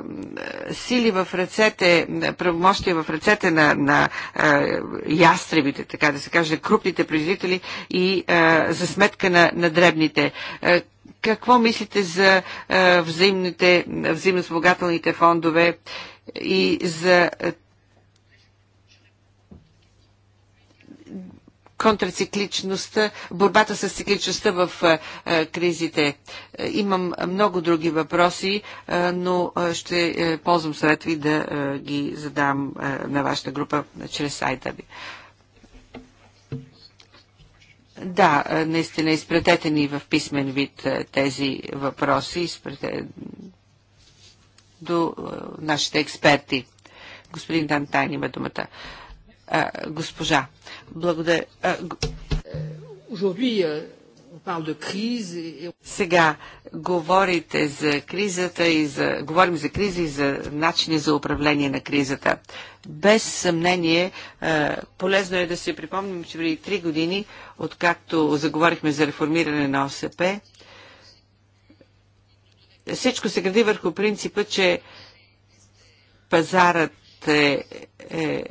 сили в ръцете, правомощия в ръцете на, на е, ястребите, така да се каже, крупните производители и за сметка на, на дребните. Какво мислите за взаимните, взаимно фондове и за контрацикличността, борбата с цикличността в е, е, кризите. Е, имам много други въпроси, но ще ползвам съвет ви да ги задам на вашата група чрез сайта ви. Да, наистина, изпратете ни в писмен вид тези въпроси изпрете... до нашите експерти. Господин Дантайн има думата госпожа. Благодаря. Euh, Сега говорите за кризата и за, говорим за криза и за начини за управление на кризата. Без съмнение, полезно е да се припомним, че преди три години, откакто заговорихме за реформиране на ОСП, всичко се гради върху принципа, че пазарът ще е,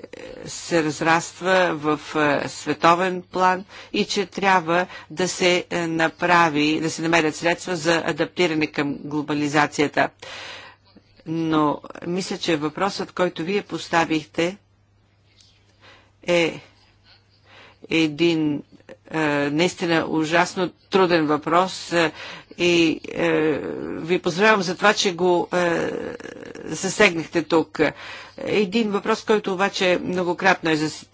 се разраства в е, световен план и че трябва да се е, направи, да се намерят средства за адаптиране към глобализацията. Но мисля, че въпросът, който вие поставихте, е един е, наистина ужасно труден въпрос е, и е, ви поздравявам за това, че го е, засегнахте тук. Един въпрос, който обаче многократно е, зас...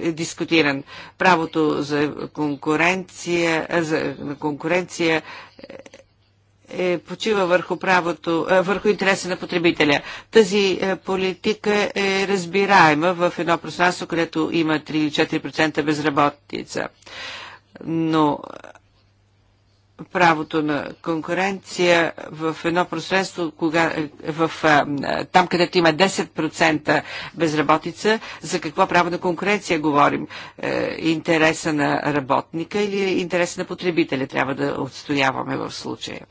е дискутиран. Правото за конкуренция, е, за конкуренция е, е, почива върху правото, е, върху интереса на потребителя. Тази политика е разбираема в едно пространство, където има 3 4% безработица. Но правото на конкуренция в едно пространство, кога, е, в, там където има 10% безработица, за какво право на конкуренция говорим? Е, интереса на работника или интереса на потребителя трябва да отстояваме в случая?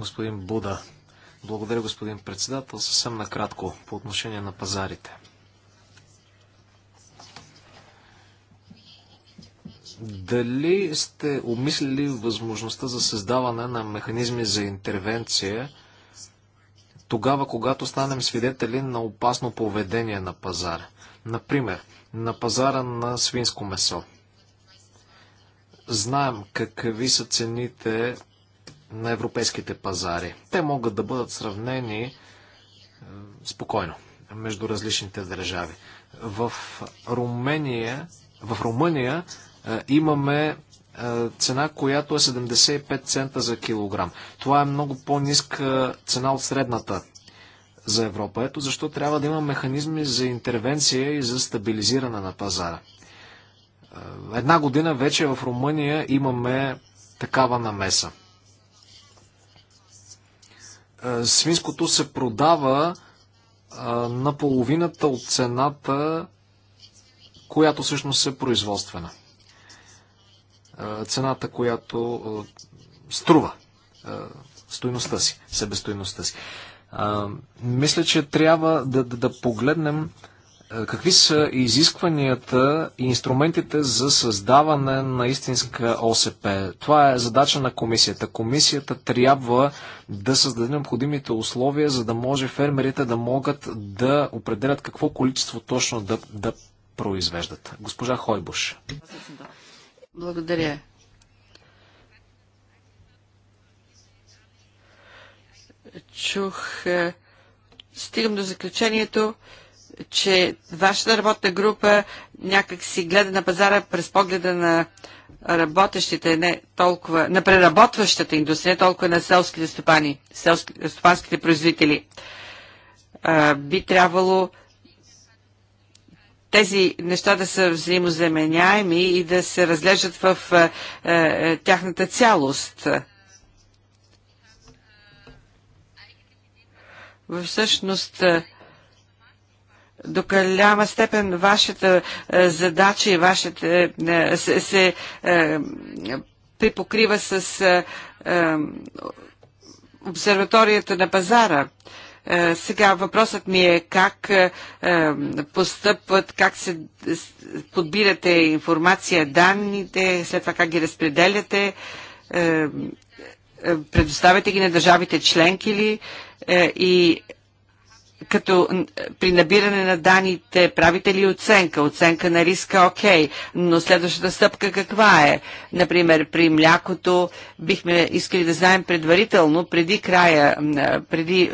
Господин Буда, благодаря, господин председател. Съвсем накратко по отношение на пазарите. Дали сте обмислили възможността за създаване на механизми за интервенция тогава, когато станем свидетели на опасно поведение на пазара? Например, на пазара на свинско месо. Знаем какви са цените на европейските пазари. Те могат да бъдат сравнени е, спокойно между различните държави. В Румъния, в Румъния е, имаме е, цена, която е 75 цента за килограм. Това е много по-ниска цена от средната за Европа. Ето защо трябва да има механизми за интервенция и за стабилизиране на пазара. Една година вече в Румъния имаме такава намеса. Е, свинското се продава е, на половината от цената, която всъщност е производствена. Е, цената, която струва стойността си, себестойността си. Мисля, че трябва да, да, да погледнем е, какви са изискванията и инструментите за създаване на истинска ОСП? Това е задача на комисията. Комисията трябва да създаде необходимите условия, за да може фермерите да могат да определят какво количество точно да, да произвеждат. Госпожа Хойбуш. Благодаря. Чух. Е, стигам до заключението че вашата работна група някак си гледа на пазара през погледа на работещите, не толкова, на преработващата индустрия, толкова на селските стопани, селски, стопанските производители. А, би трябвало тези неща да са взаимозаменяеми и да се разлежат в а, а, тяхната цялост. Всъщност, а, до голяма степен вашата е, задача и вашата е, е, се, се е, припокрива с е, обсерваторията на пазара. Сега въпросът ми е как постъпват, как се подбирате информация, данните, след това как ги разпределяте, предоставяте ги на държавите членки ли и като при набиране на данните правите ли оценка? Оценка на риска, окей, okay, но следващата стъпка каква е? Например, при млякото бихме искали да знаем предварително, преди края, преди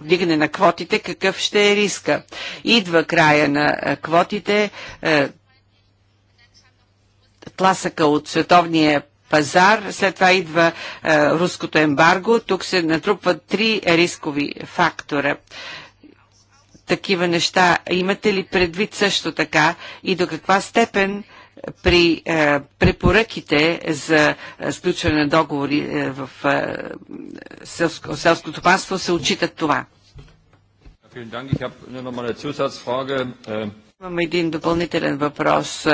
вдигане на квотите, какъв ще е риска. Идва края на квотите, тласъка от световния пазар, след това идва е, руското ембарго. Тук се натрупват три рискови фактора. Такива неща имате ли предвид също така и до каква степен при е, препоръките за е, сключване на договори е, в е, селско, селско стопанство се отчитат това? Äh, Имам един допълнителен въпрос.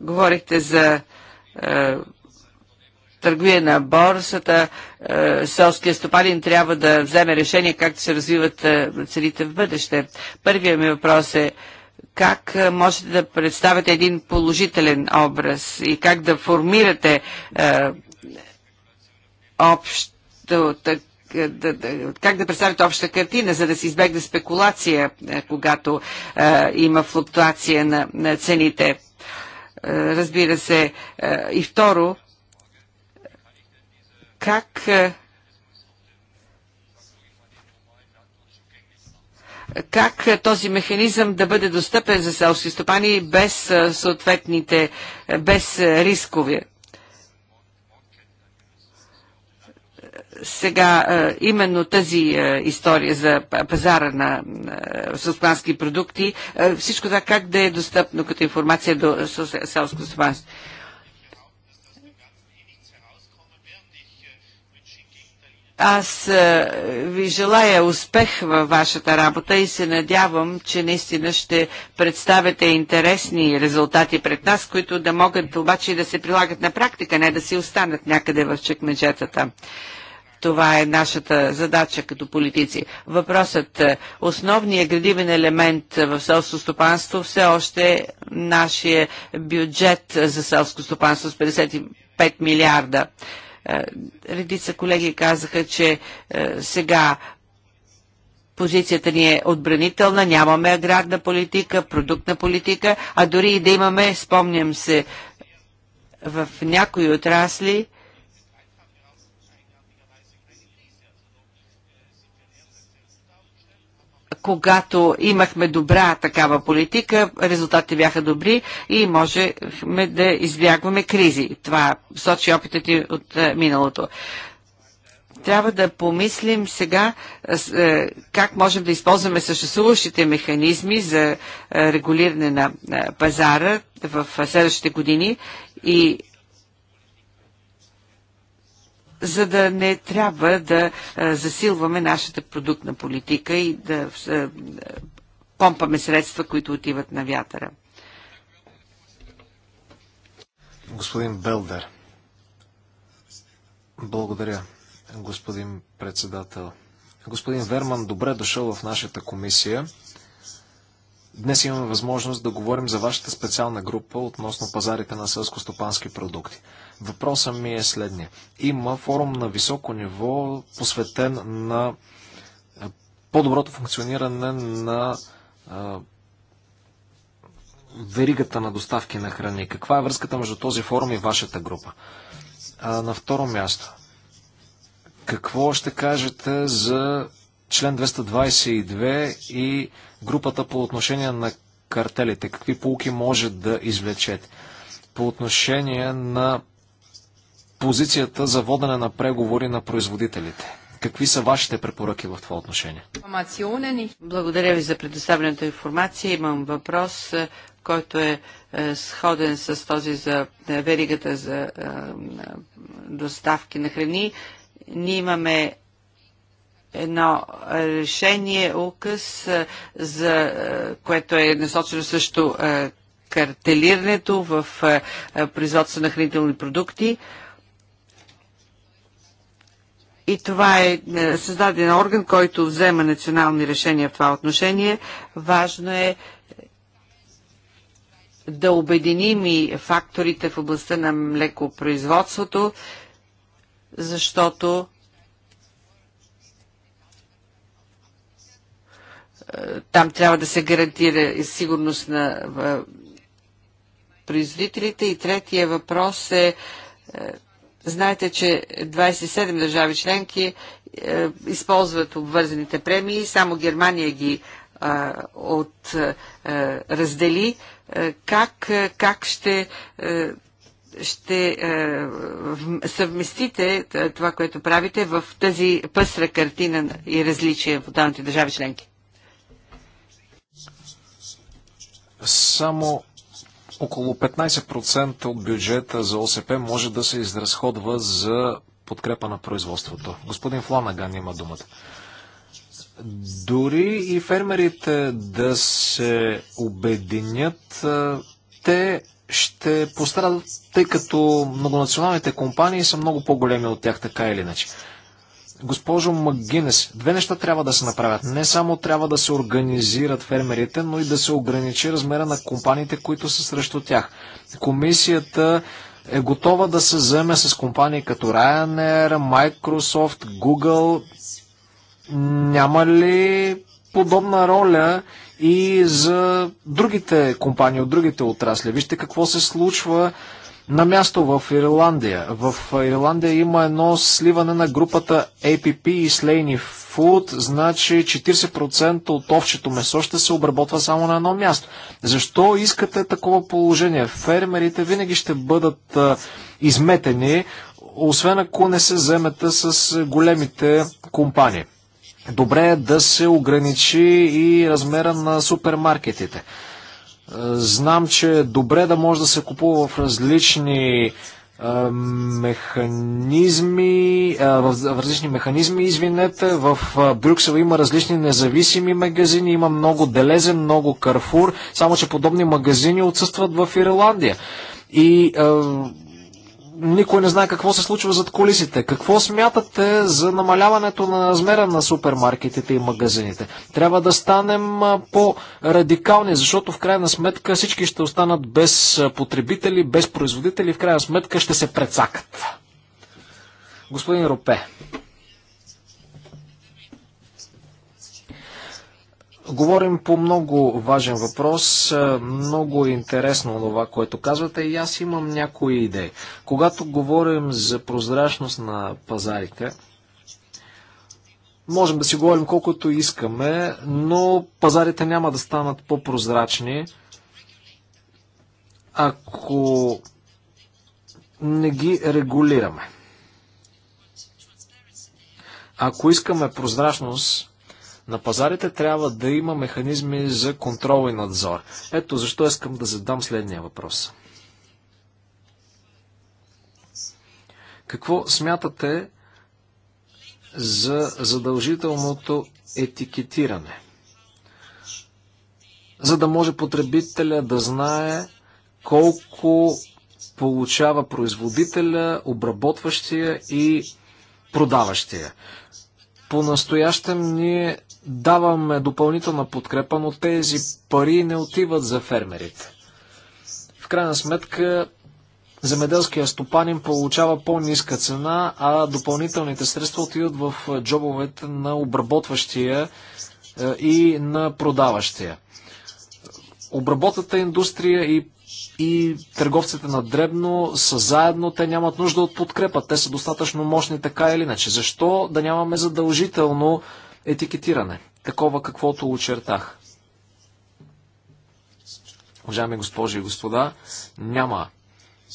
Говорихте за е, търгуя на борсата, е, селския стопанин трябва да вземе решение как да се развиват е, целите в бъдеще. Първият ми въпрос е как е, можете да представите един положителен образ и как да формирате е, общо, так, е, да, да, как да представите обща картина, за да се избегне спекулация, е, когато е, има флуктуация на, на цените разбира се. Е, и второ, как е, как е, този механизъм да бъде достъпен за селски стопани без съответните, без рискове. сега е, именно тази е, история за пазара на е, селскостопански продукти, всичко това как да е достъпно като информация до селско Аз ви желая успех във вашата работа и се надявам, че наистина ще представяте интересни резултати пред нас, които да могат обаче да се прилагат на практика, не да си останат някъде в чекмеджетата. Това е нашата задача като политици. Въпросът, е, основният градивен елемент в селско стопанство все още е нашия бюджет за селско стопанство с 55 милиарда. Е, редица колеги казаха, че е, сега позицията ни е отбранителна, нямаме аграрна политика, продуктна политика, а дори и да имаме, спомням се, в някои отрасли, когато имахме добра такава политика, резултатите бяха добри и можехме да избягваме кризи. Това сочи опитът и от е, миналото. Трябва да помислим сега е, е, как можем да използваме съществуващите механизми за регулиране на пазара в следващите години и за да не трябва да засилваме нашата продуктна политика и да помпаме средства, които отиват на вятъра. Господин Белдер. Благодаря, господин председател. Господин Верман, добре дошъл в нашата комисия. Днес имаме възможност да говорим за вашата специална група относно пазарите на сълско-стопански продукти. Въпросът ми е следния. Има форум на високо ниво, посветен на по-доброто функциониране на веригата на доставки на храни. Каква е връзката между този форум и вашата група? А, на второ място, какво ще кажете за член 222 и групата по отношение на картелите? Какви полуки може да извлечете? По отношение на позицията за водене на преговори на производителите. Какви са вашите препоръки в това отношение? Благодаря ви за предоставената информация. Имам въпрос, е, който е, е сходен с този за е, веригата за доставки на храни. Ние имаме едно решение, указ, за, което е насочено също картелирането в производство на хранителни продукти и това е, е създаден орган, който взема национални решения в това отношение. Важно е да обединим и факторите в областта на млекопроизводството, защото е, там трябва да се гарантира сигурност на производителите. И третия въпрос е, е Знаете, че 27 държави членки е, използват обвързаните премии, само Германия ги е, от е, раздели. Е, как, е, как ще е, ще е, съвместите това, което правите в тази пъстра картина и различия в отделните държави членки? Само около 15% от бюджета за ОСП може да се изразходва за подкрепа на производството. Господин Фланаган има думата. Дори и фермерите да се обединят, те ще пострадат, тъй като многонационалните компании са много по-големи от тях, така или иначе. Госпожо Магинес, две неща трябва да се направят. Не само трябва да се организират фермерите, но и да се ограничи размера на компаниите, които са срещу тях. Комисията е готова да се заеме с компании като Ryanair, Microsoft, Google. Няма ли подобна роля и за другите компании от другите отрасли? Вижте какво се случва на място в Ирландия. В Ирландия има едно сливане на групата APP и Slaney Food, значи 40% от овчето месо ще се обработва само на едно място. Защо искате такова положение? Фермерите винаги ще бъдат а, изметени, освен ако не се вземете с големите компании. Добре е да се ограничи и размера на супермаркетите. Знам, че е добре да може да се купува в различни механизми, в различни механизми, извинете, в Брюксел има различни независими магазини, има много Делезе, много Карфур, само че подобни магазини отсъстват в Ирландия. И никой не знае какво се случва зад колисите. Какво смятате за намаляването на размера на супермаркетите и магазините? Трябва да станем по-радикални, защото в крайна сметка всички ще останат без потребители, без производители, в крайна сметка ще се прецакат. Господин Ропе. Говорим по много важен въпрос. Е, много е интересно това, което казвате и аз имам някои идеи. Когато говорим за прозрачност на пазарите, можем да си говорим колкото искаме, но пазарите няма да станат по-прозрачни, ако не ги регулираме. Ако искаме прозрачност, на пазарите трябва да има механизми за контрол и надзор. Ето защо искам да задам следния въпрос. Какво смятате за задължителното етикетиране? За да може потребителя да знае колко получава производителя, обработващия и продаващия. По-настоящем ние даваме допълнителна подкрепа, но тези пари не отиват за фермерите. В крайна сметка, земеделския стопанин получава по-ниска цена, а допълнителните средства отиват в джобовете на обработващия е, и на продаващия. Обработната индустрия и и търговците на дребно са заедно, те нямат нужда от подкрепа, те са достатъчно мощни така или иначе. Защо да нямаме задължително етикетиране, такова каквото очертах? Уважаеми госпожи и господа, няма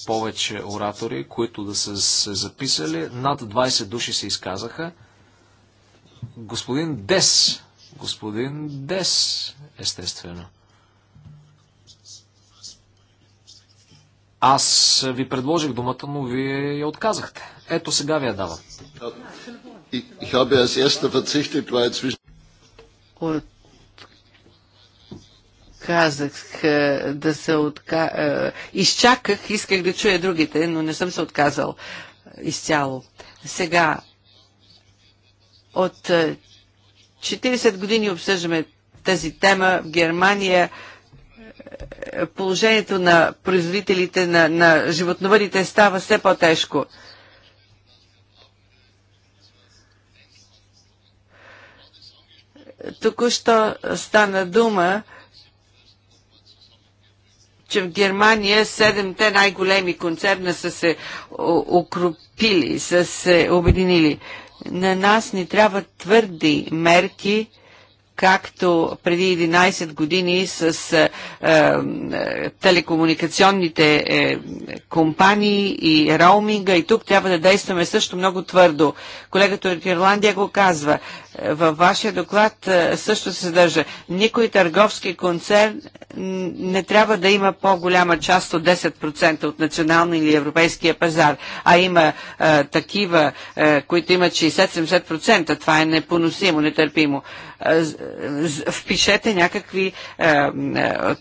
повече оратори, които да са се записали. Над 20 души се изказаха. Господин Дес, господин Дес, естествено. Аз ви предложих думата, но вие я отказахте. Ето сега ви я давам. Е казах е, да се отка... Е, изчаках, исках да чуя другите, но не съм се отказал изцяло. Сега, от 40 години обсъждаме тази тема в Германия положението на производителите, на, на животновъдите става все по-тежко. Току-що стана дума, че в Германия седемте най-големи концерна са се укропили, са се обединили. На нас ни трябва твърди мерки, както преди 11 години с е, е, телекомуникационните е, компании и роуминга. И тук трябва да действаме също много твърдо. Колегата от Ирландия го казва. Е, във вашия доклад е, също се съдържа. Никой търговски концерн не трябва да има по-голяма част от 10% от националния или европейския пазар, а има е, такива, които имат 60-70%. Това е непоносимо, нетърпимо впишете някакви е, е,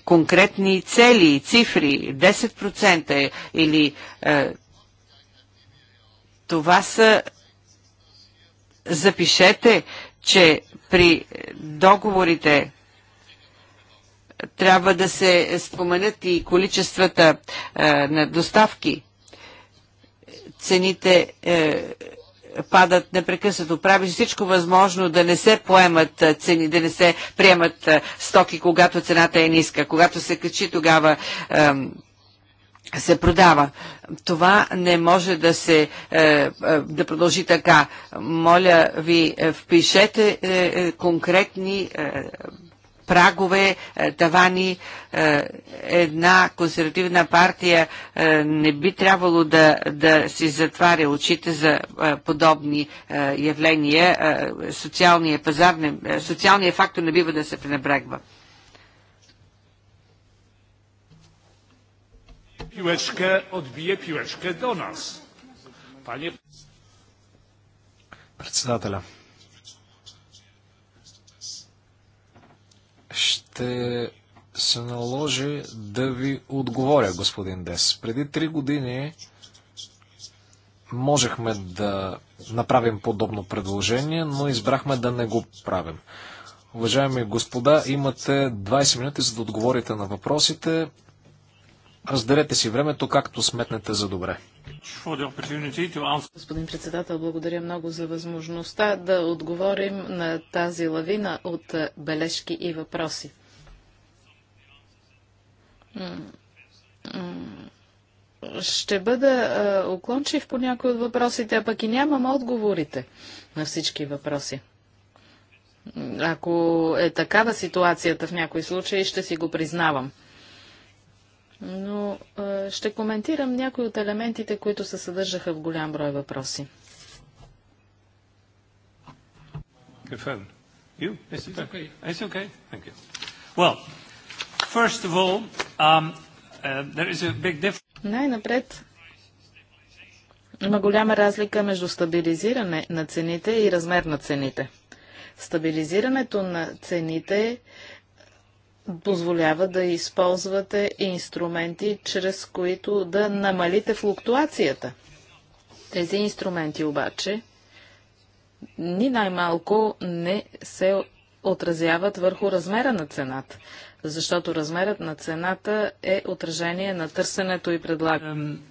конкретни цели, цифри, 10% или е, това са запишете, че при договорите трябва да се споменят и количествата е, на доставки, цените е, падат непрекъснато. Правиш всичко възможно да не се поемат цени, да не се приемат стоки, когато цената е ниска. Когато се качи, тогава се продава. Това не може да се е, е, да продължи така. Моля ви, е, впишете конкретни прагове, е, тавани. Е, една консервативна партия е, не би трябвало да, да си затваря очите за подобни явления. Социалният, пазар не, социалният фактор не бива да се пренебрегва. Piłeczkę отбие piłeczkę до нас. Председателя. ще се наложи да ви отговоря, господин Дес. Преди три години можехме да направим подобно предложение, но избрахме да не го правим. Уважаеми господа, имате 20 минути за да отговорите на въпросите. Разделете си времето, както сметнете за добре. Господин председател, благодаря много за възможността да отговорим на тази лавина от е, бележки и въпроси. Ще бъда е, уклончив по някои от въпросите, а пък и нямам отговорите на всички въпроси. Ако е такава ситуацията в някои случаи, ще си го признавам но е, ще коментирам някои от елементите, които се съдържаха в голям брой въпроси. Най-напред има голяма разлика между стабилизиране на цените и размер на цените. Стабилизирането на цените позволява да използвате инструменти, чрез които да намалите флуктуацията. Тези инструменти обаче ни най-малко не се отразяват върху размера на цената, защото размерът на цената е отражение на търсенето и предлагането.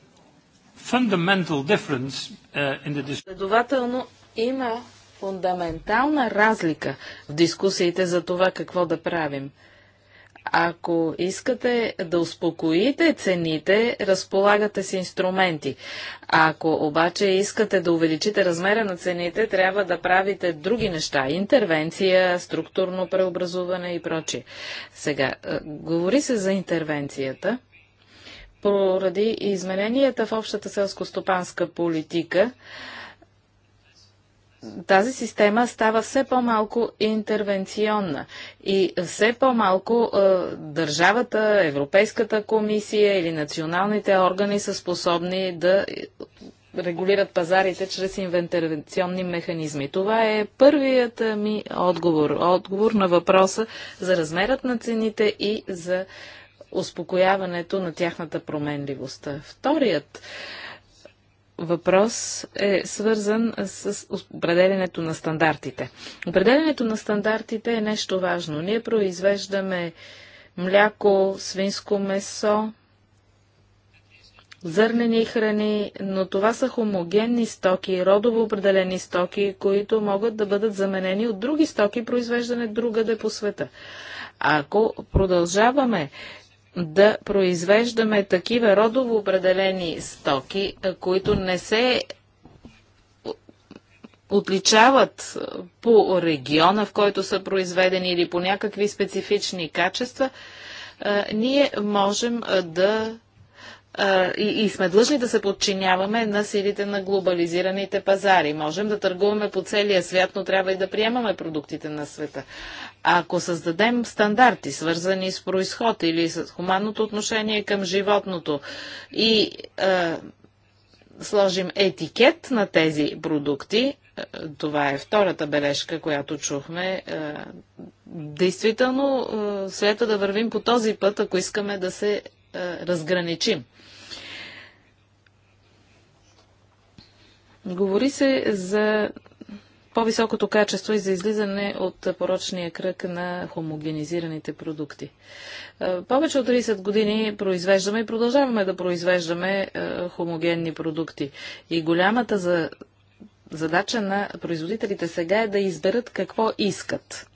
Е, Следователно има фундаментална разлика в дискусиите за това какво да правим – ако искате да успокоите цените, разполагате с инструменти. Ако обаче искате да увеличите размера на цените, трябва да правите други неща. Интервенция, структурно преобразуване и прочие. Сега, е, говори се за интервенцията. Поради измененията в общата селско-стопанска политика, тази система става все по-малко интервенционна и все по-малко е, държавата, Европейската комисия или националните органи са способни да е, регулират пазарите чрез интервенционни механизми. Това е първият е, ми отговор. Отговор на въпроса за размерът на цените и за успокояването на тяхната променливост. Вторият въпрос е свързан с определенето на стандартите. Определенето на стандартите е нещо важно. Ние произвеждаме мляко, свинско месо, зърнени храни, но това са хомогенни стоки, родово определени стоки, които могат да бъдат заменени от други стоки, произвеждане другаде по света. Ако продължаваме да произвеждаме такива родово определени стоки, които не се отличават по региона, в който са произведени или по някакви специфични качества, ние можем да и, сме длъжни да се подчиняваме на силите на глобализираните пазари. Можем да търгуваме по целия свят, но трябва и да приемаме продуктите на света. Ако създадем стандарти, свързани с происход или с хуманното отношение към животното и е, сложим етикет на тези продукти, това е втората бележка, която чухме. Действително, следва да вървим по този път, ако искаме да се разграничим. Говори се за по-високото качество и за излизане от порочния кръг на хомогенизираните продукти. Е, повече от 30 години произвеждаме и продължаваме да произвеждаме е, хомогенни продукти. И голямата за... задача на производителите сега е да изберат какво искат.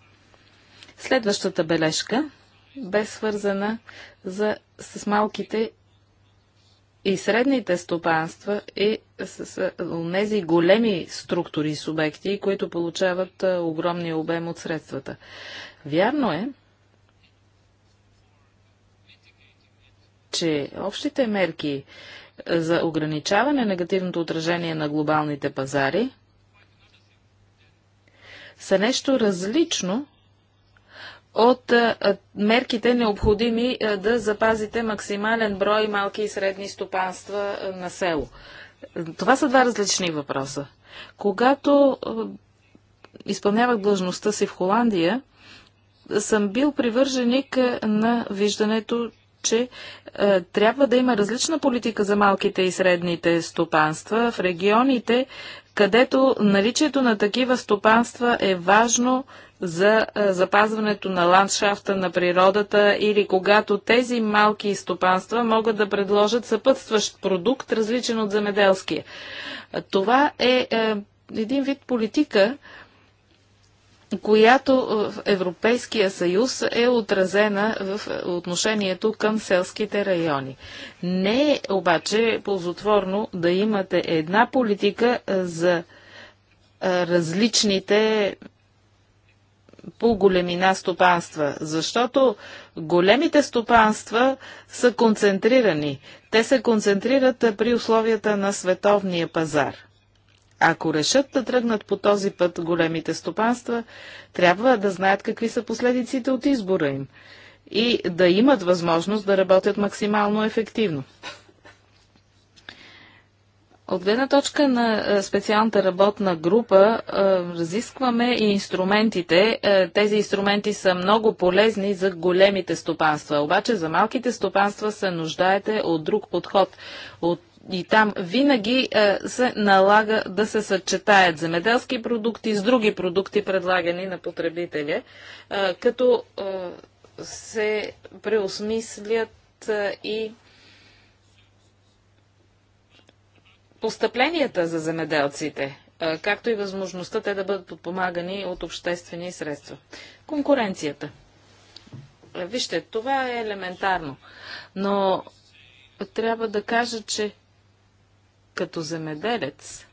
Следващата бележка бе свързана за, с малките и средните стопанства и с тези големи структури и субекти, които получават а, огромния обем от средствата. Вярно е, че общите мерки за ограничаване на негативното отражение на глобалните пазари са нещо различно от мерките необходими да запазите максимален брой малки и средни стопанства на село? Това са два различни въпроса. Когато изпълнявах длъжността си в Холандия, съм бил привърженик на виждането, че е, трябва да има различна политика за малките и средните стопанства в регионите, където наличието на такива стопанства е важно за е, запазването на ландшафта, на природата или когато тези малки стопанства могат да предложат съпътстващ продукт, различен от земеделския. Това е, е един вид политика, която в Европейския съюз е отразена в отношението към селските райони. Не е обаче ползотворно да имате една политика за различните по големина стопанства, защото големите стопанства са концентрирани. Те се концентрират при условията на световния пазар. Ако решат да тръгнат по този път големите стопанства, трябва да знаят какви са последиците от избора им и да имат възможност да работят максимално ефективно. От гледна точка на е, специалната работна група е, разискваме и инструментите. Е, тези инструменти са много полезни за големите стопанства, обаче за малките стопанства се нуждаете от друг подход, от и там винаги е, се налага да се съчетаят земеделски продукти с други продукти, предлагани на потребителя, е, като е, се преосмислят е, и постъпленията за земеделците, е, както и възможността те да бъдат подпомагани от обществени средства. Конкуренцията. Е, вижте, това е елементарно, но трябва да кажа, че като земеделец,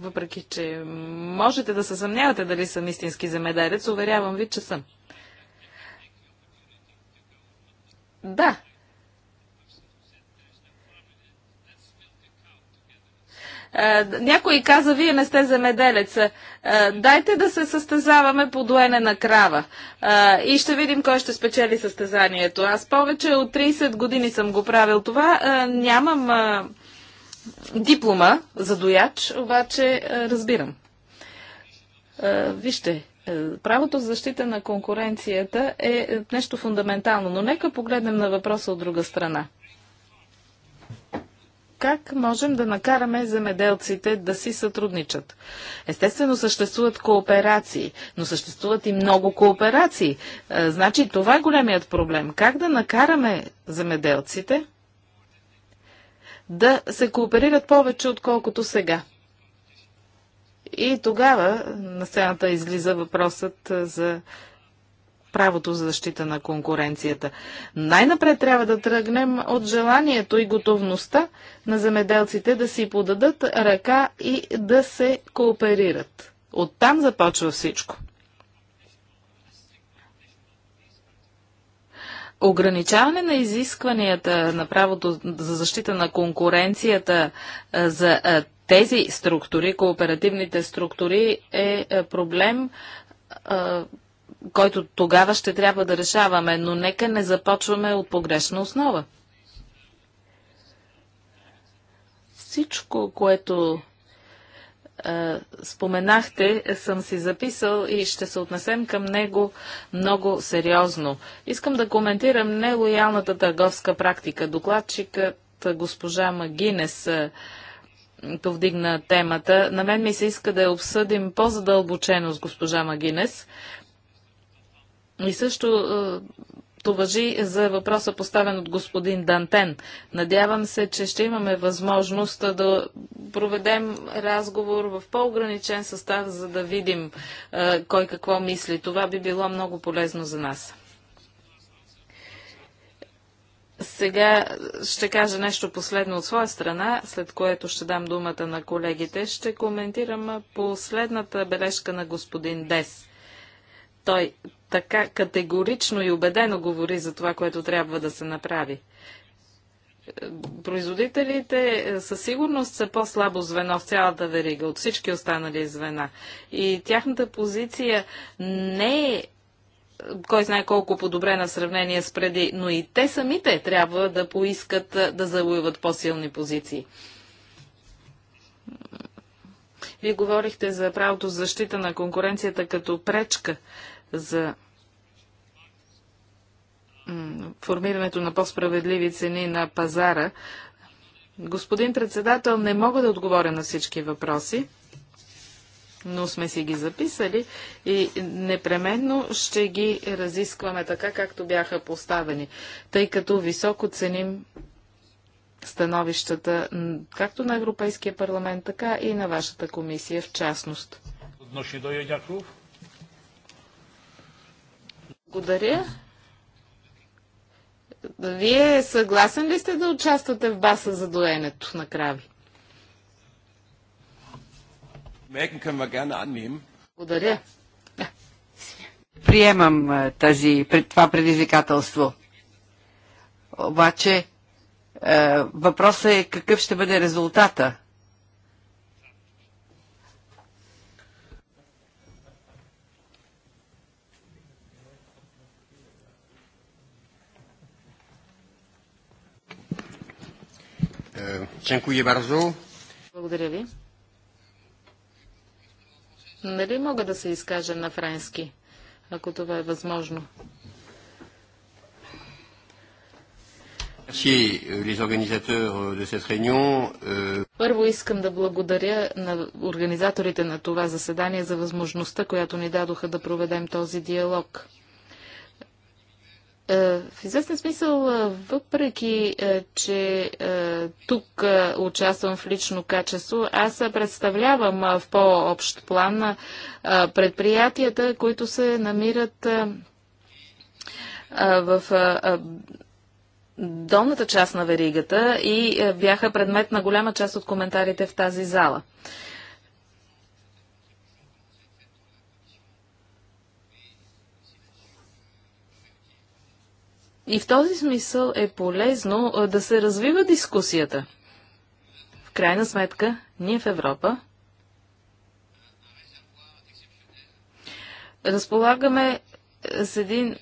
въпреки че можете да се съмнявате дали съм истински земеделец, уверявам ви, че съм. Да. А, някой каза, вие не сте земеделец. А, дайте да се състезаваме по доене на крава. А, и ще видим кой ще спечели състезанието. Аз повече от 30 години съм го правил това. Нямам диплома за дояч, обаче е, разбирам. Е, вижте, е, правото за защита на конкуренцията е нещо фундаментално, но нека погледнем на въпроса от друга страна. Как можем да накараме земеделците да си сътрудничат? Естествено, съществуват кооперации, но съществуват и много кооперации. Значи, това е големият проблем. Как да накараме земеделците да се кооперират повече, отколкото сега. И тогава на сцената излиза въпросът за правото за защита на конкуренцията. Най-напред трябва да тръгнем от желанието и готовността на земеделците да си подадат ръка и да се кооперират. Оттам започва всичко. ограничаване на изискванията на правото за защита на конкуренцията за тези структури, кооперативните структури, е, е проблем, който тогава ще трябва да решаваме, но нека не започваме от погрешна основа. Всичко, което е, споменахте, съм си записал и ще се отнесем към него много сериозно. Искам да коментирам нелоялната търговска практика. Докладчикът е, госпожа Магинес е, повдигна темата. На мен ми се иска да я обсъдим по-задълбочено с госпожа Магинес. И също то въжи за въпроса поставен от господин Дантен. Надявам се, че ще имаме възможност да проведем разговор в по-ограничен състав, за да видим а, е, кой какво мисли. Това би било много полезно за нас. Сега ще кажа нещо последно от своя страна, след което ще дам думата на колегите. Ще коментирам последната бележка на господин Дес. Той така категорично и убедено говори за това, което трябва да се направи. Производителите е, със сигурност са по-слабо звено в цялата верига от всички останали звена. И тяхната позиция не е, е кой знае колко по-добре на сравнение с преди, но и те самите трябва да поискат е, да завоюват по-силни позиции. Вие говорихте за правото защита на конкуренцията като пречка за формирането на по-справедливи цени на пазара. Господин председател, не мога да отговоря на всички въпроси, но сме си ги записали и непременно ще ги разискваме така, както бяха поставени, тъй като високо ценим становищата както на Европейския парламент, така и на вашата комисия в частност. Отношение до благодаря. Вие съгласен ли сте да участвате в баса за доенето на крави? Благодаря. Приемам е, тази, това предизвикателство. Обаче, е, въпросът е какъв ще бъде резултата Dziękuję bardzo. Благодаря ви. Нали мога да се изкажа на френски, ако това е възможно? Euh, euh, euh, Първо искам да благодаря на организаторите на това заседание за възможността, която ни дадоха да проведем този диалог. Е, в известен смисъл, е, въпреки, е, че тук участвам в лично качество, аз представлявам в по-общ план предприятията, които се намират в долната част на веригата и бяха предмет на голяма част от коментарите в тази зала. И в този смисъл е полезно да се развива дискусията. В крайна сметка, ние в Европа разполагаме с, един,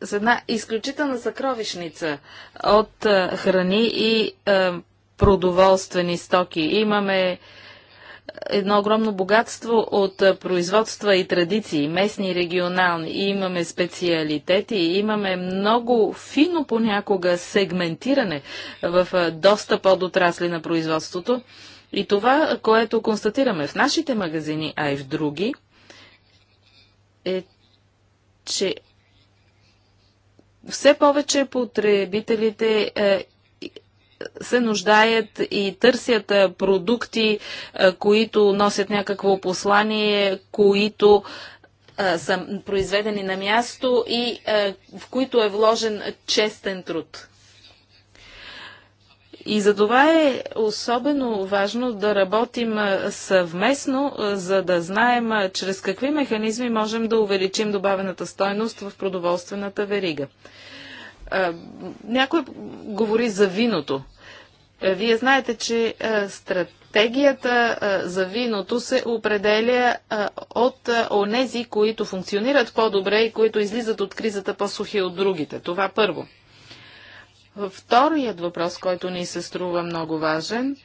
с една изключителна съкровищница от храни и продоволствени стоки. Имаме едно огромно богатство от производства и традиции, местни, и регионални. И имаме специалитети, и имаме много фино понякога сегментиране в доста подотрасли на производството. И това, което констатираме в нашите магазини, а и в други, е, че все повече потребителите е, се нуждаят и търсят продукти, които носят някакво послание, които са произведени на място и в които е вложен честен труд. И за това е особено важно да работим съвместно, за да знаем чрез какви механизми можем да увеличим добавената стойност в продоволствената верига. Някой говори за виното. Вие знаете, че стратегията за виното се определя от онези, които функционират по-добре и които излизат от кризата по-сухи от другите. Това първо. Вторият въпрос, който ни се струва много важен,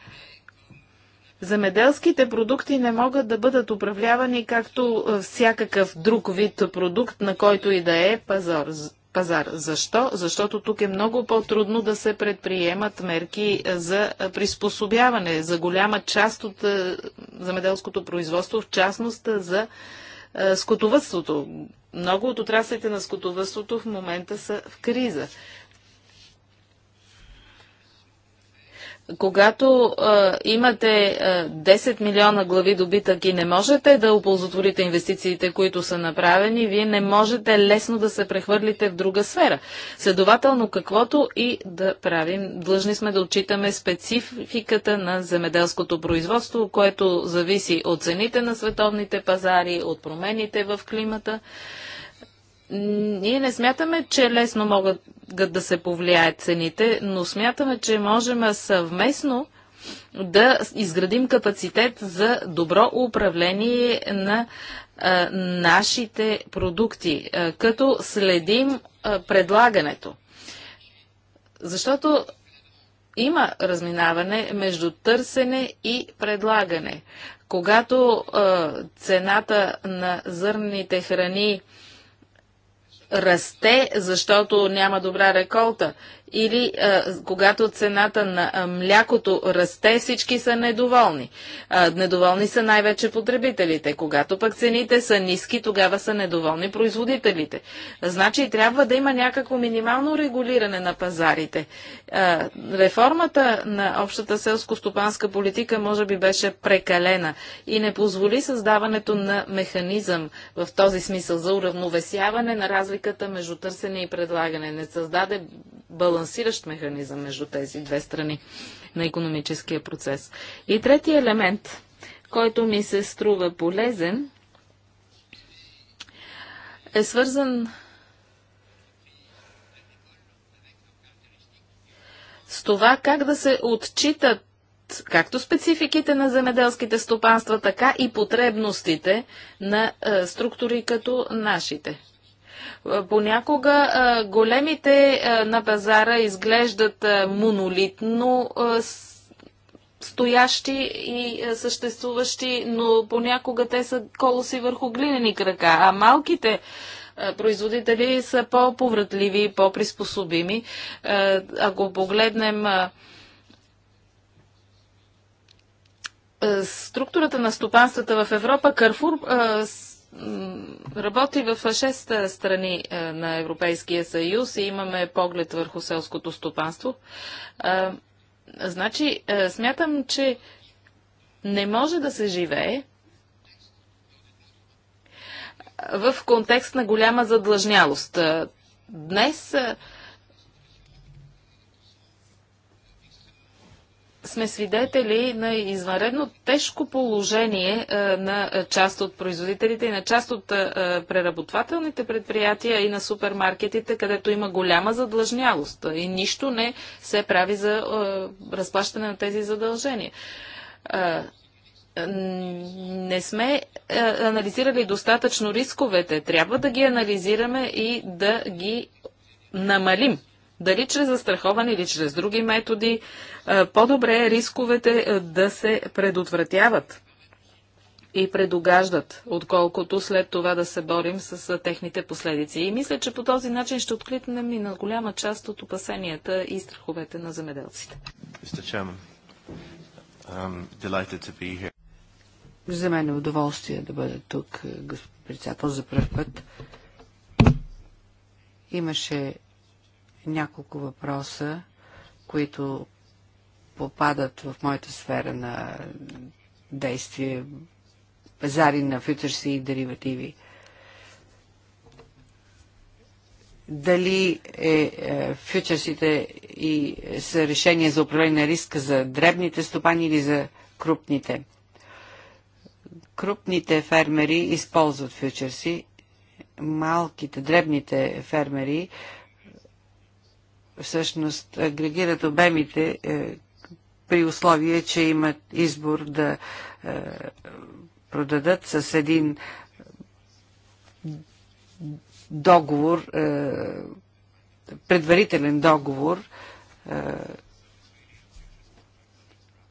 Замеделските продукти не могат да бъдат управлявани както всякакъв друг вид продукт, на който и да е пазар пазар. Защо? Защото тук е много по-трудно да се предприемат мерки е, за приспособяване за голяма част от е, замеделското производство, в частност е, за скотовътството. Много от отраслите на скотовътството в момента са в криза. Когато а, имате а, 10 милиона глави добитък и не можете да оползотворите инвестициите, които са направени, вие не можете лесно да се прехвърлите в друга сфера. Следователно, каквото и да правим, длъжни сме да отчитаме спецификата на земеделското производство, което зависи от цените на световните пазари, от промените в климата. Ние не смятаме, че е лесно могат да се повлияят цените, но смятаме, че можем съвместно да изградим капацитет за добро управление на а, нашите продукти, а, като следим а, предлагането. Защото има разминаване между търсене и предлагане. Когато цената на зърните храни расте, защото няма добра реколта или а, когато цената на а, млякото расте, всички са недоволни. А, недоволни са най-вече потребителите. Когато пък цените са ниски, тогава са недоволни производителите. Значи трябва да има някакво минимално регулиране на пазарите. А, реформата на общата селско-стопанска политика може би беше прекалена и не позволи създаването на механизъм в този смисъл за уравновесяване на разликата между търсене и предлагане. Не създаде баланс балансиращ механизъм между тези две страни на економическия процес. И третия елемент, който ми се струва полезен, е свързан с това как да се отчитат както спецификите на земеделските стопанства, така и потребностите на е, структури като нашите. Е, понякога е, големите е, на пазара изглеждат монолитно стоящи и съществуващи, но понякога те са колоси върху глинени крака, а малките производители са по-повратливи и по-приспособими. Ако погледнем структурата на стопанствата в Европа, Карфур работи в 6 страни на Европейския съюз и имаме поглед върху селското стопанство. Значи, смятам, че не може да се живее в контекст на голяма задлъжнялост. Днес сме свидетели на извънредно тежко положение е, на част от производителите и на част от е, е, преработвателните предприятия и на супермаркетите, където има голяма задлъжнялост и нищо не се прави за разплащане на тези задължения не сме анализирали достатъчно рисковете. Трябва да ги анализираме и да ги намалим дали чрез застраховане или чрез други методи, е, по-добре е рисковете е, да се предотвратяват и предугаждат, отколкото след това да се борим с е, техните последици. И мисля, че по този начин ще откликнем и на голяма част от опасенията и страховете на замеделците. За мен е удоволствие да бъда тук, господин председател, за първ път. Имаше няколко въпроса, които попадат в моята сфера на действие, пазари на фьючерси и деривативи. Дали е, е, фьючерсите и са решение за управление на риска за дребните стопани или за крупните? Крупните фермери използват фьючерси, малките, дребните фермери всъщност агрегират обемите е, при условие, че имат избор да е, продадат с един договор, е, предварителен договор.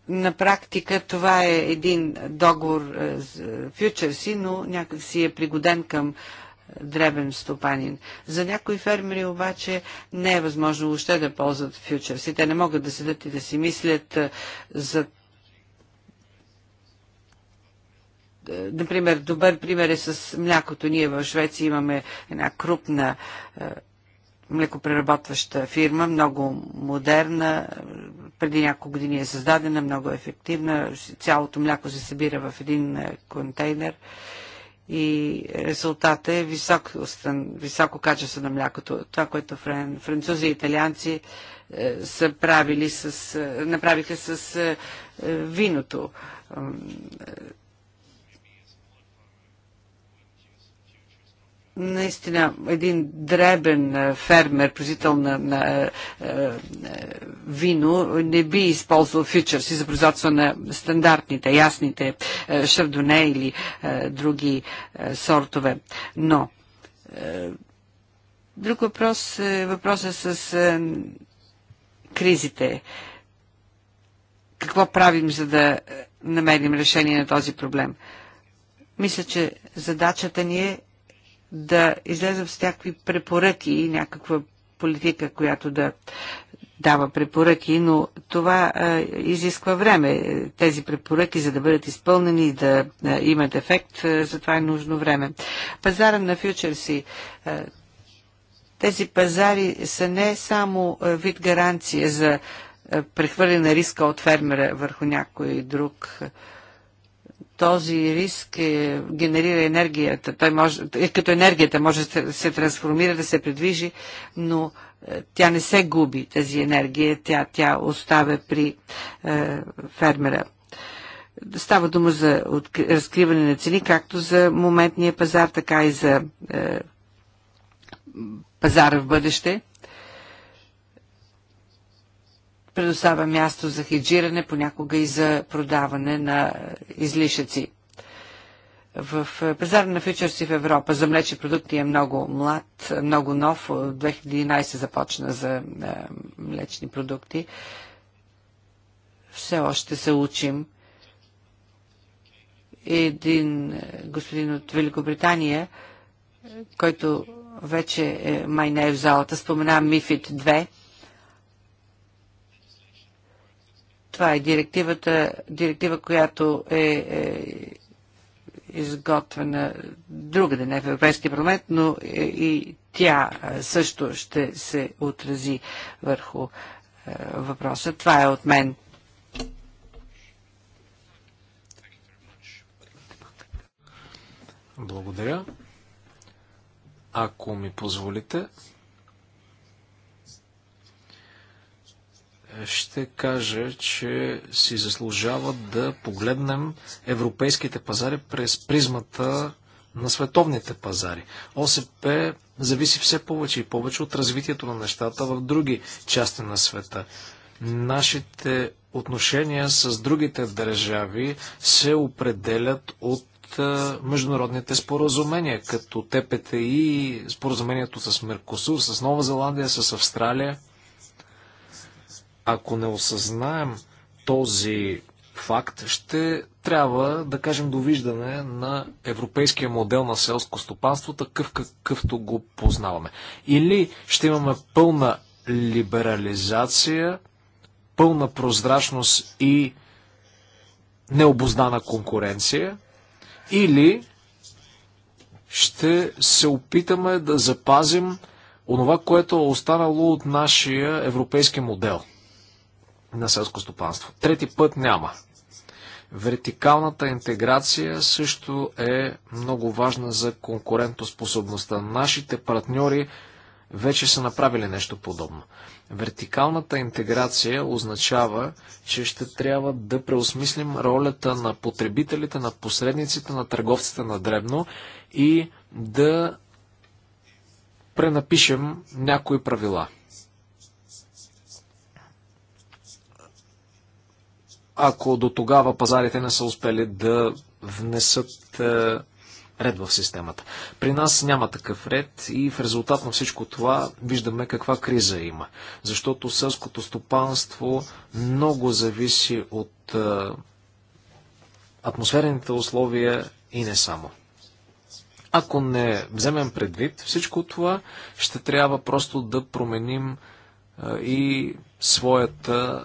На практика това е един договор фьючерси, но някакси е пригоден към дребен стопанин. За някои фермери обаче не е възможно още да ползват фьючерси. Те не могат да седат и да си мислят е, за е, Например, добър пример е с млякото. Ние в Швеция имаме една крупна е, млекопреработваща фирма, много модерна, преди няколко години е създадена, много ефективна. Цялото мляко се събира в един контейнер и резултатът е висок, високо качество на млякото. Това, което фран, французи и италианци е, са правили с, е, направиха с е, е виното. Е, наистина един дребен е, фермер, производител на, на, на е, е, вино, не би използвал фьючерси за производство на стандартните, ясните шардоне или други сортове. Но друг въпрос е въпросът с кризите. Какво правим, за да намерим решение на този проблем? Мисля, че задачата ни е да излезем с някакви препоръки и някаква политика, която да дава препоръки, но това а, изисква време. Тези препоръки, за да бъдат изпълнени и да а, имат ефект, а, за това е нужно време. Пазара на фьючерси. А, тези пазари са не само а, вид гаранция за прехвърляне на риска от фермера върху някой друг. А, този риск е, генерира енергията. Той може, е, като енергията може да се трансформира, да се придвижи, но е, тя не се губи, тази енергия, тя, тя оставя при е, фермера. Става дума за разкриване на цени, както за моментния пазар, така и за е, пазара в бъдеще предоставя място за хеджиране, понякога и за продаване на излишъци. В е, пазара на фьючерси в Европа за млечни продукти е много млад, много нов. От 2011 започна за е, млечни продукти. Все още се учим. Един е, господин от Великобритания, който вече май не е в залата, спомена Мифит 2 Това е директивата, директива, която е, е изготвена друга не в Европейския парламент, но е, и тя е, също ще се отрази върху е, въпроса. Това е от мен. Благодаря. Ако ми позволите, ще кажа, че си заслужава да погледнем европейските пазари през призмата на световните пазари. ОСП зависи все повече и повече от развитието на нещата в други части на света. Нашите отношения с другите държави се определят от международните споразумения, като ТПТИ, споразумението с Меркосур, с Нова Зеландия, с Австралия. Ако не осъзнаем този факт, ще трябва да кажем довиждане на европейския модел на селско стопанство, такъв какъвто го познаваме. Или ще имаме пълна либерализация, пълна прозрачност и необознана конкуренция, или ще се опитаме да запазим онова, което е останало от нашия европейски модел – на селско стопанство. Трети път няма. Вертикалната интеграция също е много важна за конкурентоспособността. Нашите партньори вече са направили нещо подобно. Вертикалната интеграция означава, че ще трябва да преосмислим ролята на потребителите, на посредниците, на търговците на дребно и да пренапишем някои правила – ако до тогава пазарите не са успели да внесат е, ред в системата. При нас няма такъв ред и в резултат на всичко това виждаме каква криза има. Защото сълското стопанство много зависи от е, атмосферните условия и не само. Ако не вземем предвид всичко това, ще трябва просто да променим е, и своята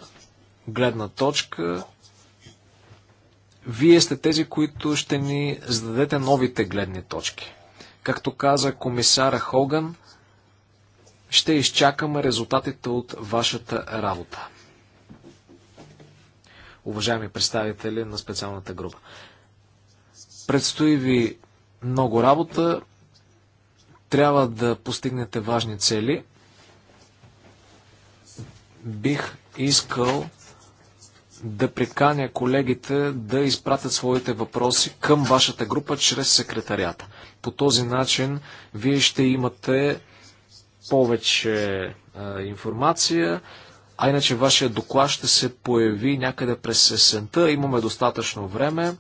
гледна точка. Вие сте тези, които ще ни зададете новите гледни точки. Както каза комисара Хоган, ще изчакаме резултатите от вашата работа. Уважаеми представители на специалната група. Предстои ви много работа. Трябва да постигнете важни цели. Бих искал да приканя колегите да изпратят своите въпроси към вашата група чрез секретарията. По този начин вие ще имате повече а, информация, а иначе вашия доклад ще се появи някъде през есента. Имаме достатъчно време.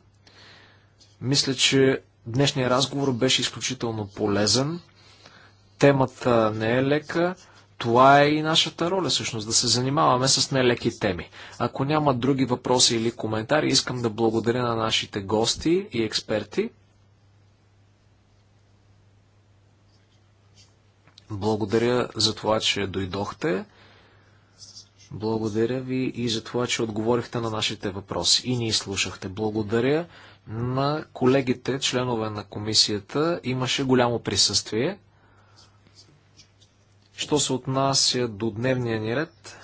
Мисля, че днешният разговор беше изключително полезен. Темата не е лека. Това е и нашата роля, всъщност, да се занимаваме с нелеки теми. Ако няма други въпроси или коментари, искам да благодаря на нашите гости и експерти. Благодаря за това, че дойдохте. Благодаря ви и за това, че отговорихте на нашите въпроси и ни слушахте. Благодаря на колегите, членове на комисията. Имаше голямо присъствие. Що се отнася до дневния ни ред,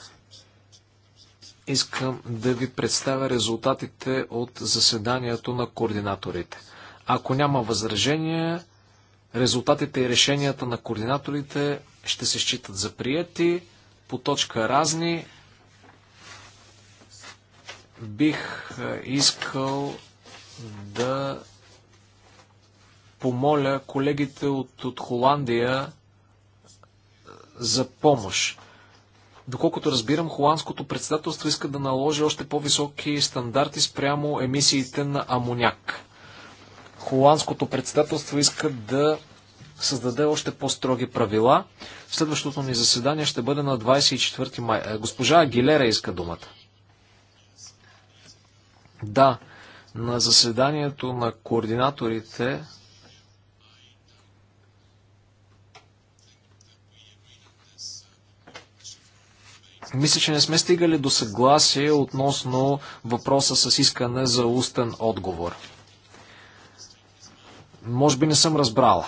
искам да ви представя резултатите от заседанието на координаторите. Ако няма възражения, резултатите и решенията на координаторите ще се считат за прияти. По точка разни бих е, искал да помоля колегите от, от Холандия за помощ. Доколкото разбирам, холандското председателство иска да наложи още по-високи стандарти спрямо емисиите на амоняк. Холандското председателство иска да създаде още по-строги правила. Следващото ни заседание ще бъде на 24 май. Е, госпожа Агилера иска думата. Да, на заседанието на координаторите Мисля, че не сме стигали до съгласие относно въпроса с искане за устен отговор. Може би не съм разбрала.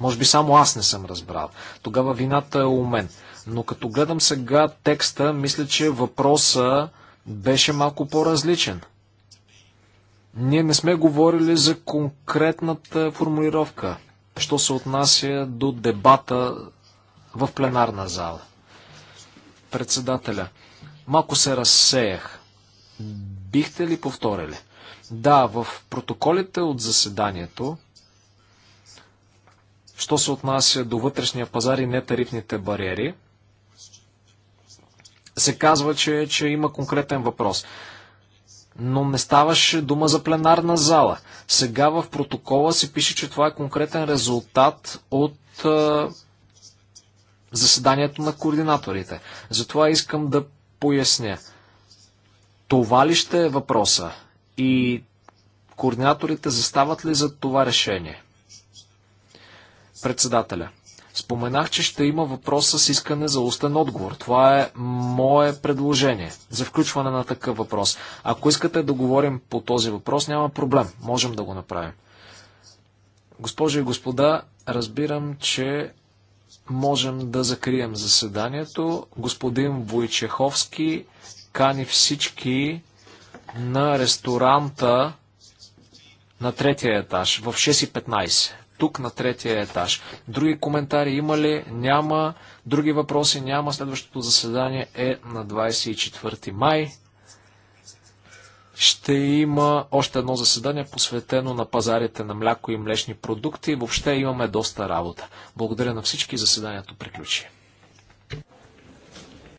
Може би само аз не съм разбрал. Тогава вината е у мен. Но като гледам сега текста, мисля, че въпроса беше малко по-различен. Ние не сме говорили за конкретната формулировка, що се отнася до дебата в пленарна зала. Председателя, малко се разсеях. Бихте ли повторили? Да, в протоколите от заседанието, що се отнася до вътрешния пазар и нетарифните бариери, се казва, че, че има конкретен въпрос. Но не ставаше дума за пленарна зала. Сега в протокола се пише, че това е конкретен резултат от е, заседанието на координаторите. Затова искам да поясня. Това ли ще е въпроса? И координаторите застават ли за това решение? Председателя. Споменах, че ще има въпрос с искане за устен отговор. Това е мое предложение за включване на такъв въпрос. Ако искате да говорим по този въпрос, няма проблем. Можем да го направим. Госпожи и господа, разбирам, че можем да закрием заседанието. Господин Войчеховски кани всички на ресторанта на третия етаж в 6.15. Тук на третия етаж. Други коментари има ли? Няма. Други въпроси няма. Следващото заседание е на 24 май ще има още едно заседание, посветено на пазарите на мляко и млечни продукти. Въобще имаме доста работа. Благодаря на всички. Заседанието приключи.